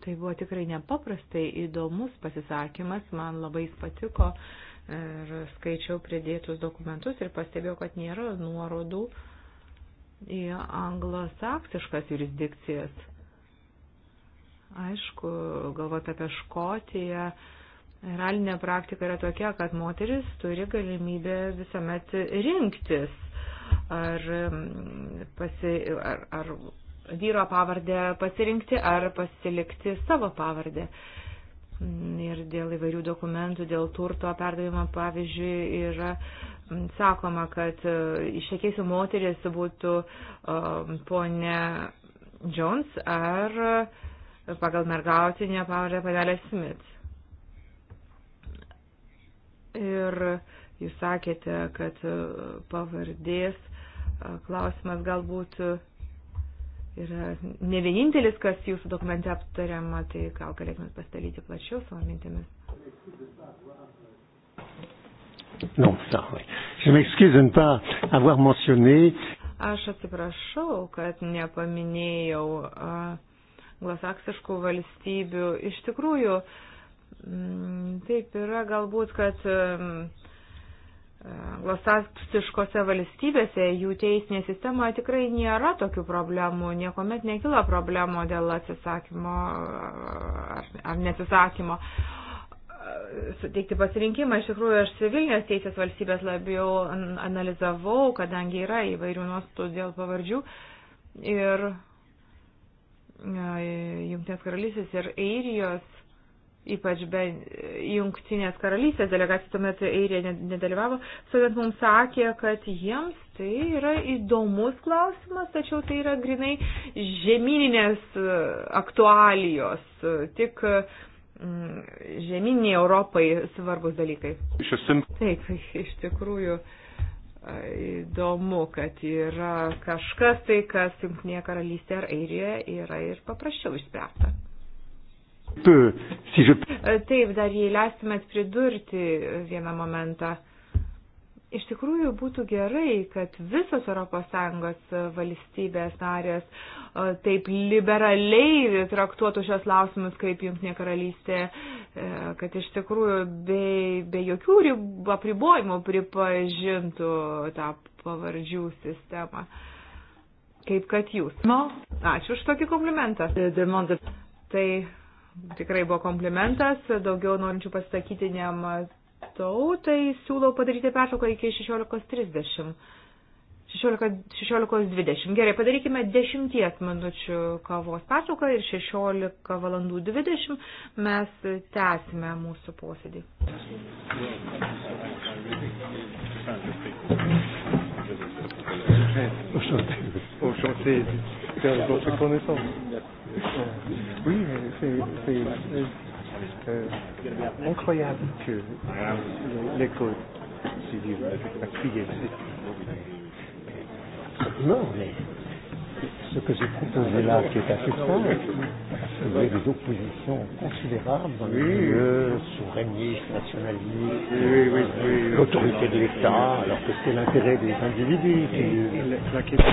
Speaker 3: tai buvo tikrai nepaprastai įdomus pasisakymas, man labai jis patiko ir skaičiau pridėtus dokumentus ir pastebėjau, kad nėra nuorodų į anglosaksiškas jurisdikcijas. Aišku, galvot apie Škotiją, realinė praktika yra tokia, kad moteris turi galimybę visuomet rinktis ar, pasi, ar, ar vyro pavardę pasirinkti ar pasilikti savo pavardę. Ir dėl įvairių dokumentų, dėl turto perdavimo, pavyzdžiui, yra sakoma, kad e, ištekėsiu moteris būtų e, ponia Jones ar e, pagal mergautinę pavardę pavelė Smith. Ir jūs sakėte, kad pavardės klausimas galbūt yra ne vienintelis, kas jūsų dokumente aptariama, tai gal galėtumėt pasidalyti plačiau savo mintimis.
Speaker 5: Non, ça, oui. Je m'excuse de ne pas avoir mentionné.
Speaker 3: Aš atsiprašau, kad nepaminėjau glasaksiškų valstybių. Iš tikrųjų, m, mm, taip yra galbūt, kad m, mm, anglosaksiškose valstybėse jų teisinė sistema tikrai nėra tokių problemų, niekuomet nekila problemų dėl atsisakymo ar, ar nesisakymo e, suteikti pasirinkimą. Iš tikrųjų, aš civilinės teisės valstybės labiau analizavau, kadangi yra įvairių nuostų dėl pavardžių. Ir e, Junktinės karalystės ir Airijos ypač be jungtinės karalystės delegacija, tuomet Airija nedalyvavo, tuomet mums sakė, kad jiems tai yra įdomus klausimas, tačiau tai yra grinai žemyninės e, aktualijos, e, tik mm, žemyniniai Europai svarbus dalykai. Taip, iš tikrųjų e, įdomu, kad yra kažkas tai, kas Junktinėje karalystėje ar Airijoje yra ir paprasčiau išspręsta
Speaker 5: peu, si je...
Speaker 3: E, taip, dar jei leistumėt pridurti vieną momentą. Iš tikrųjų būtų gerai, kad visos ES valstybės narės e, taip liberaliai traktuotų šios lausimus kaip Junktinė karalystė, e, kad iš tikrųjų be, be jokių rib, apribojimų pripažintų tą pavardžių sistemą. Kaip kad jūs. No. Ačiū už tokį komplimentą. Demanda. Tai tikrai buvo komplimentas, daugiau norinčių pasakyti nematau, tai siūlau padaryti pertrauką iki 16.30. 16.20. 16, Gerai, padarykime 10 minučių kavos pertrauką ir 16 valandų 20 mes tęsime mūsų posėdį.
Speaker 6: Enchanté. Enchanté faire votre connaissance. Oui, mais c'est euh, incroyable que l'école civile a crié.
Speaker 5: Non, mais ce que j'ai proposé là, qui est assez simple, il y a des oppositions considérables dans les oui. milieux souverainistes, nationalistes, oui, oui, oui, l'autorité de l'État, alors que c'est l'intérêt des individus. Et, et la, la question...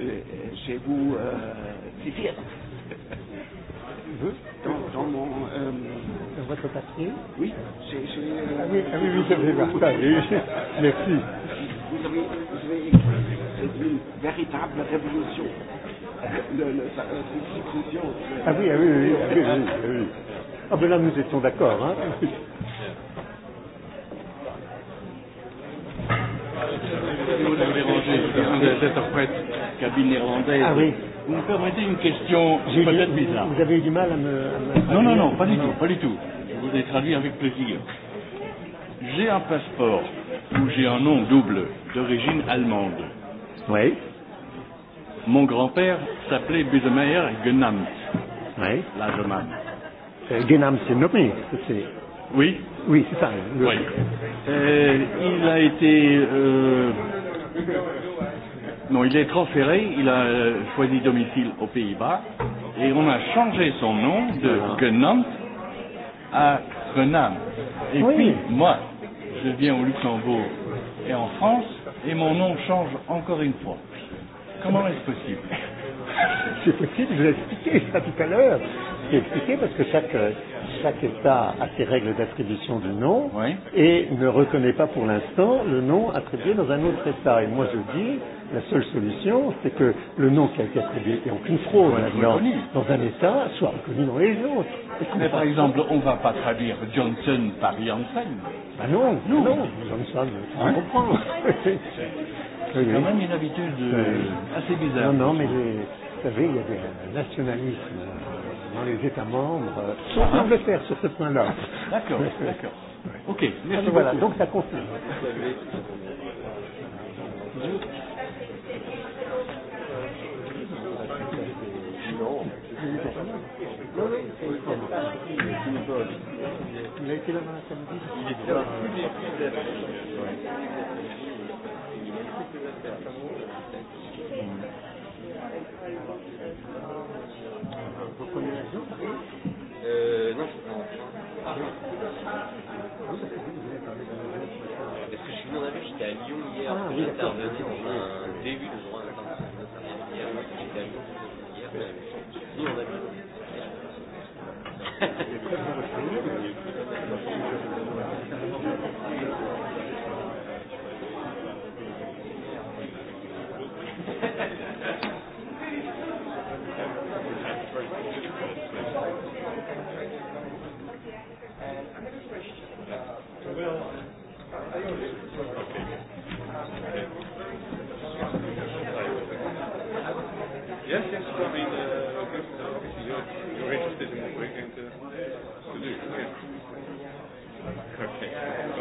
Speaker 6: je euh, vais vous euh, saisir. Mhm. Dans, dans mon. Euh, dans votre papier Oui, j'ai. Euh, ah oui, ah oui, oui, je vais voir ça. Oui, [laughs] merci. Vous avez, vous avez écrit une véritable révolution. Le, le, la succession. Euh, euh, ah oui, ah oui, oui. Ah, oui, oui, oui. ah ben là,
Speaker 5: nous étions d'accord. Hein.
Speaker 6: des interprètes cabine irlandaise. Ah oui.
Speaker 5: Vous me permettez une question peut-être bizarre. Vous avez eu du mal à me. À me non, non, non, pas du non. tout, pas du tout. Je vous ai traduit avec plaisir. J'ai un passeport où j'ai un nom double d'origine allemande. Oui. Mon grand-père s'appelait Busemeyer Genamt. Oui. L'Allemagne. Euh, Genamt, c'est nommé. Oui, Oui, c'est ça. Le... Oui. Euh, il a été. Euh... Non, il est transféré, il a euh, choisi domicile aux Pays-Bas et on a changé son nom de Genant à Renan. Et oui. puis, moi, je viens au Luxembourg et en France et mon nom change encore une fois. Comment est-ce possible [laughs] C'est possible, je vous ai expliqué ça tout à l'heure. Je l'ai expliqué parce que chaque euh, chaque État a ses règles d'attribution du nom oui. et ne reconnaît pas pour l'instant le nom attribué dans un autre État. Et moi je dis, la seule solution, c'est que le nom qui a été attribué, il n'y a aucune fraude maintenant, dans un État, soit reconnu dans les autres. Mais par exemple, on ne va pas traduire Johnson par Janssen. Ben ah non, non, non, Johnson, on hein? comprend. c'est oui. quand même une habitude euh, assez bizarre. Non, non, mais les, vous savez, il y a des nationalismes dans les États membres, euh, sauf ah, l'Angleterre sur ce point-là. D'accord, d'accord. Ouais. Ok, merci. Alors, voilà, beaucoup. donc ça confirme. Il a été là-bas samedi. Il était là.
Speaker 6: Parce que je suis mon avis, j'étais à Lyon hier, ah, oui, j'intervenais dans un début de droit international hier, j'étais à Lyon hier, mais euh, on a vu. [laughs]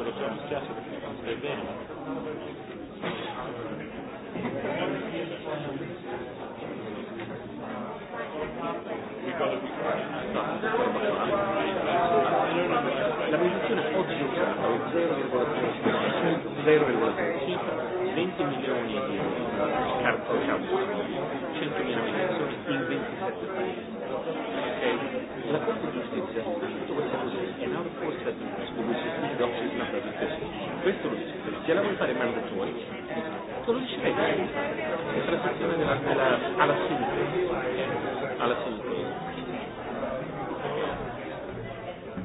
Speaker 6: questo lo so, mi spiace perché non stai bene. La posizione oggi usata è 0,35, 0,35, 20 milioni di carte campo, 100 mila migrazioni in 27 paesi. Okay. La Corte di Giustizia ha tutto questa posizione, è una forza di questo, questo lo dice, sia la volontà dei mandatori, questo lo dice lei, è transazione della, della, alla sintesi, alla sintesi.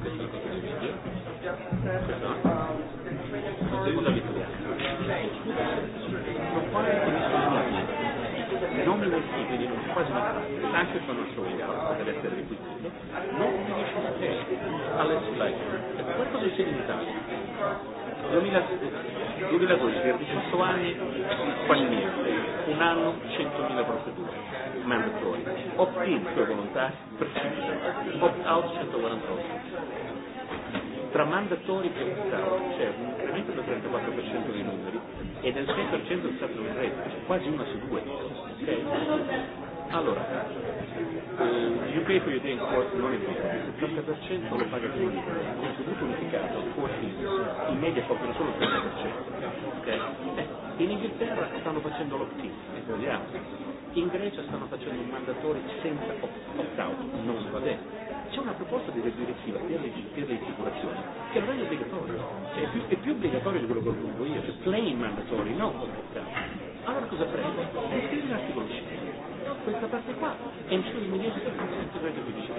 Speaker 6: Questa è la cosa di video, questa no? Questa usami tu. Non fare le condizioni di non mi vuol dire, quindi non quasi mai anche se non sono in grado per essere requisito, non finisce ok, unless you like it quanto sono in Italia? 2012, per 18 anni fa niente, un anno 100.000 procedure, mandatori, opt-in sue volontà per 5, opt-out 148 tra mandatori e opt-out c'è un incremento del 34% dei numeri e del 6% del stato di credito, quasi una su due. Okay? Allora, eh, you pay for your thing, of course, non è il 30% lo paga il contributo unificato, forse in media coprono solo il 30%. Okay? Eh, in Inghilterra stanno facendo l'opt-in, e vogliamo. In Grecia stanno facendo un mandatorio senza opt-out, non va bene c'è una proposta di direttiva per le, per le assicurazioni che non è obbligatorio, cioè è più, è più obbligatorio di quello che ho voluto io, cioè plain mandatory, no obbligatorio. Allora cosa prendo? Scrivi l'articolo 5 questa parte qua è e in più inglese per consente quello che dice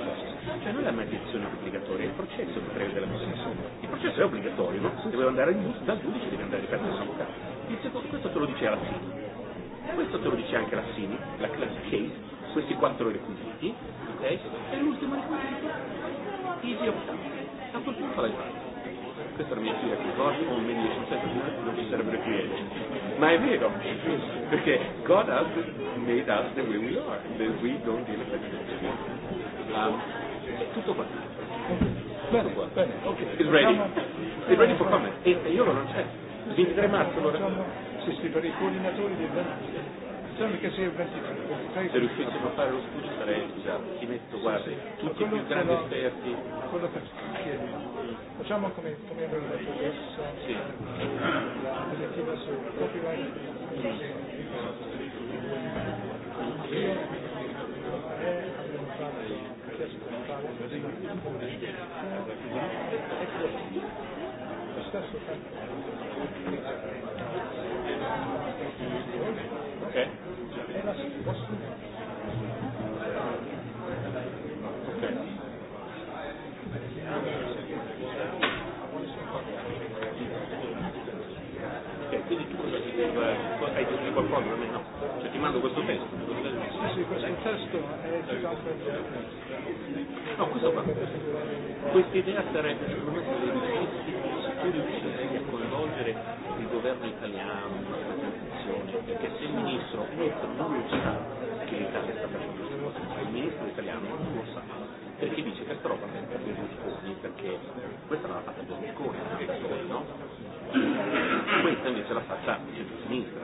Speaker 6: cioè non è la maledizione obbligatoria è il processo che prevede la possessione il processo è obbligatorio no? se devo andare in, dal giudice devi andare per l'avvocato il secondo questo te lo dice la Sini questo te lo dice anche la Sini la class case questi quattro requisiti ok e l'ultimo requisito easy opt a quel punto l'hai fatto questa è la mia teoria che oggi o meglio sul senso non ci sarebbero più leggi Ma è vero, perché God has made us the way we are, the we don't deal with um, it. Um, tutto qua. Bene, qua. bene. Okay. It's ready. It's ready for comment. E, e io non c'è. 23 marzo allora. Sì, sì, per i coordinatori del 20 persone che sei 23 se riuscissimo a fare lo studio sarei scusato ti metto guarda tutti i più grandi esperti quello per chiedere Facciamo come, come aveva detto adesso sì. la direttiva sul copyright. Sì. testo è eh, No, questo qua, questa idea sarebbe secondo me se riuscissi, se tu riuscissi a coinvolgere il governo italiano in questa transizione, perché se il ministro Netto non lo sa che l'Italia sta facendo queste cose, il ministro italiano non lo sa, perché dice questa roba è per Berlusconi, perché questa l'ha fatta Berlusconi, no? Questa invece la faccia centro-sinistra,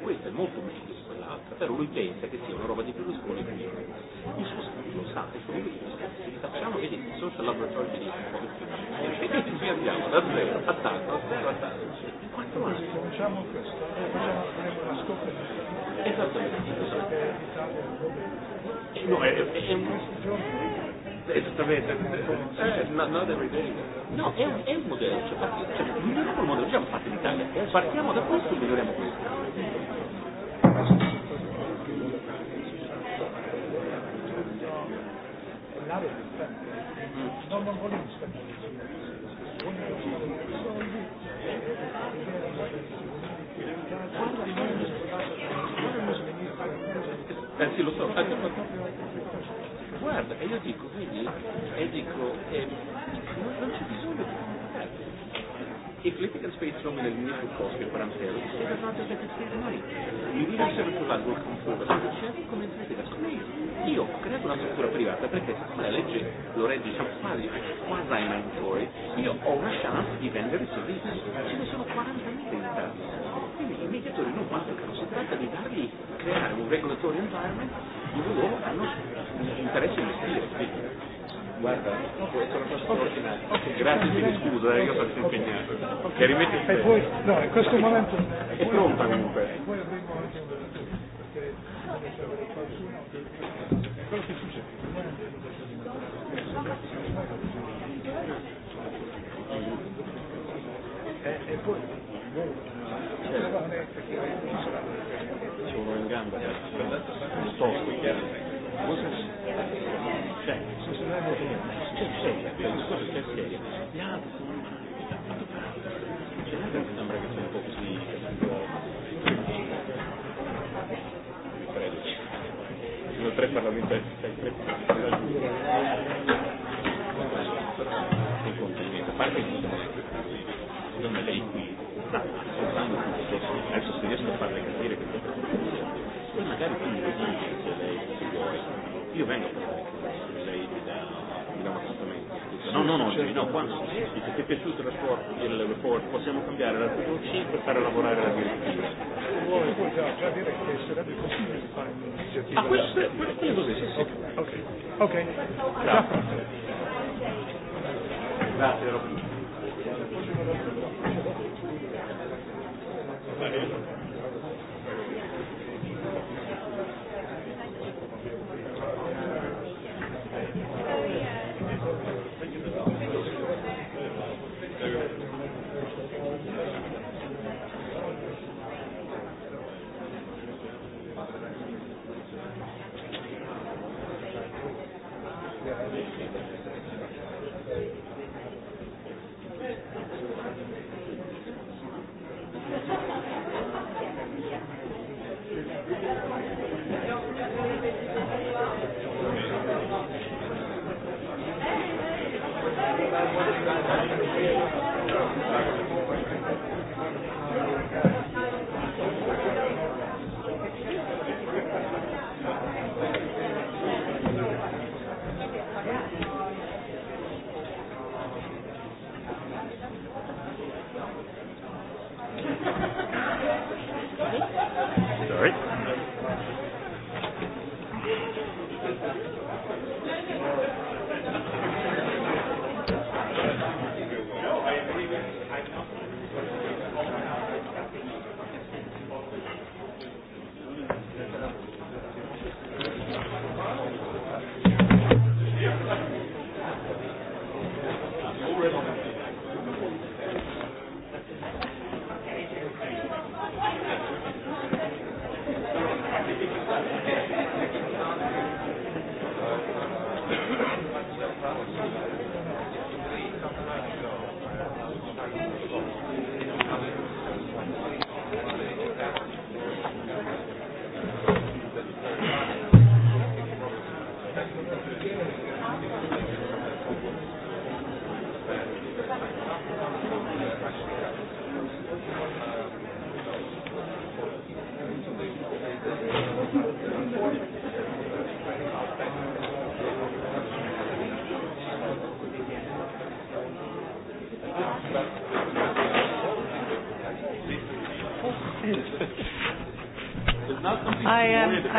Speaker 6: questa è molto meglio dell'altra, però lui pensa che sia una roba di Berlusconi e quindi il suo studio sta costruendo, quindi facciamo che il social laboratorio di e così e andiamo da zero a tanto, a zero a tanto, in quattro anni. Facciamo questo, facciamo eh, una scoperta. Esattamente.
Speaker 4: Eh, no, è, è, è un...
Speaker 6: Esattamente, eh, eh, not, not every day. No, è un, è un modello, cioè, cioè, miglioriamo il modello, già fatto in Italia, partiamo da questo e miglioriamo questo. parlare del tempo. No, non volevo stare Eh sì, lo so, anche guarda, e io dico, vedi, e dico, eh, non c'è bisogno η political space from in the for cost per Paramtero si è dato da gestire noi. Il leadership sulla Gulf Control c'è come impresa come io. Io ho creato una struttura privata perché siccome la legge lo rende diciamo, eh, quasi, quasi mandatory, io ho una chance di vendere il servizio. Ce ne sono 40.000 in Italia. Quindi i mediatori non mancano, si tratta di dargli, creare un regulatory environment dove loro hanno interesse a investire. Guarda, sono cose straordinarie. Okay. Grazie, mi scusa, eh, io sono impegnato. Okay. Che rimetti E poi, no, in questo momento... È pronta comunque. E poi avremo anche una discussione, perché qualcuno... Quello che succede. E, e poi... Sono in gamba, non sto. Cioè, se non avevo c'è seria, cioè il discorso c'è serio. Là, ma tu cioè là mi sembra che sia un po' così, credici. Sono tre parlamentari, sei tre parlamentari. E complimenti, a parte che non è lei qui, ma soltanto adesso se riesco a farle capire che poi magari tu mi dici se lei se vuoi, io vengo a cambiamo trattamento. No, no, no, cioè, no, quando se ti è piaciuto il report, il report possiamo cambiare l'articolo 5 e fare lavorare la direttiva. Vuoi, puoi già, già dire che sarebbe possibile fare un'iniziativa. Ah, quello, quello, quello così, sì, sì. Ok, ok. okay. Grazie. Grazie, Robin. Va bene.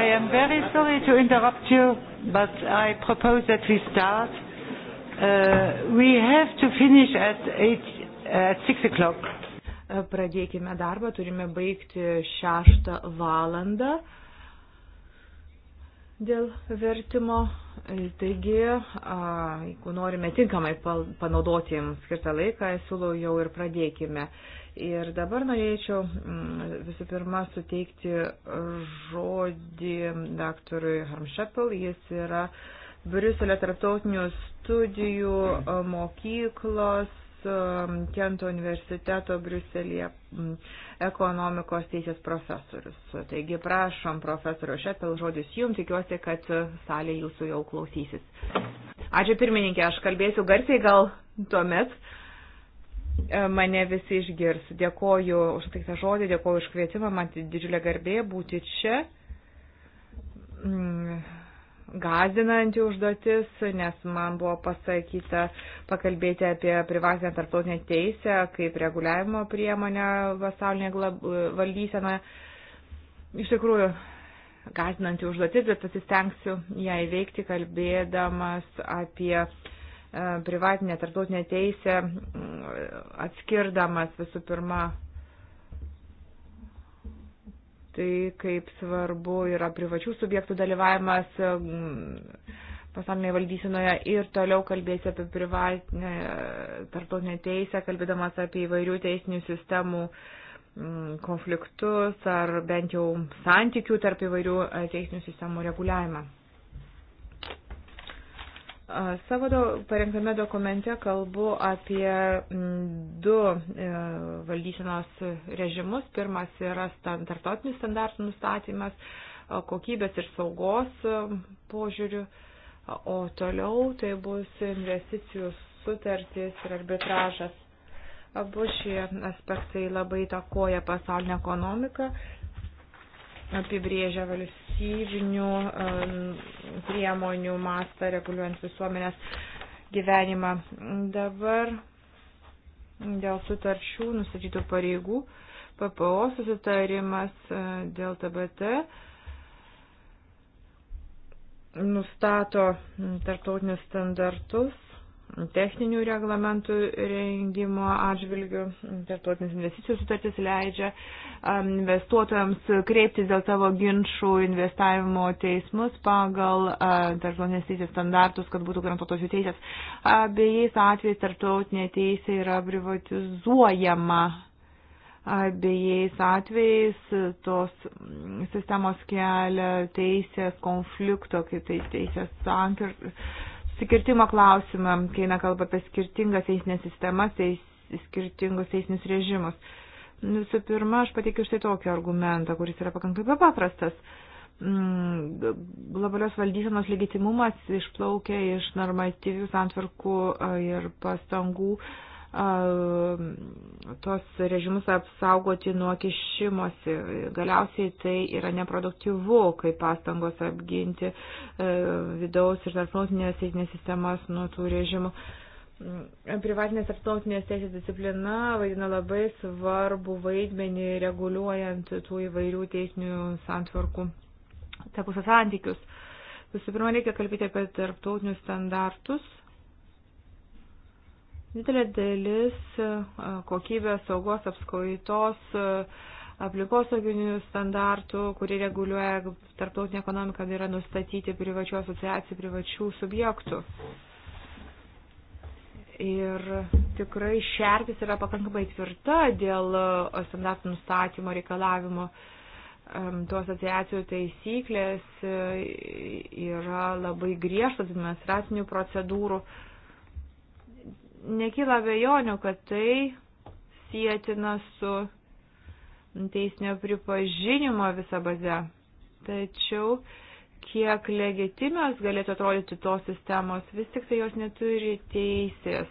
Speaker 6: I am very sorry
Speaker 1: to interrupt you, but I propose that we start. Uh,
Speaker 3: we have to finish at, eight, at 6 o'clock. Uh, pradėkime darbą, turime baigti 6 valandą dėl vertimo. E, taigi, jeigu norime tinkamai panaudoti jums skirtą laiką, siūlau jau ir pradėkime. Uh, Ir dabar norėčiau mm, visų pirma suteikti žodį daktarui Harmšepel. Jis yra Briuselio tarptautinių studijų e, mokyklos e, Kento universiteto Briuselėje mm, ekonomikos teisės profesorius. Taigi prašom, profesorius Šepel, žodis jums, tikiuosi, kad salė jūsų jau klausysis. Ačiū pirmininkė, aš kalbėsiu garsiai gal tuomet. Uh, E, mane visi išgirs. Dėkoju už suteiktą žodį, dėkoju už kvietimą, man tai didžiulė garbė būti čia. Mm, gazdinanti užduotis, nes man buvo pasakyta pakalbėti apie privatinę tarptautinę teisę kaip reguliavimo priemonę pasaulinė valdysena. Iš tikrųjų, gazdinanti užduotis, bet pasistengsiu ją įveikti kalbėdamas apie uh, E, privatinę tarptautinę teisę, atskirdamas visų pirma tai, kaip svarbu yra privačių subjektų dalyvavimas e, pasaulinėje valdysenoje ir toliau kalbėsiu apie privatinę tarptautinę teisę, kalbėdamas apie įvairių teisinių sistemų konfliktus ar bent jau santykių tarp įvairių e, teisinių sistemų reguliavimą. Savo do, parengtame dokumente kalbu apie du e, valdysenos režimus. Pirmas yra tartotinis standartų nustatymas kokybės ir saugos požiūrių, o toliau tai bus investicijų sutartys ir arbitražas. Abu šie aspektai labai takoja pasaulinę ekonomiką apibrėžia valstybinių priemonių mastą reguliuojant visuomenės gyvenimą. Dabar dėl sutarčių nustatytų pareigų PPO susitarimas e, dėl TBT nustato tarptautinius standartus techninių reglamentų rengimo atžvilgių. Tartuotinis investicijų sutartis leidžia um, investuotojams kreiptis dėl savo ginčių investavimo teismus pagal uh, tarptautinės teisės standartus, kad būtų garantuotos jų teisės. Abiejais atvejais tarptautinė teisė yra privatizuojama. Abiejais atvejais tos sistemos kelia teisės konflikto, kaip tai teisės sankirtos Sikirtimo klausimą, kai eina kalba apie skirtingas teisinės sistemas, teis, skirtingus teisinius režimus. Visų pirma, aš pateikiu štai tokį argumentą, kuris yra pakankamai paprastas mm, globalios valdysenos legitimumas išplaukia iš normatyvių santvarkų e, ir pastangų uh, Um, tos režimus apsaugoti nuo kišimosi. Galiausiai tai yra neproduktyvu, kai pastangos apginti um, vidaus ir tarptautinės teisinės sistemas nuo tų režimų. Mm, privatinės tarptautinės teisės disciplina vaidina labai svarbu vaidmenį reguliuojant tų įvairių teisinių santvarkų tarpusą santykius. Visų pirma, reikia kalbėti apie tarptautinius standartus Didelė dalis e, kokybės saugos apskaitos e, aplinkosauginių standartų, kurie reguliuoja tarptautinę ekonomiką, tai yra nustatyti privačių asociacijų, privačių subjektų. Ir tikrai šertis yra pakankamai tvirta dėl e, standartų nustatymo reikalavimo. Tuo asociacijų taisyklės yra labai griežtas administracinių procedūrų. Uh, nekyla bejonių, kad tai sėtina su teisinio pripažinimo visą bazę. Tačiau kiek legitimios galėtų atrodyti tos sistemos, vis tik tai jos neturi teisės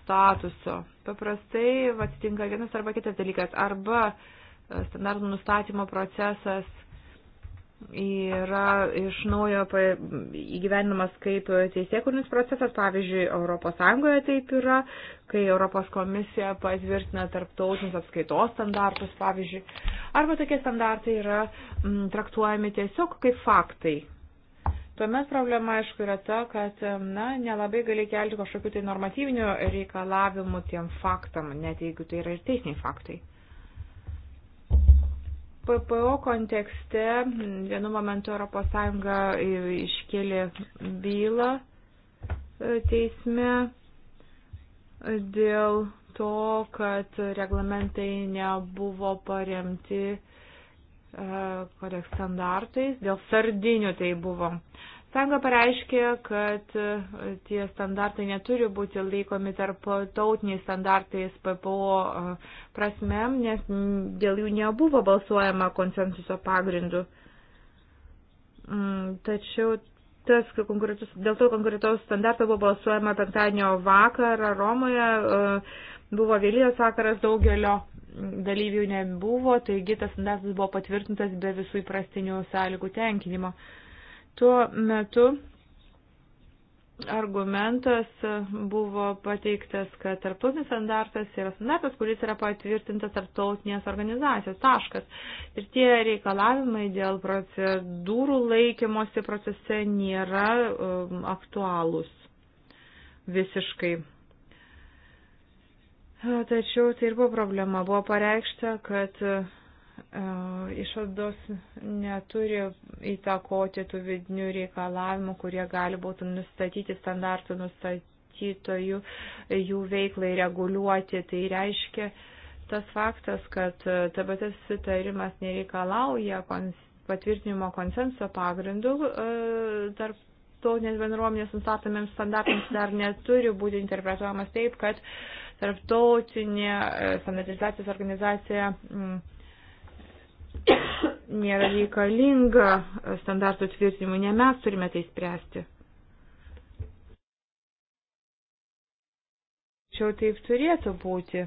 Speaker 3: statuso. Paprastai atsitinka vienas arba kitas dalykas. Arba standartų nustatymo procesas yra iš naujo įgyvenimas kaip teisėkurnis procesas, pavyzdžiui, ES taip yra, kai Europos komisija patvirtina tarptautinius apskaitos standartus, pavyzdžiui, arba tokie standartai yra m, mm, traktuojami tiesiog kaip faktai. Tuomet problema, aišku, yra ta, kad na, nelabai gali kelti kažkokių tai normatyvinių reikalavimų tiem faktam, net jeigu tai yra ir teisiniai faktai. PPO kontekste vienu momentu ES iškėlė bylą e, teisme dėl to, kad reglamentai nebuvo paremti e, kodeks standartais, dėl sardinių tai buvo. Uh, Sąjunga pareiškė, kad e, tie standartai neturi būti laikomi tarp tautiniais standartais PPO e, prasme, nes dėl jų nebuvo balsuojama konsensuso pagrindu. Mm, tačiau tas konkretus, dėl to konkretaus standarto buvo balsuojama penktadienio vakarą Romoje, e, buvo vėlyvas vakaras daugelio dalyvių nebuvo, taigi tas standartas buvo patvirtintas be visų įprastinių sąlygų tenkinimo. Tuo metu argumentas buvo pateiktas, kad tarptautinis standartas yra standartas, kuris yra patvirtintas tarptautinės organizacijos taškas. Ir tie reikalavimai dėl procedūrų laikymosi procese nėra um, aktualūs visiškai. Tačiau tai ir buvo problema. Buvo pareikšta, kad uh, E, išvados neturi įtakoti tų vidinių reikalavimų, kurie gali būti nustatyti standartų nustatytojų, jų veiklai reguliuoti. Tai reiškia tas faktas, kad TBT susitarimas nereikalauja patvirtinimo konsenso pagrindų e, tarp tautinės bendruomenės nustatomiems standartams dar neturi būti interpretuojamas taip, kad tarptautinė e, standartizacijos organizacija mm, nėra reikalinga standartų tvirtinimui, ne mes turime tai spręsti. Čia taip turėtų būti.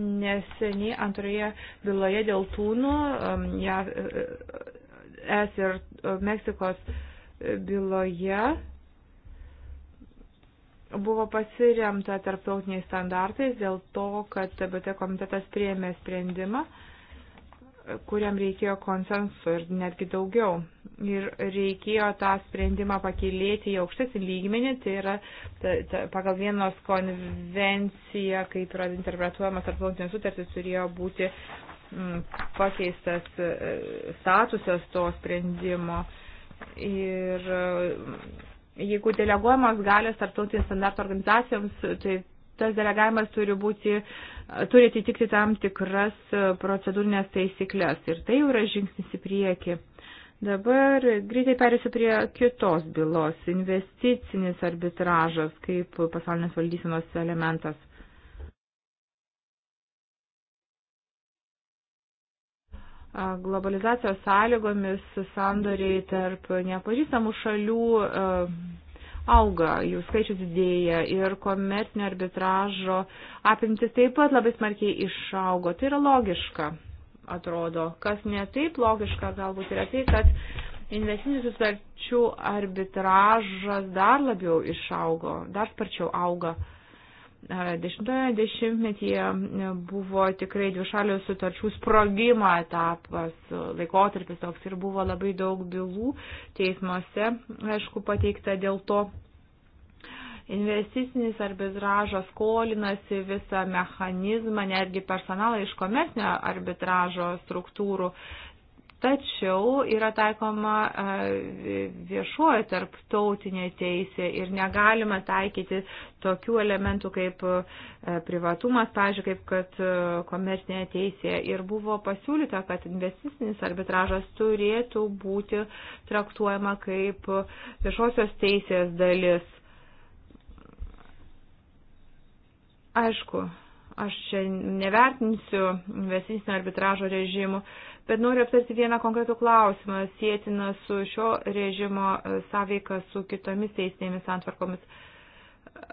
Speaker 3: Neseniai antroje byloje dėl tūnų, um, ja, e, e, es ir e, Meksikos byloje buvo pasiremta tarptautiniais standartais dėl to, kad BT komitetas priėmė sprendimą, uh, kuriam reikėjo konsenso ir netgi daugiau. Ir reikėjo tą sprendimą pakilėti į aukštesnį lygmenį, tai yra ta, ta, pagal vienos konvenciją, kaip yra interpretuojamas tarptautinės sutartys, turėjo būti m, mm, pakeistas e, statusas to sprendimo. Ir e, jeigu deleguojamas galės tarptautinės standarto organizacijoms, tai tas delegavimas turi būti, turi atitikti tam tikras procedūrinės taisyklės. Ir tai jau yra žingsnis į priekį. Dabar greitai perėsiu prie kitos bylos - investicinis arbitražas kaip pasaulinės valdysenos elementas. Globalizacijos sąlygomis sandoriai tarp nepažįstamų šalių auga, jų skaičius didėja ir komercinio arbitražo apimtis taip pat labai smarkiai išaugo. Tai yra logiška, atrodo. Kas ne taip logiška galbūt yra tai, kad investicinių sutarčių arbitražas dar labiau išaugo, dar sparčiau auga. Dešimtojo dešimtmetyje buvo tikrai dvišalių sutarčių sprogimo etapas, laikotarpis toks ir buvo labai daug bylų teismuose, aišku, pateikta dėl to investicinis arbitražas skolinasi visą mechanizmą, netgi personalą iš komercinio arbitražo struktūrų. Tačiau yra taikoma viešuoja tarptautinė teisė ir negalima taikyti tokių elementų kaip privatumas, pažiūrėjau, kaip kad komercinė teisė. Ir buvo pasiūlyta, kad investicinis arbitražas turėtų būti traktuojama kaip viešosios teisės dalis. Aišku, aš čia nevertinsiu investicinio arbitražo režimų bet noriu aptarti vieną konkretų klausimą, sėtiną su šio režimo e, sąveika su kitomis teisinėmis santvarkomis.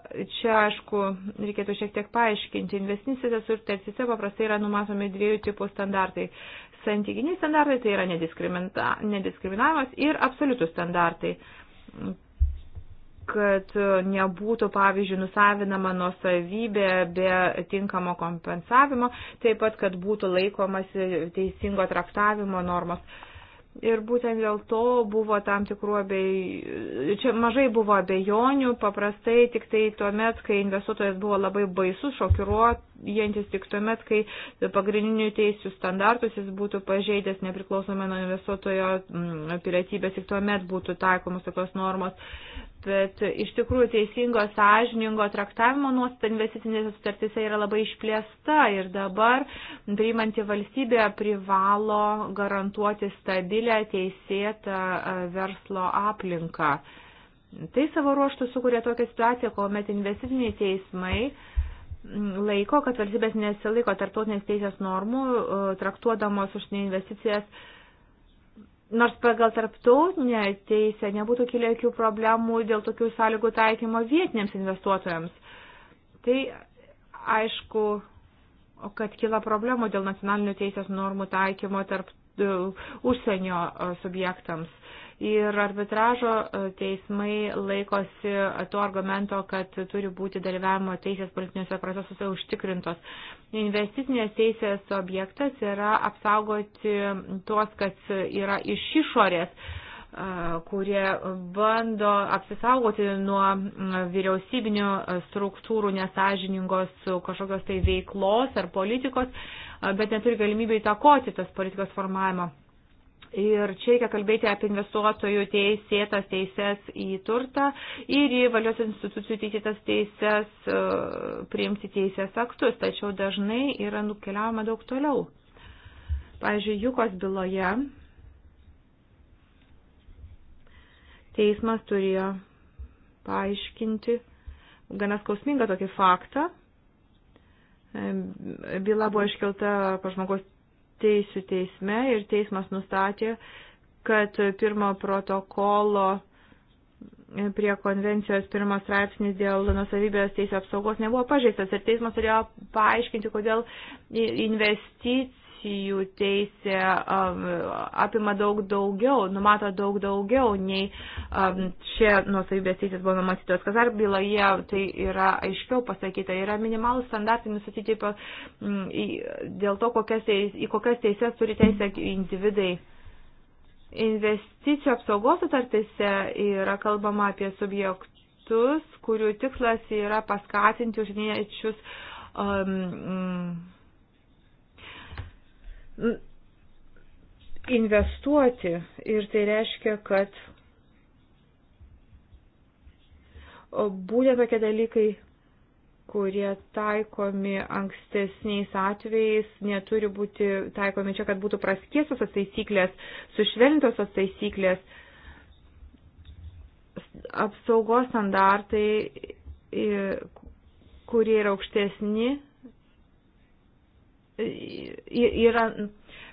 Speaker 3: Čia, aišku, reikėtų šiek tiek paaiškinti. Investicinėse sutartyse paprastai yra numatomi dviejų tipų standartai. Santyginiai standartai tai yra nediskriminavimas ir absoliutų standartai kad e, nebūtų, pavyzdžiui, nusavinama nuosavybė be tinkamo kompensavimo, taip pat, kad būtų laikomasi teisingo traktavimo normos. Ir būtent dėl to buvo tam tikrų abejonių, čia mažai buvo abejonių, paprastai tik tai tuo met, kai investuotojas buvo labai baisus, šokiruojantis, tik tuo met, kai pagrindinių teisų standartus jis būtų pažeidęs nepriklausomai nuo investuotojo mm, pilietybės, tik tuo met būtų taikomus tokios normos bet iš tikrųjų teisingo sąžiningo traktavimo nuostata investicinėse sutartyse yra labai išplėsta ir dabar priimanti valstybė privalo garantuoti stabilę teisėtą e, verslo aplinką. Tai savo ruoštų sukuria tokią situaciją, kuomet investiciniai teismai laiko, kad valstybės nesilaiko tarptautinės teisės normų, e, traktuodamos užsienio investicijas nors pagal tarptautinę teisę nebūtų kilę jokių problemų dėl tokių sąlygų taikymo vietiniams investuotojams. Tai aišku, kad kila problemų dėl nacionalinių teisės normų taikymo tarp e, užsienio e, subjektams ir arbitražo e, teismai laikosi to argumento, kad turi būti dalyvavimo teisės politiniuose procesuose užtikrintos. Investicinės teisės objektas yra apsaugoti tuos, kas yra iš išorės e, kurie bando apsisaugoti nuo vyriausybinių struktūrų nesažiningos kažkokios tai veiklos ar politikos, e, bet neturi galimybę įtakoti tas politikos formavimo. Ir čia reikia kalbėti apie investuotojų teisėtas teises į turtą ir į valios institucijų teisėtas teises e, priimti teisės aktus, tačiau dažnai yra nukeliaujama daug toliau. Pavyzdžiui, Jukos byloje teismas turėjo paaiškinti gana skausmingą tokį faktą. E, byla buvo iškelta pažmogos teisų teisme ir teismas nustatė, kad pirmo protokolo prie konvencijos pirmas straipsnis dėl nusavybės teisų apsaugos nebuvo pažeistas ir teismas turėjo paaiškinti, kodėl investicija koncesijų teisė um, apima daug daugiau, numato daug daugiau, nei čia um, nuosavybės teisės buvo numatytos. Kazar byloje tai yra aiškiau pasakyta, yra minimalų standartai nustatyti mm, dėl to, kokias, į kokias teises turi teisę individai. Investicijų apsaugos sutartise yra kalbama apie subjektus, kurių tikslas yra paskatinti užniečius um, investuoti ir tai reiškia, kad būtent tokie dalykai, kurie taikomi ankstesniais atvejais, neturi būti taikomi čia, kad būtų praskėsusios taisyklės, sušvelnintosios taisyklės, apsaugos standartai, kurie yra aukštesni yra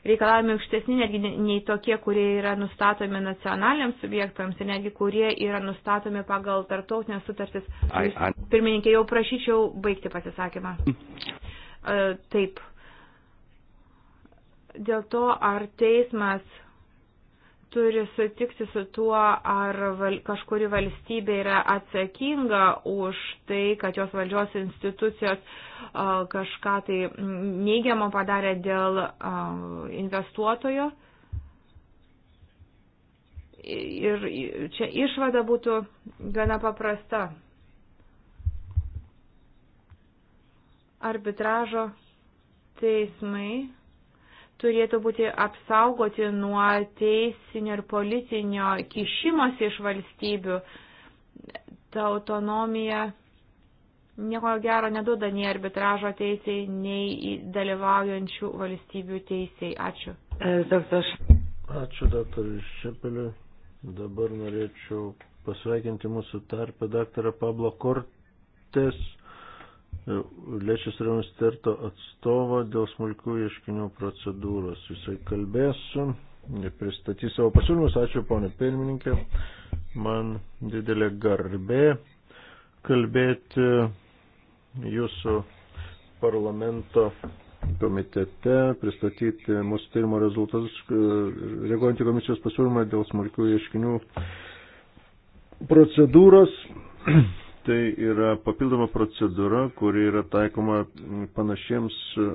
Speaker 3: reikalavimai aukštesni netgi nei tokie, kurie yra nustatomi nacionaliniams subjektams ir netgi kurie yra nustatomi pagal tartautinės sutartis. Pirmininkė, jau prašyčiau baigti pasisakymą. Mm. E, taip. Dėl to, ar teismas turi sutikti su tuo, ar val, kažkuri valstybė yra atsakinga už tai, kad jos valdžios institucijos a, kažką tai neigiamo padarė dėl a, investuotojo. Ir čia išvada būtų gana paprasta. Arbitražo teismai turėtų būti apsaugoti nuo teisinio ir politinio kišimos iš valstybių. Ta autonomija nieko gero neduoda nei arbitražo teisiai, nei dalyvaujančių valstybių teisiai. Ačiū.
Speaker 4: Ačiū, daktarui Šepeliu. Dabar norėčiau pasveikinti mūsų tarpę daktarą Pablo Kortes. Lėčius Reunisterto atstovo dėl smulkių ieškinių procedūros. Jisai kalbės ir pristatys savo pasiūlymus. Ačiū, ponė pirmininkė. Man didelė garbė kalbėti jūsų parlamento komitete, pristatyti mūsų tyrimo rezultatus, reaguojant į komisijos pasiūlymą dėl smulkių ieškinių procedūros. Tai yra papildoma procedūra, kuri yra taikoma panašiems e,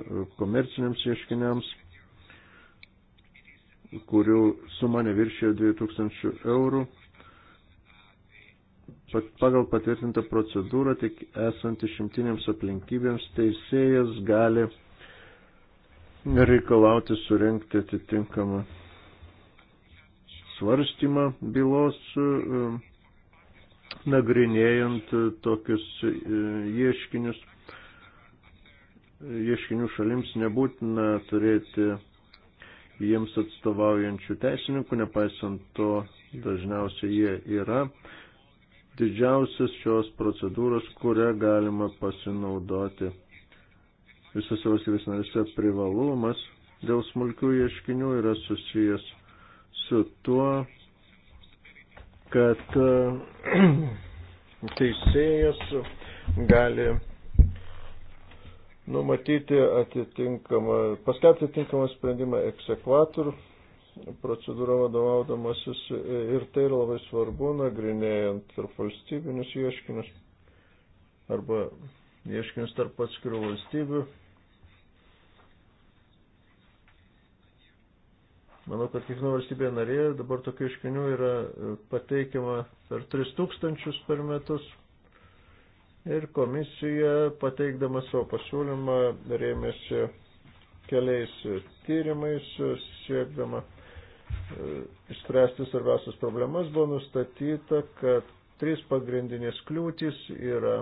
Speaker 4: komerciniams ieškiniams, kurių suma neviršė 2000 eurų. Pagal patvirtintą procedūrą tik esant išimtinėms aplinkybėms teisėjas gali reikalauti surenkti atitinkamą svarstymą bylos. Uh, nagrinėjant tokius e, ieškinius. Ieškinių šalims nebūtina turėti jiems atstovaujančių teisininkų, nepaisant to dažniausiai jie yra. Didžiausias šios procedūros, kurią galima pasinaudoti visose valstybės narėse privalumas dėl smulkių ieškinių yra susijęs su tuo, kad [clears throat] teisėjas gali numatyti atitinkamą, paskelbti atitinkamą sprendimą eksekvator procedūra vadovaudamasis ir tai yra labai svarbu nagrinėjant tarp valstybinius ieškinius arba ieškinius tarp atskirų valstybių Manau, kad kiekviena valstybė narė dabar tokių iškinių yra e, pateikiama per 3000 per metus. Ir komisija, pateikdama savo pasiūlymą, rėmėsi keliais tyrimais, siekdama e, išspręsti svarbiausias problemas, buvo nustatyta, kad trys pagrindinės kliūtis yra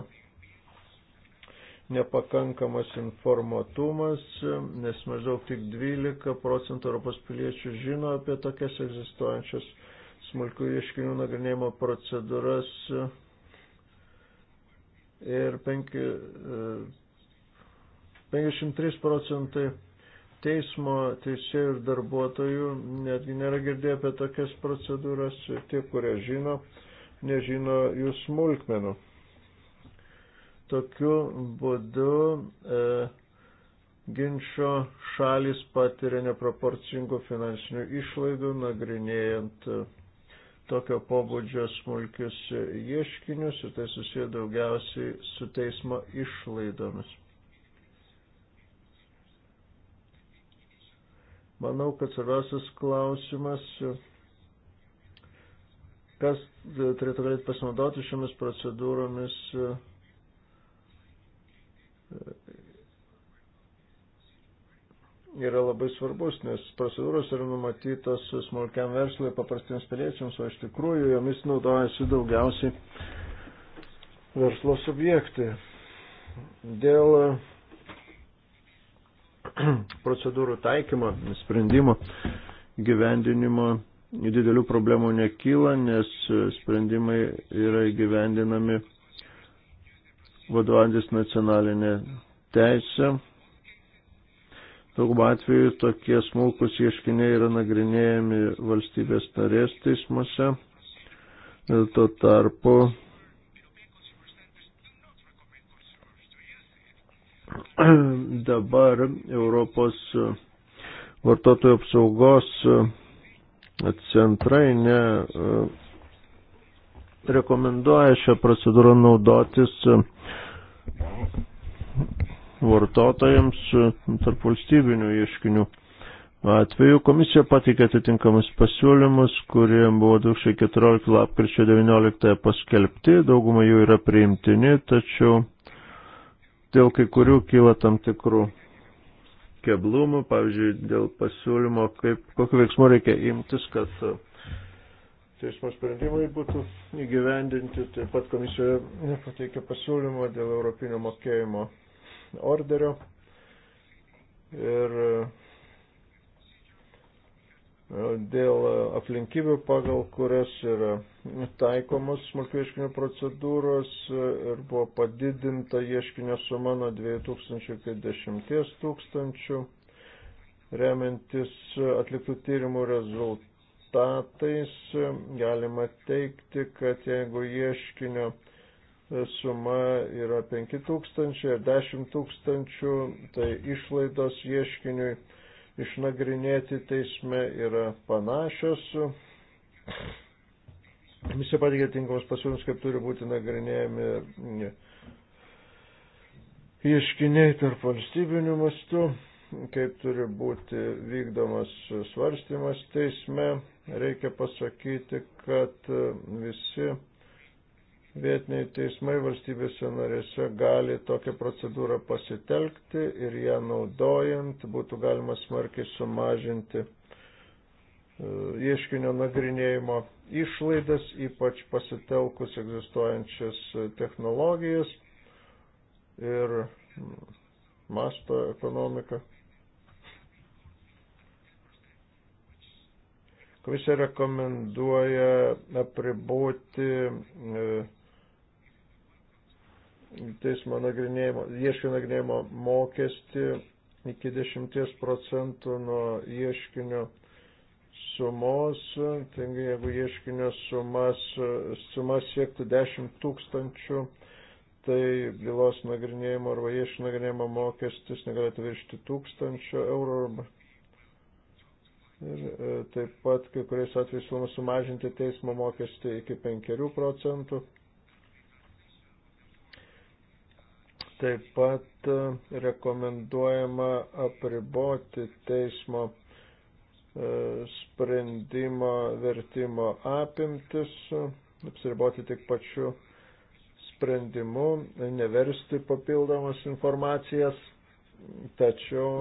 Speaker 4: nepakankamas informatumas, nes maždaug tik 12 procentų Europos piliečių žino apie tokias egzistuojančias smulkių ieškinių nagrinėjimo procedūras ir 5, 53 e, procentai teismo teisėjų ir darbuotojų netgi nėra girdėję apie tokias procedūras ir tie, kurie žino, nežino jų smulkmenų. Tokiu būdu e, ginčio šalis patiria neproporcingų finansinių išlaidų, nagrinėjant e, tokio pobūdžio smulkius ieškinius ir tai susiję daugiausiai su teismo išlaidomis. Manau, kad svarbiausias klausimas, kas turėtų galėti pasinaudoti šiomis procedūromis yra labai svarbus, nes procedūros yra numatytos smulkiam verslui, paprastiems piliečiams, o iš tikrųjų jomis naudojasi daugiausiai verslo subjektai. Dėl [clears throat] procedūrų taikymo, sprendimo gyvendinimo didelių problemų nekyla, nes sprendimai yra gyvendinami vadovantis nacionalinė teisė. Daugumą atveju tokie smulkus ieškiniai yra nagrinėjami valstybės narės teismuose. Tuo tarpu dabar Europos vartotojų apsaugos centrai ne rekomenduoja šią procedūrą naudotis e, vartotojams e, tarp valstybinių ieškinių atveju. Komisija pateikė atitinkamus pasiūlymus, kurie buvo 2014 lapkričio 19 paskelbti, dauguma jų yra priimtini, tačiau dėl kai kurių kyla tam tikrų keblumų, pavyzdžiui, dėl pasiūlymo, kaip, kokiu veiksmu reikia imtis, kad e, teismo sprendimai būtų įgyvendinti. Taip pat komisijoje pateikė pasiūlymą dėl Europinio mokėjimo orderio. Ir e, dėl aplinkybių, pagal kurias yra taikomos smulkiaiškinių procedūros e, ir buvo padidinta ieškinio suma nuo 2000 iki 10 tūkstančių, remiantis atliktų tyrimų rezultatų rezultatais galima teikti, kad jeigu ieškinio suma yra 5000 ar 10 tūkstančių, tai išlaidos ieškiniui išnagrinėti teisme yra panašios. Visi patikė tinkamus pasiūlymus, kaip turi būti nagrinėjami ieškiniai tarp valstybinių mastų, kaip turi būti vykdomas svarstymas teisme, reikia pasakyti, kad e, visi vietiniai teismai valstybėse narėse gali tokią procedūrą pasitelkti ir ją naudojant būtų galima smarkiai sumažinti e, ieškinio nagrinėjimo išlaidas, ypač pasitelkus egzistuojančias e, technologijas ir masto ekonomiką. Komisija rekomenduoja apriboti e, teismo nagrinėjimo, ieškinio nagrinėjimo mokestį iki 10 procentų nuo ieškinio sumos, taigi jeigu ieškinio sumas, sumas siektų 10 tūkstančių, tai bylos nagrinėjimo arba ieškinio nagrinėjimo mokestis negalėtų viršti tūkstančio eurų arba Ir e, taip pat kai kuriais atvejais siūloma sumažinti teismo mokestį iki 5 procentų. Taip pat e, rekomenduojama apriboti teismo e, sprendimo vertimo apimtis, apsiriboti tik pačiu sprendimu, neversti papildomas informacijas, tačiau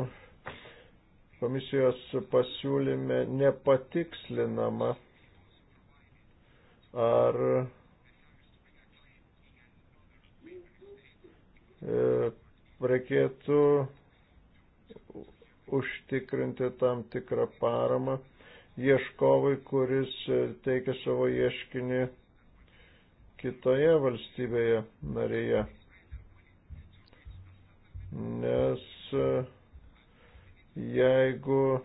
Speaker 4: komisijos pasiūlyme nepatikslinama, ar e, reikėtų užtikrinti tam tikrą paramą ieškovui, kuris teikia savo ieškinį kitoje valstybėje narėje. Nes uh, jeigu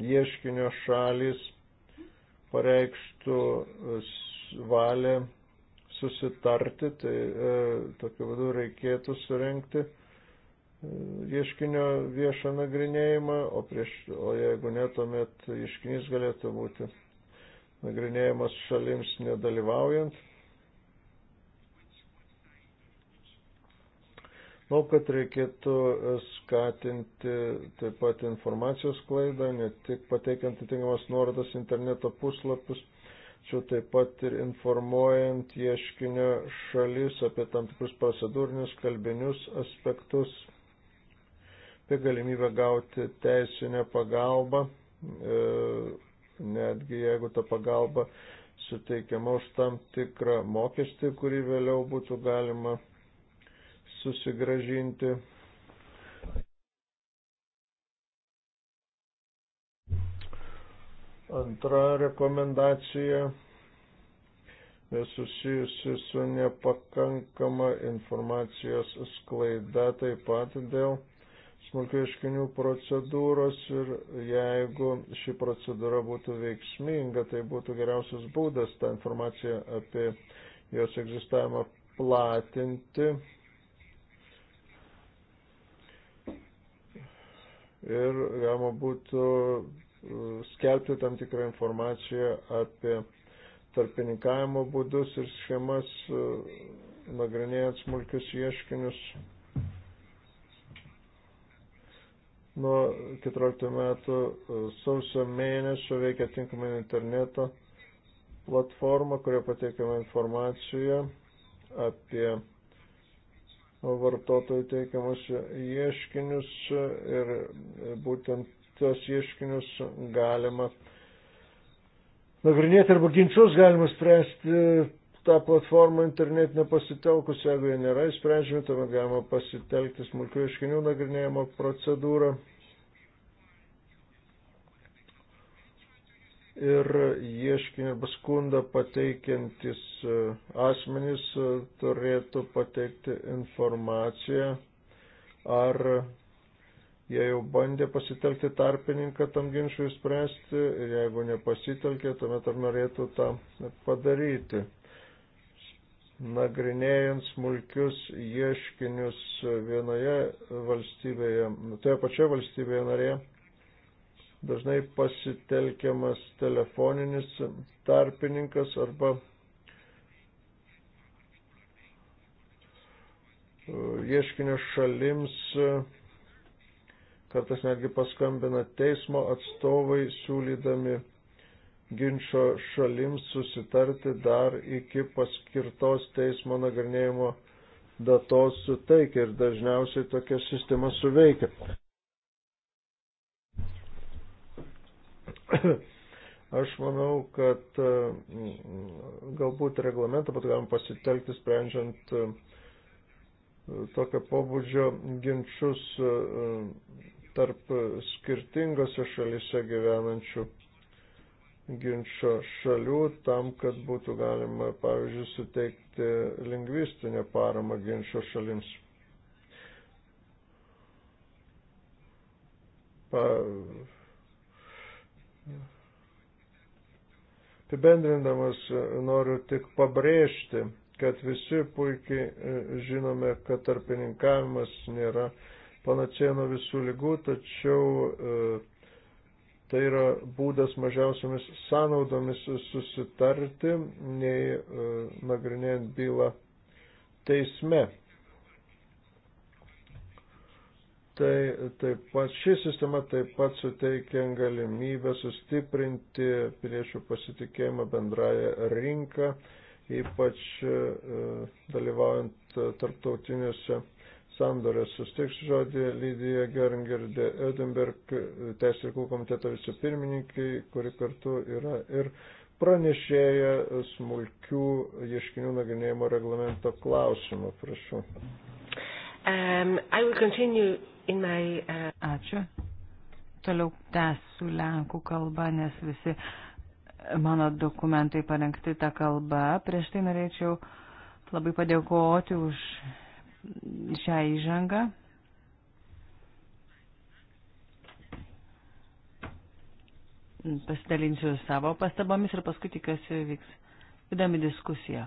Speaker 4: ieškinio šalis pareikštų valią susitarti, tai e, tokiu būdu reikėtų surenkti e, ieškinio viešą nagrinėjimą, o, prieš, o jeigu ne, tuomet ieškinys galėtų būti nagrinėjimas šalims nedalyvaujant. Manau, kad reikėtų skatinti taip pat informacijos klaidą, ne tik pateikiant atitinkamas nuorodas interneto puslapius, tačiau taip pat ir informuojant ieškinio šalis apie tam tikrus procedūrinius kalbinius aspektus, apie galimybę gauti teisinę pagalbą, e, netgi jeigu ta pagalba suteikiama už tam tikrą mokestį, kurį vėliau būtų galima susigražinti. Antra rekomendacija susijusi su nepakankama informacijos sklaida taip pat dėl smulkių iškinių procedūros ir jeigu ši procedūra būtų veiksminga, tai būtų geriausias būdas tą informaciją apie jos egzistavimą platinti ir galima būtų e, skelbti tam tikrą informaciją apie tarpininkavimo būdus ir schemas, e, nagrinėjant smulkius ieškinius. Nuo 14 metų e, sausio mėnesio veikia tinkamai interneto platforma, kurioje pateikiama informacija apie vartotojų teikiamus ieškinius ir būtent tos ieškinius galima nagrinėti arba ginčius galima spręsti tą platformą internetinę pasitelkus, jeigu jie nėra įsprendžiami, tuomet galima pasitelkti smulkių ieškinių nagrinėjimo procedūrą. ir ieškinį arba skundą pateikiantis e, asmenys e, turėtų pateikti informaciją, ar jie jau bandė pasitelkti tarpininką tam ginčiui spręsti ir jeigu nepasitelkė, tuomet ar norėtų tą padaryti. Nagrinėjant smulkius ieškinius vienoje valstybėje, toje pačioje valstybėje narėje dažnai pasitelkiamas telefoninis tarpininkas arba e, ieškinio šalims, e, kartais netgi paskambina teismo atstovai siūlydami ginčio šalims susitarti dar iki paskirtos teismo nagrinėjimo datos suteikia ir dažniausiai tokia sistema suveikia. [coughs] Aš manau, kad e, galbūt reglamentą būtų galima pasitelkti sprendžiant e, tokio pobūdžio ginčius e, tarp skirtingose šalise gyvenančių ginčio šalių tam, kad būtų galima, pavyzdžiui, suteikti lingvistinę paramą ginčio šalims. Pa, Apibendrindamas noriu tik pabrėžti, kad visi puikiai e, žinome, kad tarpininkavimas nėra panacėja nuo visų lygų, tačiau e, tai yra būdas mažiausiamis sąnaudomis susitarti, nei e, nagrinėjant bylą teisme. tai taip pat ši sistema taip pat suteikia galimybę sustiprinti piliečių pasitikėjimą bendrąją rinką, ypač e, dalyvaujant tarptautiniuose sandoriuose. Susteiksiu žodį Lydija Geringerdė Edinburgh, Teisės reikalų komiteto vicepirmininkai, kuri kartu yra ir pranešėja smulkių ieškinių nagrinėjimo reglamento klausimų. Prašau.
Speaker 2: Um, I will continue in my. Uh... Ačiū. Toliau tęsiu lenkų kalbą, nes visi mano dokumentai parengti tą kalbą. Prieš tai norėčiau labai padėkoti už šią įžangą. Pasidalinsiu savo pastabomis ir paskui tikiuosi vyks
Speaker 1: įdomi diskusija.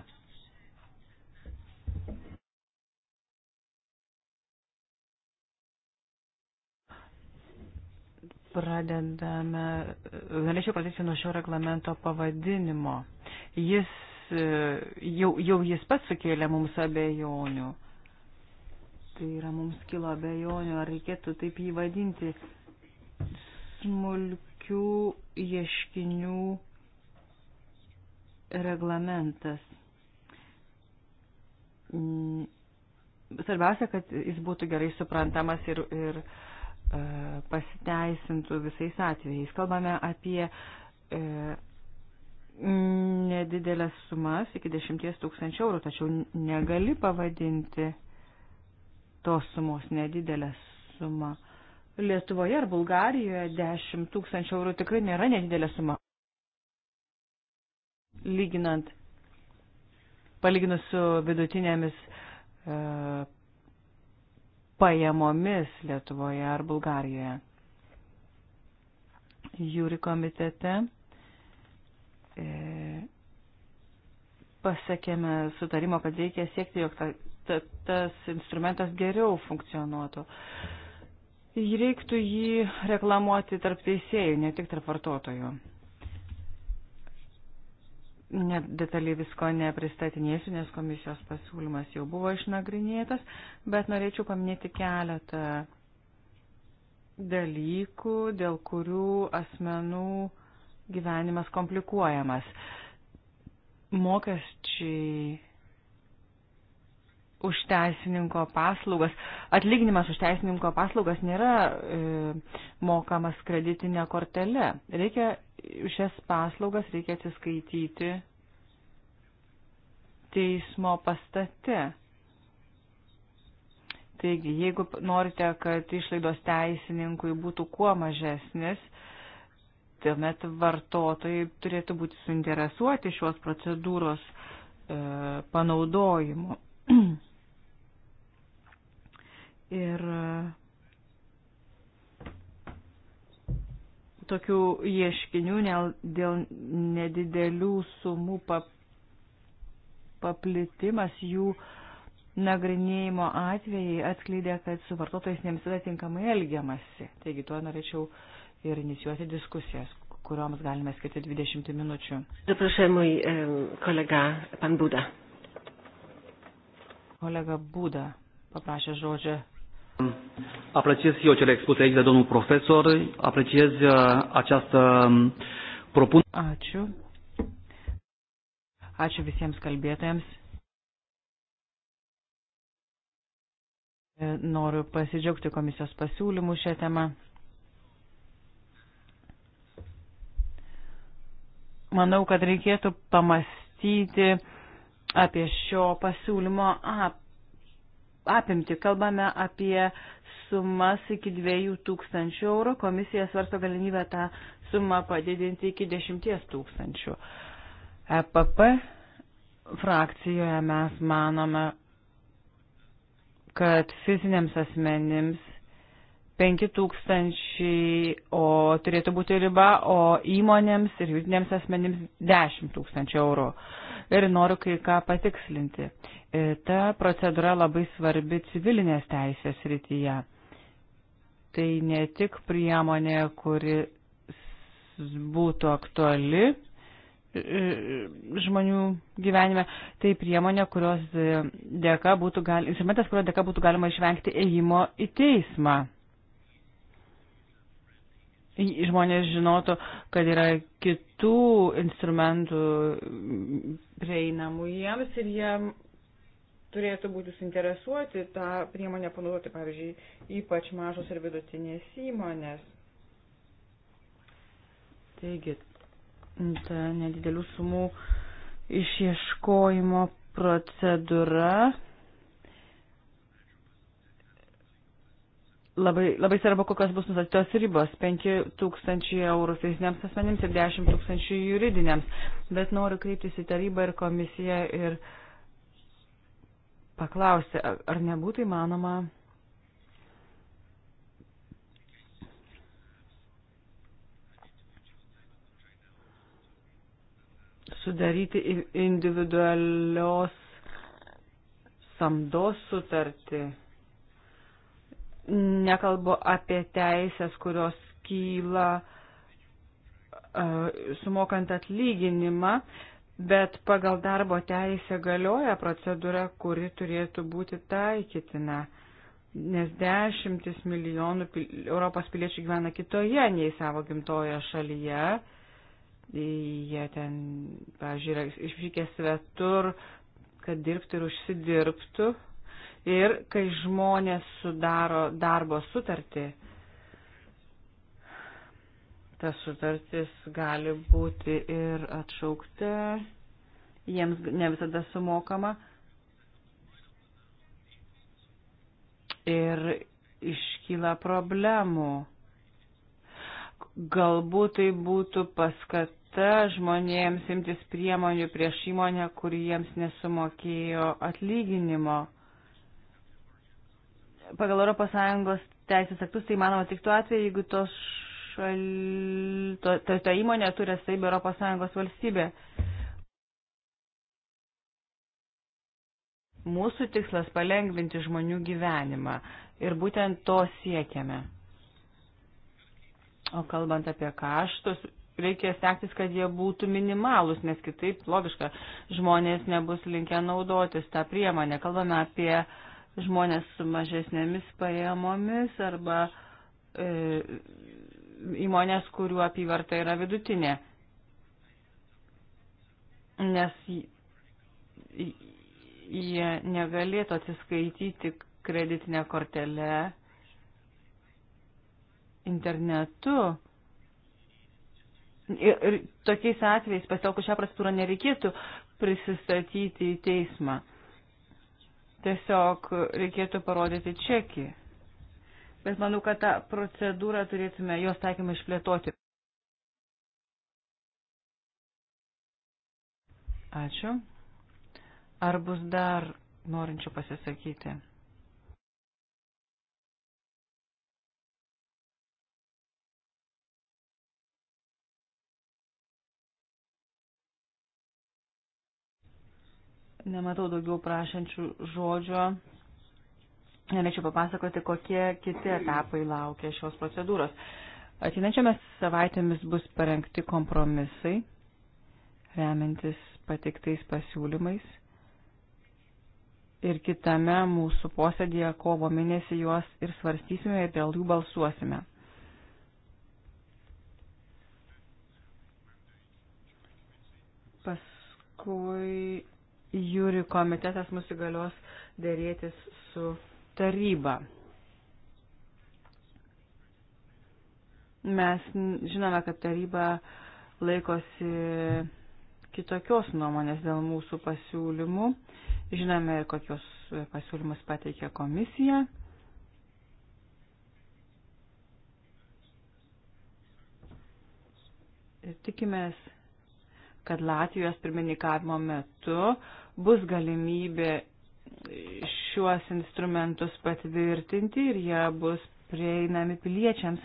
Speaker 2: pradedame, norėčiau pradėti nuo šio reglamento pavadinimo. Jis, e, jau, jau jis pats sukėlė mums abejonių. Tai yra, mums kilo abejonių, ar reikėtų taip jį vadinti smulkių ieškinių reglamentas. Mm, svarbiausia, kad jis būtų gerai suprantamas ir, ir uh, E, pasiteisintų visais atvejais. Kalbame apie e, nedidelės sumas iki 10 tūkstančių eurų, tačiau negali pavadinti tos sumos nedidelę sumą. Lietuvoje ar Bulgarijoje 10 tūkstančių eurų tikrai nėra nedidelė suma. Lyginant, palyginus su vidutinėmis e, pajamomis Lietuvoje ar Bulgarijoje. Jūri komitete e, pasiekėme sutarimo, kad reikia siekti, jog ta, ta, tas instrumentas geriau funkcionuotų. Reiktų jį reklamuoti tarp teisėjų, ne tik tarp vartotojų ne, detaliai visko nepristatinėsiu, nes komisijos pasiūlymas jau buvo išnagrinėtas, bet norėčiau paminėti keletą dalykų, dėl kurių asmenų gyvenimas komplikuojamas. Mokesčiai už teisininko paslaugas. Atlyginimas už teisininko paslaugas nėra e, mokamas kreditinė kortelė. Reikia šias paslaugas reikia atsiskaityti teismo pastate. Taigi, jeigu norite, kad išlaidos teisininkui būtų kuo mažesnis, tuomet vartotojai turėtų būti suinteresuoti šios procedūros e, panaudojimu. [clears throat] Ir tokių ieškinių dėl nedidelių sumų paplitimas jų nagrinėjimo atvejai atskleidė, kad su vartotojais ne visada tinkamai elgiamasi. Taigi tuo norėčiau ir inicijuoti diskusijas, kurioms galime skirti 20 minučių. Zaprašau, mój kolega, pan Buda. Kolega Buda paprašė žodžio
Speaker 1: Apreciez eu cele expuse aici de domnul profesor, apreciez uh, această um, propunere. Ačiū.
Speaker 2: Ačiū visiems kalbėtojams. Noriu pasidžiaugti komisijos pasiūlymų šią temą. Manau, kad reikėtų pamastyti apie šio pasiūlymo ap apimti. Kalbame apie sumas iki 2000 eurų. Komisija svarsto galimybę tą sumą padidinti iki 10 tūkstančių. EPP frakcijoje mes manome, kad fiziniams asmenims 5 tūkstančiai, o turėtų būti riba, o įmonėms ir judinėms asmenims 10 tūkstančių eurų. Ir noriu kai ką patikslinti. E, ta procedūra labai svarbi civilinės teisės rytyje. Tai ne tik priemonė, kuri būtų aktuali e, žmonių gyvenime, tai priemonė, kurios e, dėka būtų galima, instrumentas, kurio dėka būtų galima išvengti ėjimo į teismą žmonės žinotų, kad yra kitų instrumentų prieinamų jiems ir jie turėtų būti suinteresuoti tą priemonę panaudoti, pavyzdžiui, ypač mažos ir vidutinės įmonės. Taigi, ta nedidelių sumų išieškojimo procedūra Labai, labai svarbu, kokios bus nustatytos ribos - 5 tūkstančiai eurų fiziniams asmenims ir 10 tūkstančių juridiniams. Bet noriu kreiptis į tarybą ir komisiją ir paklausti, ar nebūtų įmanoma sudaryti individualios samdos sutartį nekalbu apie teisės, kurios kyla e, sumokant atlyginimą, bet pagal darbo teisę galioja procedūra, kuri turėtų būti taikytina, nes dešimtis milijonų Europos piliečių gyvena kitoje nei savo gimtoje šalyje. Jie ten, pažiūrėjau, išvykę svetur, kad dirbtų ir užsidirbtų, Ir kai žmonės sudaro darbo sutartį, ta sutartis gali būti ir atšaukta, jiems ne visada sumokama. Ir iškyla problemų. Galbūt tai būtų paskata žmonėms imtis priemonių prieš įmonę, kuri jiems nesumokėjo atlyginimo pagal ES teisės aktus tai manoma tik tuo atveju, jeigu tos šal... to, to, to įmonė turi savybę ES valstybė. Mūsų tikslas palengvinti žmonių gyvenimą ir būtent to siekiame. O kalbant apie kaštus, reikia stengtis, kad jie būtų minimalūs, nes kitaip logiška žmonės nebus linkę naudotis tą priemonę. Kalbame apie uh, žmonės su mažesnėmis pajamomis arba e, įmonės, kurių apyvarta yra vidutinė. Nes jie negalėtų atsiskaityti kreditinę kortelę internetu. Ir, ir tokiais atvejais pasitelkus šią procedūrą nereikėtų prisistatyti į teismą tiesiog reikėtų parodyti čekį. Bet manau, kad tą procedūrą turėtume jos taikymą išplėtoti.
Speaker 1: Ačiū. Ar bus dar norinčių pasisakyti?
Speaker 2: Nematau daugiau prašančių žodžio. Norėčiau papasakoti, kokie kiti etapai laukia šios procedūros. Ateinančiamis savaitėmis bus parengti kompromisai, remiantis patiktais pasiūlymais. Ir kitame mūsų posėdėje kovo mėnesį juos ir svarstysime ir dėl jų balsuosime. Paskui jūri komitetas mus įgalios dėrėtis su taryba. Mes žinome, kad taryba laikosi kitokios nuomonės dėl mūsų pasiūlymų. Žinome ir kokios pasiūlymus pateikė komisija. Ir tikimės kad Latvijos pirmininkavimo metu bus galimybė šiuos instrumentus patvirtinti ir jie bus prieinami piliečiams.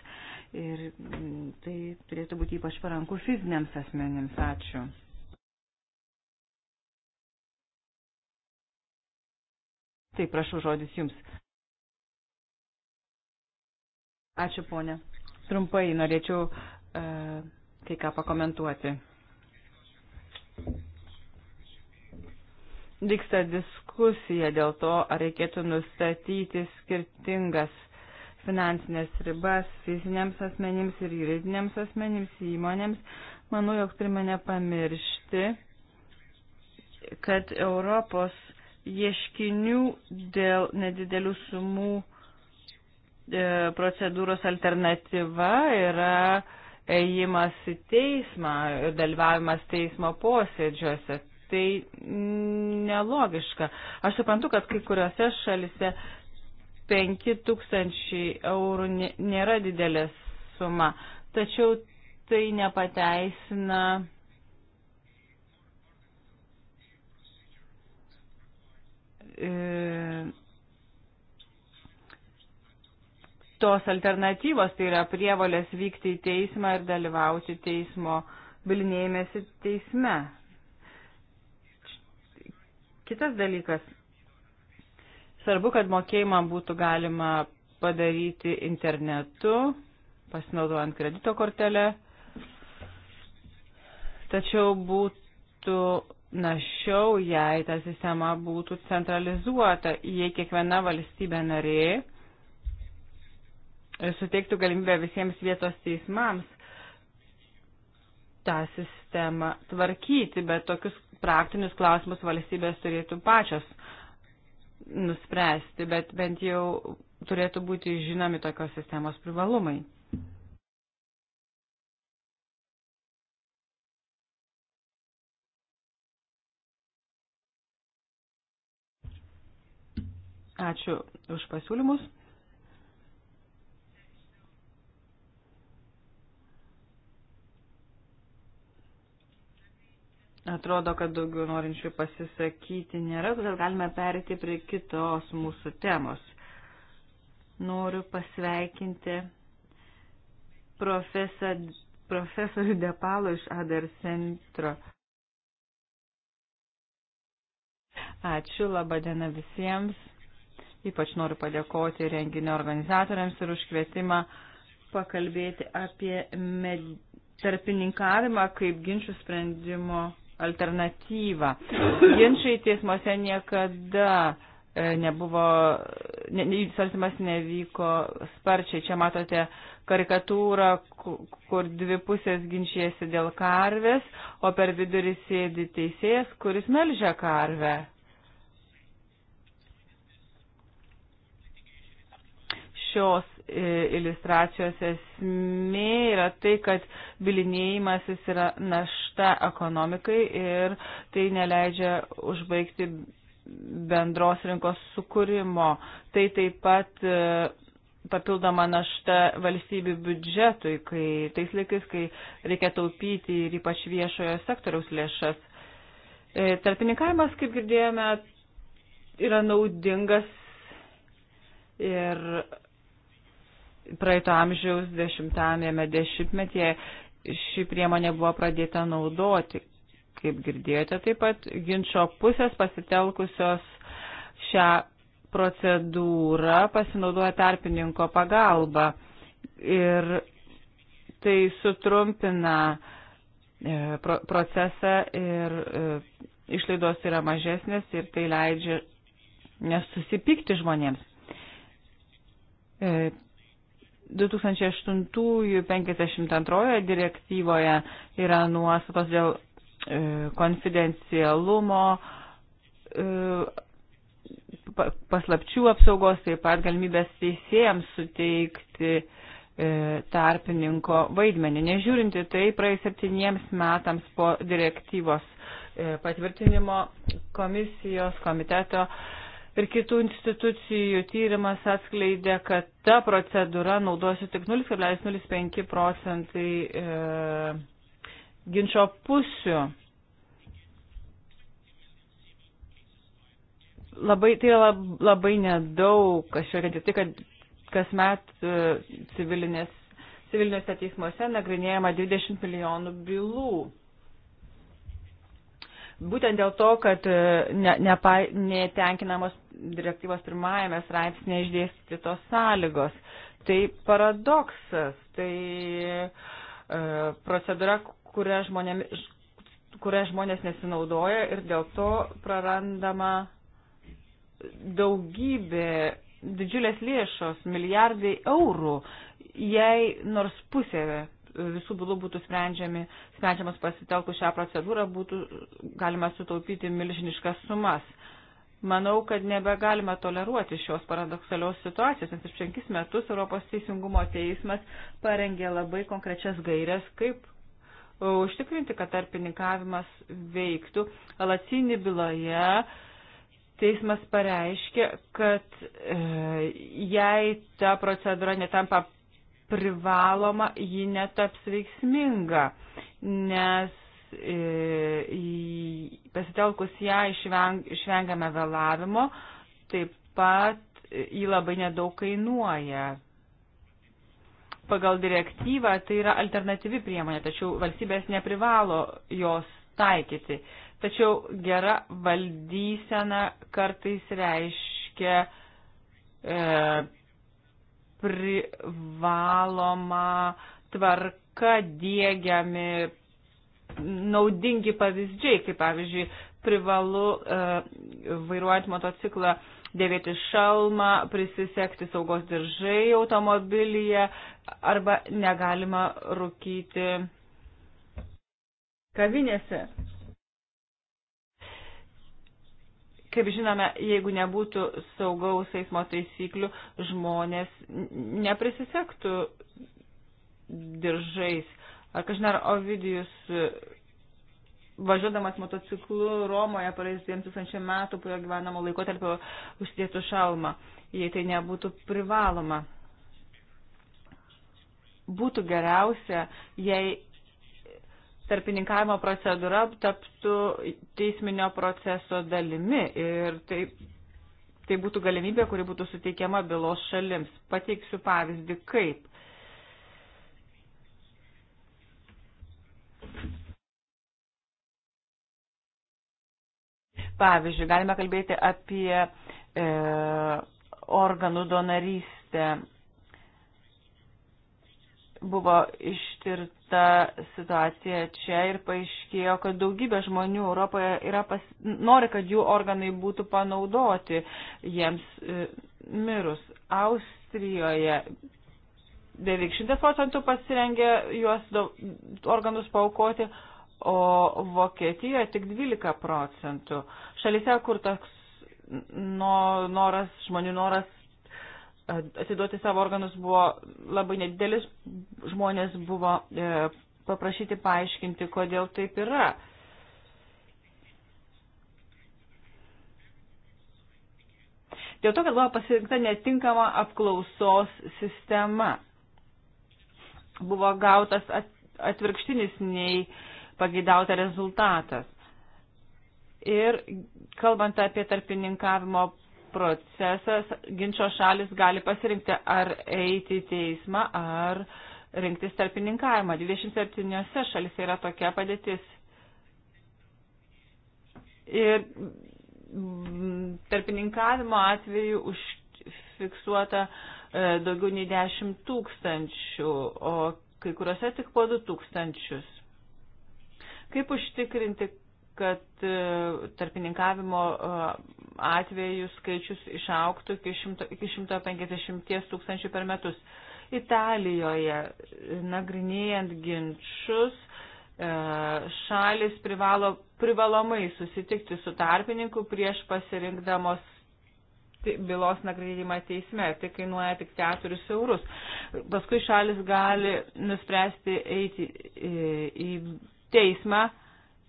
Speaker 2: Ir mm, tai turėtų būti ypač paranku fiziniams asmenims. Ačiū. Taip, prašau žodis jums. Ačiū, ponė. Trumpai norėčiau uh, kai ką pakomentuoti. Vyksta diskusija dėl to, ar reikėtų nustatyti skirtingas finansinės ribas fiziniams asmenims ir juridiniams asmenims įmonėms. Manau, jog turime nepamiršti, kad Europos ieškinių dėl nedidelių sumų e, procedūros alternatyva yra ėjimas į teismą ir dalyvavimas teismo posėdžiuose. Tai nelogiška. Aš suprantu, kad kai kuriuose šalise 5000 eurų nėra didelė suma, tačiau tai nepateisina e, tos alternatyvos, tai yra prievolės vykti į teismą ir dalyvauti teismo bilinėjimėsi teisme. Kitas dalykas. Svarbu, kad mokėjimą būtų galima padaryti internetu, pasinaudojant kredito kortelę, tačiau būtų našiau, jei ta sistema būtų centralizuota, jei kiekviena valstybė narė suteiktų galimybę visiems vietos teismams tą sistemą tvarkyti, bet tokius praktinius klausimus valstybės turėtų pačios nuspręsti, bet bent jau turėtų būti žinomi tokios sistemos privalumai.
Speaker 1: Ačiū už
Speaker 2: pasiūlymus. Atrodo, kad daugiau norinčių pasisakyti nėra, todėl galime perėti prie kitos mūsų temos. Noriu pasveikinti profesą, profesorių Depalo iš ADR centro. Ačiū, laba diena visiems. Ypač noriu padėkoti renginio organizatoriams ir už kvietimą pakalbėti apie med... tarpininkavimą kaip ginčių sprendimo alternatyvą. Ginčiai teismuose niekada e, nebuvo, ne, svarstymas nevyko sparčiai. Čia matote karikatūrą, kur dvi pusės ginčiasi dėl karvės, o per vidurį sėdi teisėjas, kuris melžia karvę. Šios iliustracijos esmė yra tai, kad bilinėjimasis yra našta ekonomikai ir tai neleidžia užbaigti bendros rinkos sukūrimo. Tai taip pat e, papildoma našta valstybių biudžetui, kai tais laikais, kai reikia taupyti ir ypač viešojo sektoriaus lėšas. E, tarpininkavimas, kaip girdėjome, yra naudingas ir praeito amžiaus dešimtame dešimtmetyje ši priemonė buvo pradėta naudoti. Kaip girdėjote, taip pat ginčio pusės pasitelkusios šią procedūrą pasinaudoja tarpininko pagalba ir tai sutrumpina e, procesą ir e, išlaidos yra mažesnės ir tai leidžia nesusipykti žmonėms e, 2008-52 direktyvoje yra nuostatos dėl e, konfidencialumo, e, paslapčių apsaugos, taip pat galimybės teisėjams suteikti e, tarpininko vaidmenį. Nežiūrinti tai, praėjus septyniems metams po direktyvos patvirtinimo komisijos komiteto ir kitų institucijų tyrimas atskleidė, kad ta procedūra naudosiu tik 0,05 procentai e, ginčio pusių. Labai, tai lab, labai nedaug, kas čia reikia, tai kad kasmet e, civilinės, civilinėse teismuose nagrinėjama 20 milijonų bylų. Būtent dėl to, kad e, ne, nepa, netenkinamos direktyvos pirmajame straipsnėje išdėstytos sąlygos. Tai paradoksas, tai e, procedūra, kuria, žmonėm, kuria žmonės nesinaudoja ir dėl to prarandama daugybė, didžiulės lėšos, milijardai eurų, jei nors pusė visų bylų būtų sprendžiami, sprendžiamas pasitelkus šią procedūrą, būtų galima sutaupyti milžiniškas sumas. Manau, kad nebegalime toleruoti šios paradoksalios situacijos, nes prieš penkis metus Europos Teisingumo teismas parengė labai konkrečias gairias, kaip e, užtikrinti, kad tarpininkavimas veiktų. Alacinį byloje teismas pareiškė, kad e, jei ta procedūra netampa privaloma, ji netaps veiksminga, nes e, pasitelkus ją išveng, išvengiame vėlavimo, taip pat jį labai nedaug kainuoja. Pagal direktyvą tai yra alternatyvi priemonė, tačiau valstybės neprivalo jos taikyti. Tačiau gera valdysena kartais reiškia e, privaloma tvarka dėgiami naudingi pavyzdžiai, kaip pavyzdžiui, privalu e, vairuojant motociklą dėvėti šalmą, prisisekti saugos diržai automobilyje arba negalima rūkyti kavinėse. Kaip žinome, jeigu nebūtų saugaus eismo taisyklių, žmonės neprisisektų diržais. Ar kažin ar Ovidijus važiuodamas motociklu Romoje praeis 2000 metų po jo gyvenamo laikotarpio užsidėtų šalmą, jei tai nebūtų privaloma. Būtų geriausia, jei tarpininkavimo procedūra taptų teisminio proceso dalimi ir tai, tai būtų galimybė, kuri būtų suteikiama bylos šalims. Pateiksiu pavyzdį kaip. Pavyzdžiui, galime kalbėti apie e, organų donorystę buvo ištirta situacija čia ir paaiškėjo, kad daugybė žmonių Europoje yra pas, nori, kad jų organai būtų panaudoti jiems e, mirus. Austrijoje beveik 100 procentų pasirengė juos do, organus paukoti, o Vokietijoje tik 12 procentų. Šalise, kur toks no, noras, žmonių noras atiduoti savo organus buvo labai nedidelis, žmonės buvo e, paprašyti paaiškinti, kodėl taip yra. Dėl to, kad buvo pasirinkta netinkama apklausos sistema, buvo gautas atvirkštinis nei pagaidauta rezultatas. Ir kalbant apie tarpininkavimo procesas, ginčio šalis gali pasirinkti ar eiti į teismą, ar rinktis tarpininkavimą. 27 šalise yra tokia padėtis. Ir tarpininkavimo atveju užfiksuota e, daugiau nei 10 tūkstančių, o kai kuriuose tik po 2 tūkstančius. Kaip užtikrinti, kad e, tarpininkavimo e, atvejų skaičius išauktų iki, 100, iki 150 tūkstančių per metus. Italijoje nagrinėjant ginčius e, šalis privalo privalomai susitikti su tarpininku prieš pasirinkdamos bylos nagrinėjimą teisme. Tai kainuoja tik 4 eurus. Paskui šalis gali nuspręsti eiti į teismą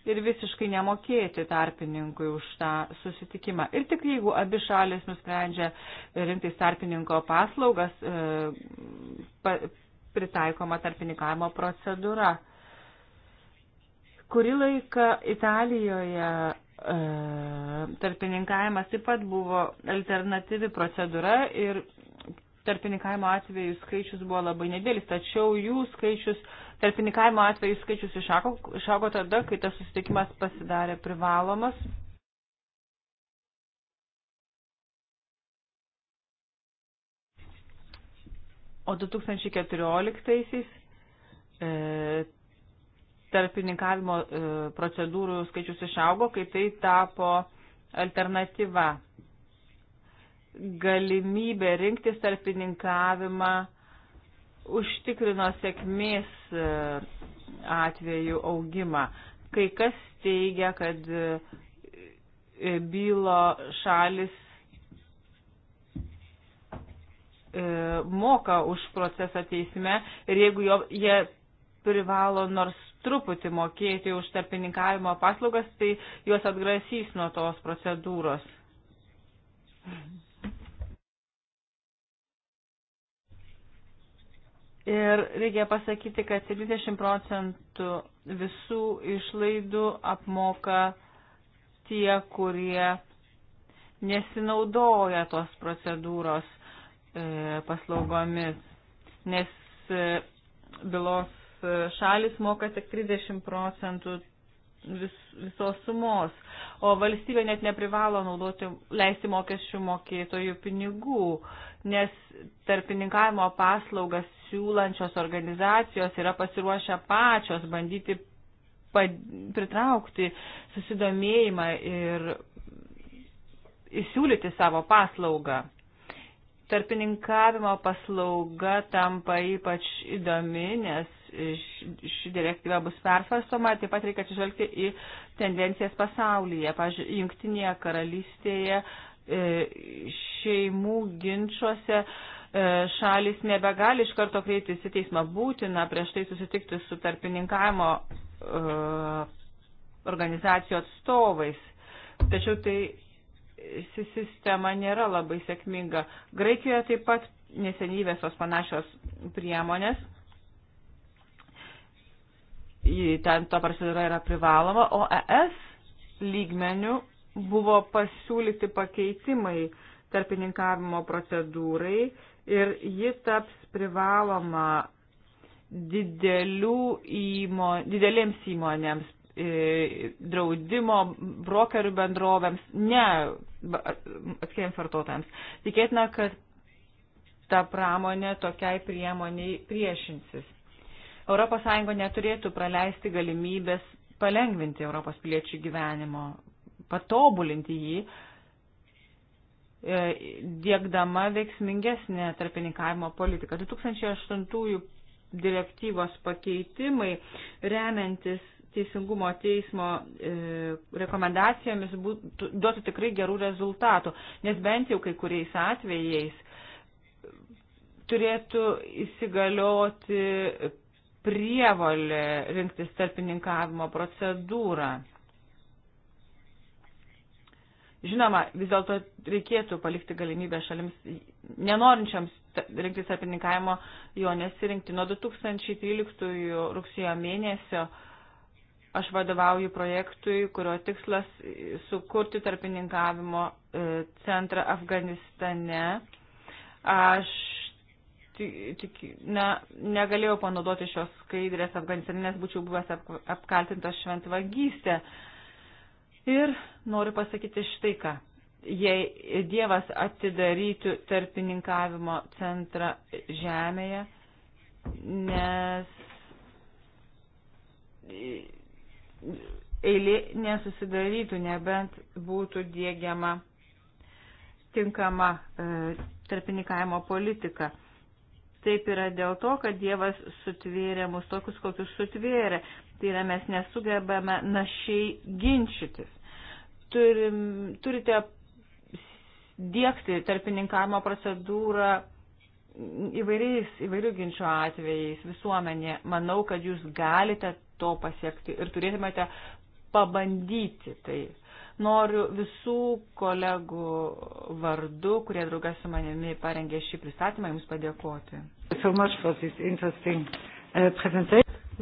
Speaker 2: ir visiškai nemokėti tarpininkui už tą susitikimą. Ir tik jeigu abi šalis nusprendžia rinktis tarpininko paslaugas, e, pa, pritaikoma tarpininkavimo procedūra. Kurį laiką Italijoje e, tarpininkavimas taip pat buvo alternatyvi procedūra ir tarpininkavimo atvejų skaičius buvo labai nedėlis, tačiau jų skaičius uh, Tarpininkavimo atvejų skaičius išaugo, išaugo tada, kai tas susitikimas pasidarė privalomas. O 2014-aisiais e, tarpininkavimo e, procedūrų skaičius išaugo, kai tai tapo alternatyva. Galimybė rinktis tarpininkavimą užtikrino sėkmės e, atveju augimą. Kai kas teigia, kad e, bylo šalis e, moka už procesą teisme ir jeigu jo, jie privalo nors truputį mokėti už tarpininkavimo paslaugas, tai juos atgrasys nuo tos procedūros. Ir reikia pasakyti, kad 70 procentų visų išlaidų apmoka tie, kurie nesinaudoja tos procedūros e, paslaugomis, nes e, bylos e, šalis moka tik 30 procentų vis, visos sumos, o valstybė net neprivalo naudoti, leisti mokesčių mokėtojų pinigų, nes tarpininkavimo paslaugas siūlančios organizacijos yra pasiruošę pačios bandyti pritraukti susidomėjimą ir įsiūlyti savo paslaugą. Tarpininkavimo paslauga tampa ypač įdomi, nes ši direktyva bus persvarstoma, taip pat reikia atsižvelgti į tendencijas pasaulyje. Pavyzdžiui, Junktinėje karalystėje e, šeimų ginčiuose uh, E, šalis nebegali iš karto kreiptis į teismą būtina prieš tai susitikti su tarpininkavimo e, organizacijų atstovais. Tačiau tai sistema nėra labai sėkminga. Graikijoje taip pat nesenyvės tos panašios priemonės. Ten to prasidara yra privaloma, o ES lygmenių buvo pasiūlyti pakeitimai tarpininkavimo procedūrai ir ji taps privaloma didelių įmo, didelėms įmonėms, e, draudimo brokerių bendrovėms, ne atskiriams vartotojams. Tikėtina, kad ta pramonė tokiai priemoniai priešinsis. ES neturėtų praleisti galimybės palengvinti Europos piliečių gyvenimo, patobulinti jį, E, dėkdama veiksmingesnė tarpininkavimo politika. 2008 direktyvos pakeitimai remiantis Teisingumo teismo e, rekomendacijomis būtų, duotų tikrai gerų rezultatų, nes bent jau kai kuriais atvejais turėtų įsigalioti prievolė rinktis tarpininkavimo procedūrą. Žinoma, vis dėlto reikėtų palikti galimybę šalims nenorinčiams rinktis tarpininkavimo jo nesirinkti. Nuo 2013 rugsėjo mėnesio aš vadovauju projektui, kurio tikslas sukurti tarpininkavimo e, centrą Afganistane. Aš tik, ne, negalėjau panaudoti šios skaidrės Afganistane, nes būčiau buvęs ap, apkaltintas šventvagystė. Uh, Ir noriu pasakyti štai ką. Jei Dievas atidarytų tarpininkavimo centrą žemėje, nes eilė nesusidarytų, nebent būtų dėgiama tinkama e, tarpininkavimo politika. Taip yra dėl to, kad Dievas sutvėrė mus tokius, kokius sutvėrė. Tai yra, mes nesugebame našiai ginčytis. Turim, turite dėkti tarpininkavimo procedūrą įvairiais, įvairių ginčio atvejais visuomenė. Manau, kad jūs galite to pasiekti ir turėtumėte pabandyti tai. Noriu visų kolegų vardu, kurie draugą su manimi parengė šį pristatymą, jums padėkoti. Uh,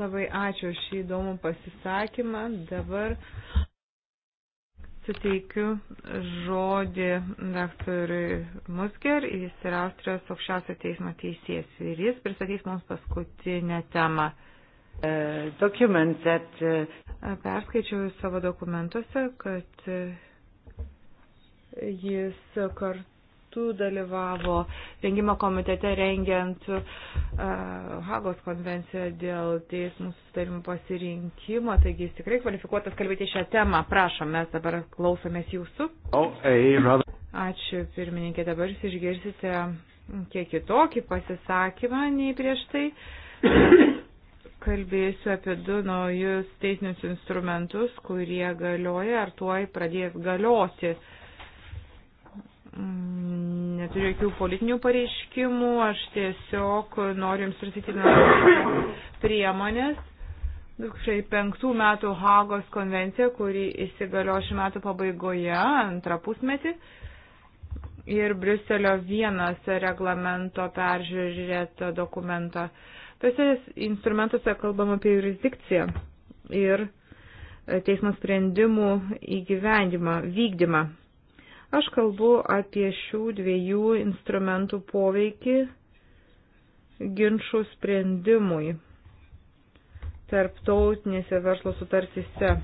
Speaker 2: Labai
Speaker 3: ačiū šį įdomų pasisakymą. Dabar suteikiu žodį daktarui Musker, jis yra Austrijos aukščiausio teismo teisėjas ir jis pristatys mums paskutinę temą. Uh, that, uh... Perskaičiau savo dokumentuose, kad uh, jis kartu dalyvavo rengimo komitete rengiant uh, Hagos konvenciją dėl teismų sustarimų pasirinkimo, taigi jis tikrai kvalifikuotas kalbėti šią temą. Prašom, mes dabar klausomės jūsų. Oh, hey, Ačiū, pirmininkė, dabar jūs išgirsite kiek kitokį pasisakymą nei prieš tai kalbėsiu apie du naujus teisinius instrumentus, kurie galioja ar tuoj pradės galioti. Mm, neturiu jokių politinių pareiškimų, aš tiesiog noriu jums prisitikti priemonės. 2005 metų Hagos konvencija, kuri įsigalio šių metų pabaigoje, antrą pusmetį ir Briuselio vienas reglamento peržiūrėto dokumento. Uh, Tuose instrumentuose kalbam apie jurisdikciją ir e, teismo sprendimų įgyvendimą, vykdymą. Aš kalbu apie šių dviejų instrumentų poveikį ginčių sprendimui tarptautinėse verslo sutartyse.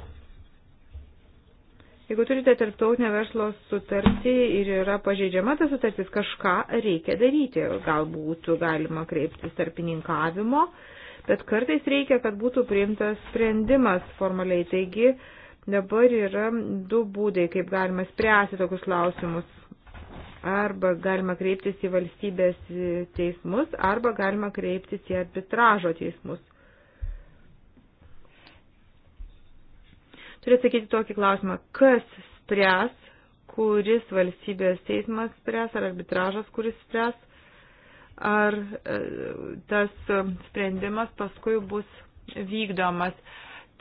Speaker 3: Jeigu turite tarptautinę verslo sutartį ir yra pažeidžiama ta sutartis, kažką reikia daryti. Galbūt galima kreiptis tarpininkavimo, bet kartais reikia, kad būtų priimtas sprendimas formaliai. Taigi dabar yra du būdai, kaip galima spręsti tokius klausimus. Arba galima kreiptis į valstybės teismus, arba galima kreiptis į arbitražo teismus. Turiu atsakyti tokį klausimą. Kas spręs, kuris valstybės teismas spręs, ar arbitražas, kuris spręs, ar e, tas e, sprendimas paskui bus vykdomas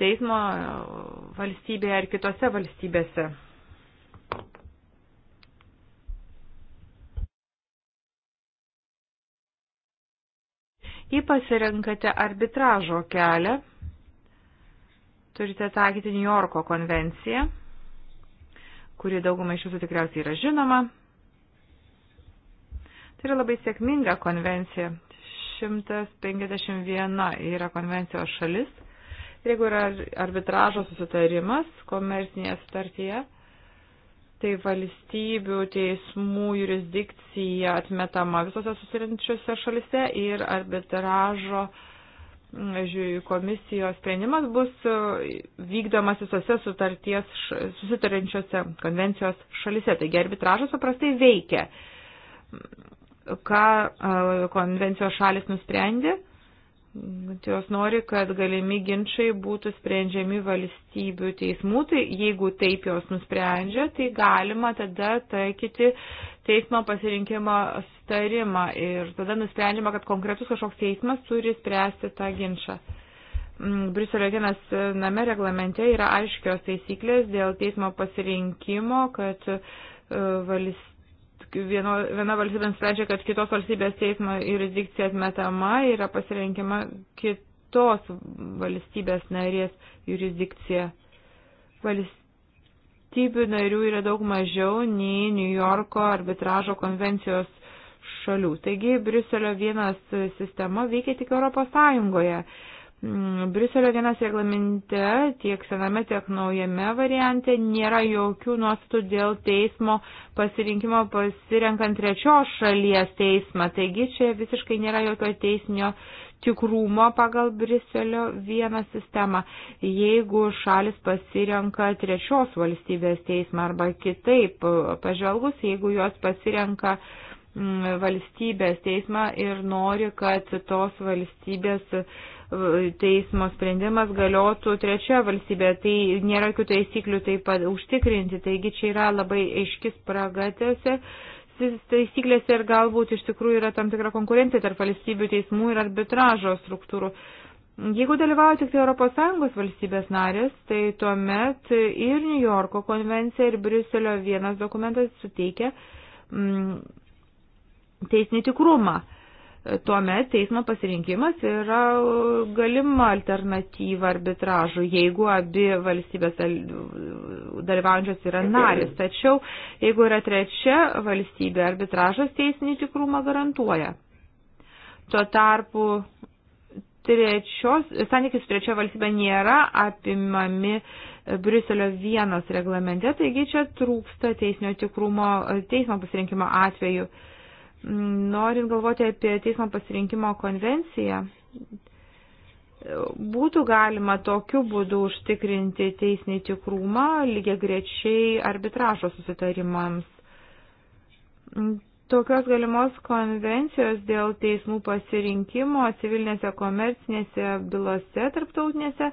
Speaker 3: teismo e, valstybėje ar kitose valstybėse. Jei pasirenkate arbitražo kelią, turite taikyti New Yorko konvenciją, kuri daugumai iš jūsų tikriausiai yra žinoma. Tai yra labai sėkminga konvencija. 151 yra konvencijos šalis. Ir jeigu yra arbitražo susitarimas komercinėje sutartyje, tai valstybių teismų jurisdikcija atmetama visose susirinčiuose šalise ir arbitražo uh, komisijos sprendimas bus e, vykdomas visose sutarties, susitarančiose konvencijos šalise. Taigi arbitražas paprastai veikia. Ką e, konvencijos šalis nusprendė? Jos nori, kad galimi ginčiai būtų sprendžiami valstybių teismų, tai jeigu taip jos nusprendžia, tai galima tada taikyti teismo pasirinkimą susitarimą ir tada nusprendžiama, kad konkretus kažkoks teismas turi spręsti tą ginčą. Mm, Briuselio vienas name reglamente yra aiškios taisyklės dėl teismo pasirinkimo, kad e, valstybė vieno, viena valstybė nusprendžia, kad kitos valstybės teismo jurisdikcija atmetama yra pasirinkima kitos valstybės narės jurisdikcija. Valstybių narių yra daug mažiau nei New Yorko arbitražo konvencijos šalių. Taigi Briuselio vienas sistema veikia tik Europos Sąjungoje. Mm, Briuselio vienas reglamente tiek sename, tiek naujame variante nėra jokių nuostatų dėl teismo pasirinkimo pasirenkant trečios šalies teismą. Taigi čia visiškai nėra jokio teisinio tikrumo pagal Briuselio vieną sistemą, jeigu šalis pasirenka trečios valstybės teismą arba kitaip pažvelgus, jeigu jos pasirenka uh, Mm, valstybės teismą ir nori, kad tos valstybės e, teismo sprendimas galiotų trečia valstybė. Tai nėra jokių taisyklių taip pat užtikrinti. Taigi čia yra labai aiškis pragatėse taisyklėse ir galbūt iš tikrųjų yra tam tikra konkurencija tarp valstybių teismų ir arbitražo struktūrų. Jeigu dalyvauja tik tai ES valstybės narės, tai tuomet ir New Yorko konvencija, ir Briuselio vienas dokumentas suteikia mm, teisinį tikrumą. Tuomet teismo pasirinkimas yra galima alternatyva arbitražu, jeigu abi valstybės dalyvaujančios yra narės. Tačiau, jeigu yra trečia valstybė, arbitražas teisinį tikrumą garantuoja. Tuo tarpu trečios, santykis su trečia valstybė nėra apimami Briuselio vienos reglamente, taigi čia trūksta teisinio tikrumo teismo pasirinkimo atveju. Norint galvoti apie teismo pasirinkimo konvenciją, būtų galima tokiu būdu užtikrinti teisinį tikrumą lygiai grečiai arbitražo susitarimams. Tokios galimos konvencijos dėl teismų pasirinkimo civilinėse komercinėse bylose tarptautinėse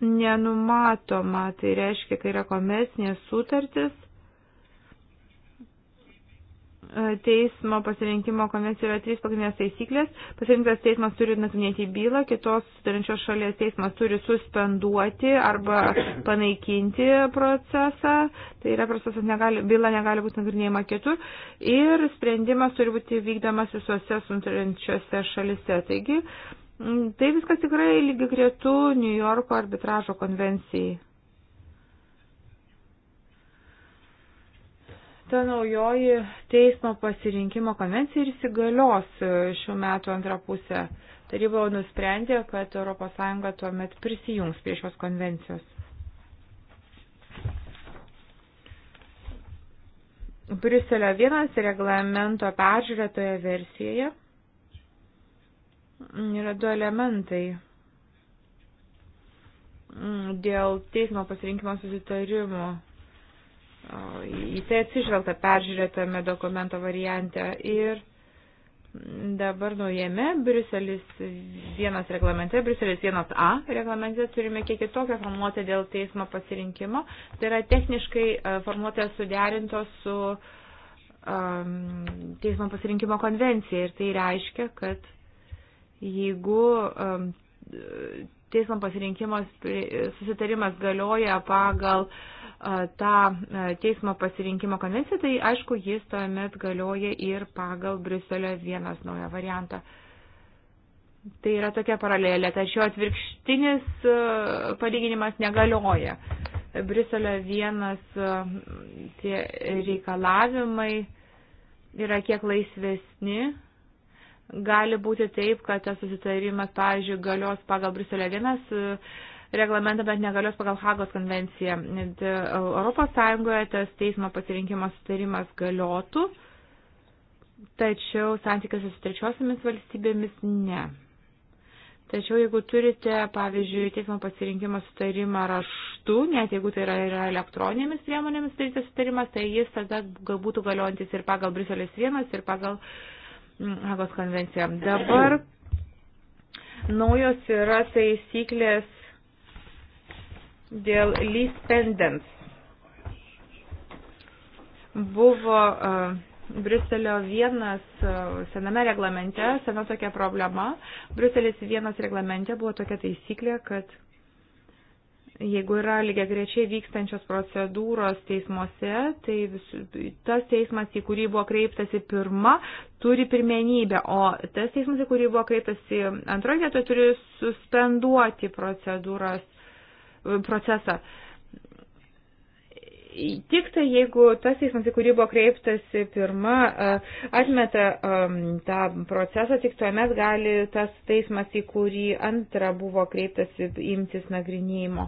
Speaker 3: nenumatoma. Tai reiškia, kai yra komercinės sutartis, E, teismo pasirinkimo konvencijoje yra trys pagrindinės taisyklės. Pasirinktas teismas turi nagrinėti bylą, kitos sutarinčios šalies teismas turi suspenduoti arba panaikinti procesą. Tai yra procesas negali, byla negali būti nagrinėjama kitur. Ir sprendimas turi būti vykdamas visose sutarinčiose šalise. Taigi, tai viskas tikrai lygi gretų New Yorko arbitražo konvencijai. ta naujoji teismo pasirinkimo konvencija ir įsigalios e, šių metų antrą pusę. Taryba nusprendė, kad ES tuomet prisijungs prie šios konvencijos. Briuselio vienas reglamento peržiūrėtoje versijoje yra du elementai mm, dėl teismo pasirinkimo susitarimo į tai atsižvelgta peržiūrėtame dokumento variante ir dabar naujame Briuselis vienas reglamente, Briuselis vienas A reglamente turime kiek kitokią formuotę dėl teismo pasirinkimo. Tai yra techniškai e, formuotė suderintos su um, teismo pasirinkimo konvencija ir tai reiškia, kad jeigu um, teismo pasirinkimas susitarimas galioja pagal tą teismo pasirinkimo konvenciją, tai aišku, jis tuomet galioja ir pagal Briuselio vienas naują variantą. Tai yra tokia paralelė, tačiau atvirkštinis palyginimas negalioja. Briuselio vienas tie reikalavimai yra kiek laisvesni gali būti taip, kad tas susitarimas, pavyzdžiui, galios pagal Briselio vienas e, reglamentą, bet negalios pagal Hagos konvenciją. E, Europos Sąjungoje tas teismo pasirinkimo sutarimas galiotų, tačiau santykiuose su trečiosiamis valstybėmis ne. Tačiau jeigu turite, pavyzdžiui, teismo pasirinkimo sutarimą raštu, net jeigu tai yra, yra elektroninėmis priemonėmis sudarytas sutarimas, tai jis tada būtų galiojantis ir pagal Briselės vienas, ir pagal uh, Hagos konvenciją. Dabar naujos yra taisyklės dėl lease pendants. Buvo uh, e, Briuselio vienas e, sename reglamente, sena tokia problema. Briuselis vienas reglamente buvo tokia taisyklė, kad Jeigu yra lygiai grečiai vykstančios procedūros teismuose, tai vis, tas teismas, į kurį buvo kreiptasi pirma, turi pirmenybę, o tas teismas, į kurį buvo kreiptasi antroje vietoje, turi suspenduoti procedūros procesą. Uh, Tik tai jeigu tas teismas, į kurį buvo kreiptasi pirma, atmeta tą procesą, tik tuomet gali tas teismas, į kurį antrą buvo kreiptasi imtis nagrinėjimo.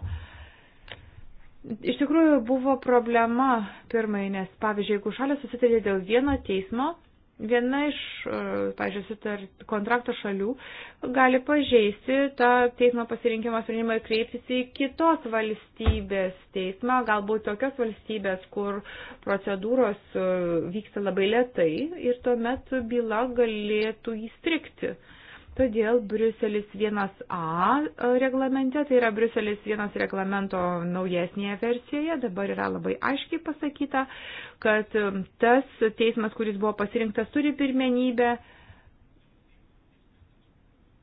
Speaker 3: Iš tikrųjų buvo problema pirmai, nes pavyzdžiui, jeigu šalis susitarė dėl vieno teismo, viena iš, e, pažiūrėjau, kontrakto šalių gali pažeisti tą teismo pasirinkimo sprendimą ir kreiptis į kitos valstybės teismą, galbūt tokios valstybės, kur procedūros e, vyksta labai lietai ir tuomet byla galėtų įstrikti. Mhm. Todėl Bruselis 1A e, reglamente, tai yra Bruselis 1 reglamento naujesnėje versijoje, dabar yra labai aiškiai pasakyta, kad e, tas teismas, kuris buvo pasirinktas, turi pirmenybę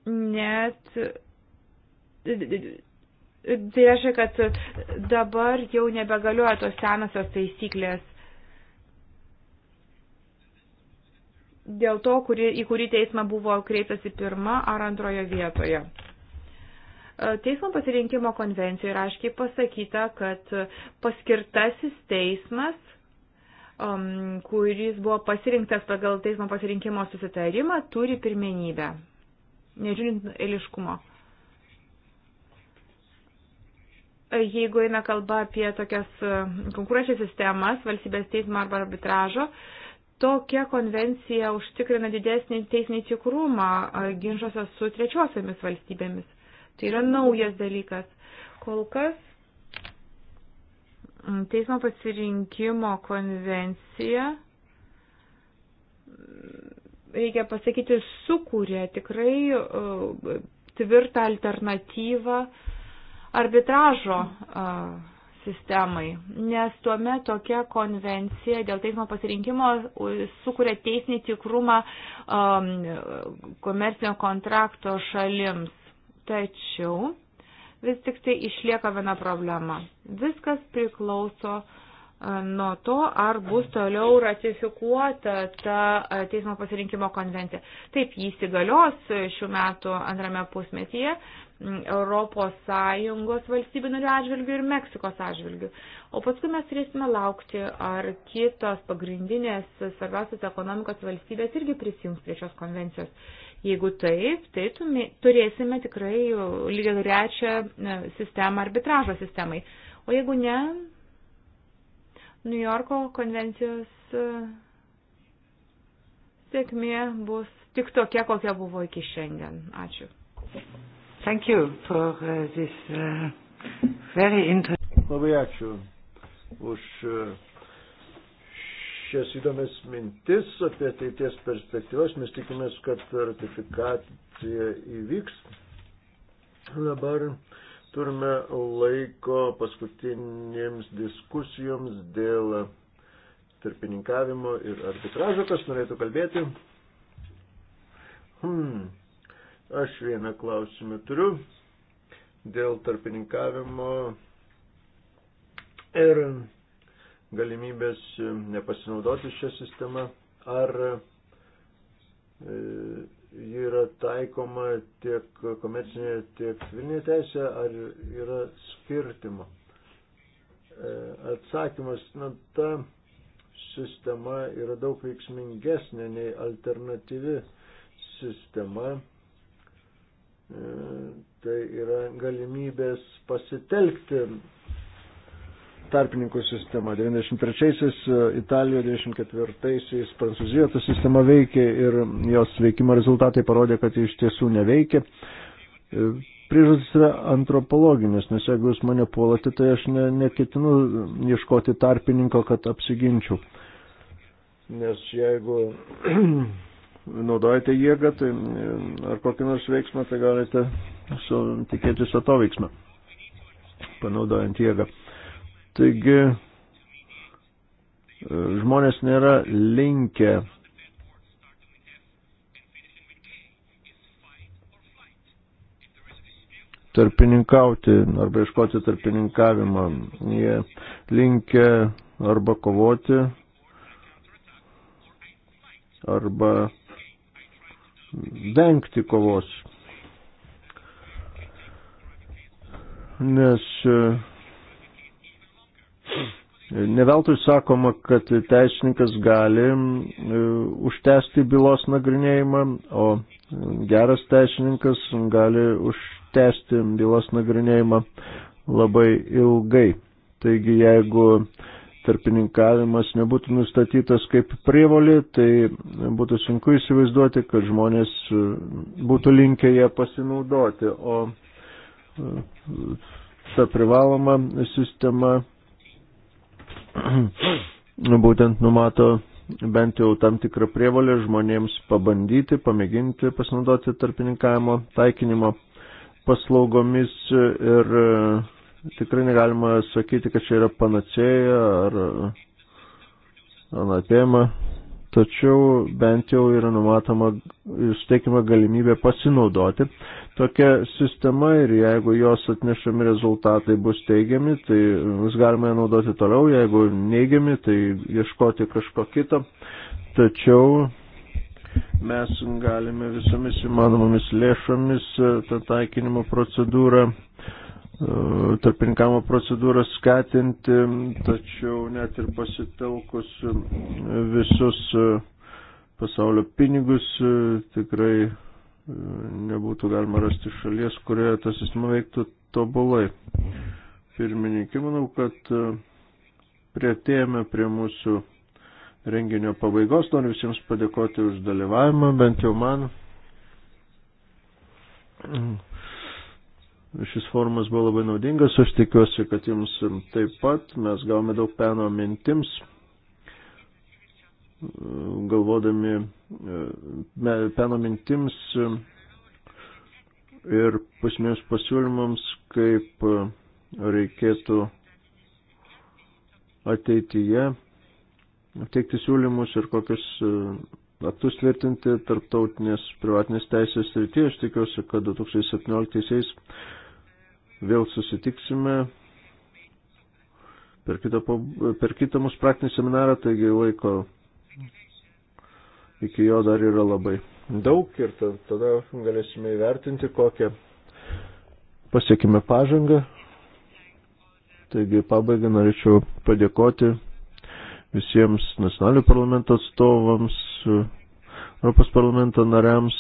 Speaker 3: net. E, tai reiškia, kad dabar jau nebegaliuoja tos senosios taisyklės dėl to, kuri, į kurį teismą buvo kreiptasi pirma ar antroje vietoje. E, teismo pasirinkimo konvencijoje yra aiškiai pasakyta, kad paskirtasis teismas, um, kuris buvo pasirinktas pagal teismo pasirinkimo susitarimą, turi pirmenybę, nežiūrint eiliškumo e, jeigu eina kalba apie tokias e, konkurenčias sistemas, valstybės teismo arba arbitražo, Tokia konvencija užtikrina didesnį teisinį tikrumą ginčiuose su trečiosiamis valstybėmis. Tai yra naujas dalykas. Kol kas teismo pasirinkimo konvencija reikia pasakyti, sukūrė tikrai uh, tvirtą alternatyvą arbitražo uh, sistemai, nes tuomet tokia konvencija dėl teismo pasirinkimo sukuria teisinį tikrumą um, komercinio kontrakto šalims. Tačiau vis tik tai išlieka viena problema. Viskas priklauso uh, nuo to, ar bus toliau ratifikuota ta teismo pasirinkimo konvencija. Taip, jis įgalios šių metų antrame pusmetyje, ES valstybių narių atžvilgių ir Meksikos atžvilgių. O paskui mes turėsime laukti, ar kitos pagrindinės svarbiausios ekonomikos valstybės irgi prisijungs prie šios konvencijos. Jeigu taip, tai turėsime tikrai lygiai grečią e, sistemą arbitražo sistemai. O jeigu ne, New Yorko konvencijos e, sėkmė bus tik tokia, kokia buvo iki šiandien. Ačiū.
Speaker 1: Thank you for uh, this uh, very interesting.
Speaker 4: Labai ačiū už e, šias įdomias mintis apie ateities perspektyvas. Mes tikimės, kad ratifikacija įvyks. Dabar uh, turime laiko paskutinėms diskusijoms dėl tarpininkavimo ir arbitražo, kas norėtų kalbėti. Hmm. Aš vieną klausimą turiu dėl tarpininkavimo ir galimybės nepasinaudoti šią sistemą. Ar e, ji yra taikoma tiek komercinėje, tiek civilinėje teisėje, ar yra skirtimo. E, atsakymas, na, ta sistema yra daug veiksmingesnė nei alternatyvi sistema. E, tai yra galimybės pasitelkti tarpininkų sistema. 93-aisiais e, Italijoje, 94-aisiais Prancūzijoje ta sistema veikė ir jos veikimo rezultatai parodė, kad iš tiesų neveikia. E, Priežastis yra antropologinis, nes jeigu jūs mane puolate, tai aš ne, neketinu ieškoti tarpininko, kad apsiginčiau. Nes jeigu [clears throat] naudojate jėgą tai, e, ar kokį nors veiksmą, tai galite su, tikėtis atoveiksmą, panaudojant jėgą. Taigi e, žmonės nėra linkę tarpininkauti arba iškoti tarpininkavimą. Jie linkia arba kovoti, arba vengti kovos. Nes uh, Neveltui sakoma, kad teisininkas gali e, užtęsti bylos nagrinėjimą, o geras teisininkas gali užtęsti bylos nagrinėjimą labai ilgai. Taigi, jeigu tarpininkavimas nebūtų nustatytas kaip prievolė, tai būtų sunku įsivaizduoti, kad žmonės e, būtų linkę ją pasinaudoti, o e, ta privaloma sistema [clears throat] Nu, būtent numato bent jau tam tikrą prievalę žmonėms pabandyti, pamėginti pasinaudoti tarpininkavimo taikinimo paslaugomis ir e, tikrai negalima sakyti, kad čia yra panacėja ar e, anatema tačiau bent jau yra numatoma, suteikima galimybė pasinaudoti tokia sistema ir jeigu jos atnešami rezultatai bus teigiami, tai bus galima ją naudoti toliau, jeigu neigiami, tai ieškoti kažko kito. Tačiau mes galime visomis įmanomomis lėšomis tą taikinimo procedūrą tarpininkavimo procedūras skatinti, tačiau net ir pasitelkus visus pasaulio pinigus e, tikrai e, nebūtų galima rasti šalies, kurioje ta sistema veiktų tobulai. Pirmininkė, manau, kad e, prieartėjame prie mūsų renginio pabaigos. Noriu visiems padėkoti už dalyvavimą, bent jau man šis formas buvo labai naudingas, aš tikiuosi, kad jums taip pat mes gavome daug peno mintims, galvodami e, peno mintims ir pasimėjus pasiūlymams, kaip reikėtų ateityje teikti siūlymus ir kokius e, aktus tvirtinti tarptautinės privatinės teisės rytyje. Aš tikiuosi, kad 2017 vėl susitiksime per kitą, per kitą mūsų praktinį seminarą, taigi laiko iki jo dar yra labai daug ir tada galėsime įvertinti, kokią pasiekime pažangą. Taigi pabaigą norėčiau padėkoti visiems nacionalinių parlamento atstovams, Europos parlamento nariams,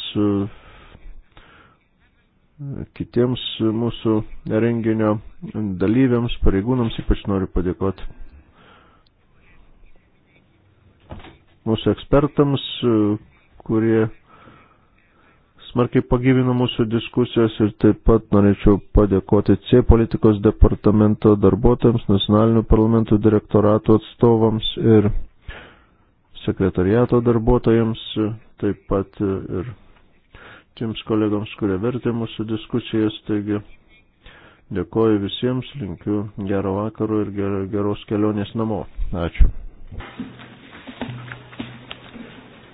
Speaker 4: kitiems mūsų renginio dalyviams, pareigūnams ypač noriu padėkoti mūsų ekspertams, kurie smarkiai pagyvino mūsų diskusijos ir taip pat norėčiau padėkoti C politikos departamento darbuotojams, nacionalinių parlamentų direktorato atstovams ir sekretariato darbuotojams, taip pat ir tiems kolegams, kurie vertė mūsų diskusijas. Taigi, dėkoju visiems, linkiu gero vakaro ir geros kelionės namo. Ačiū.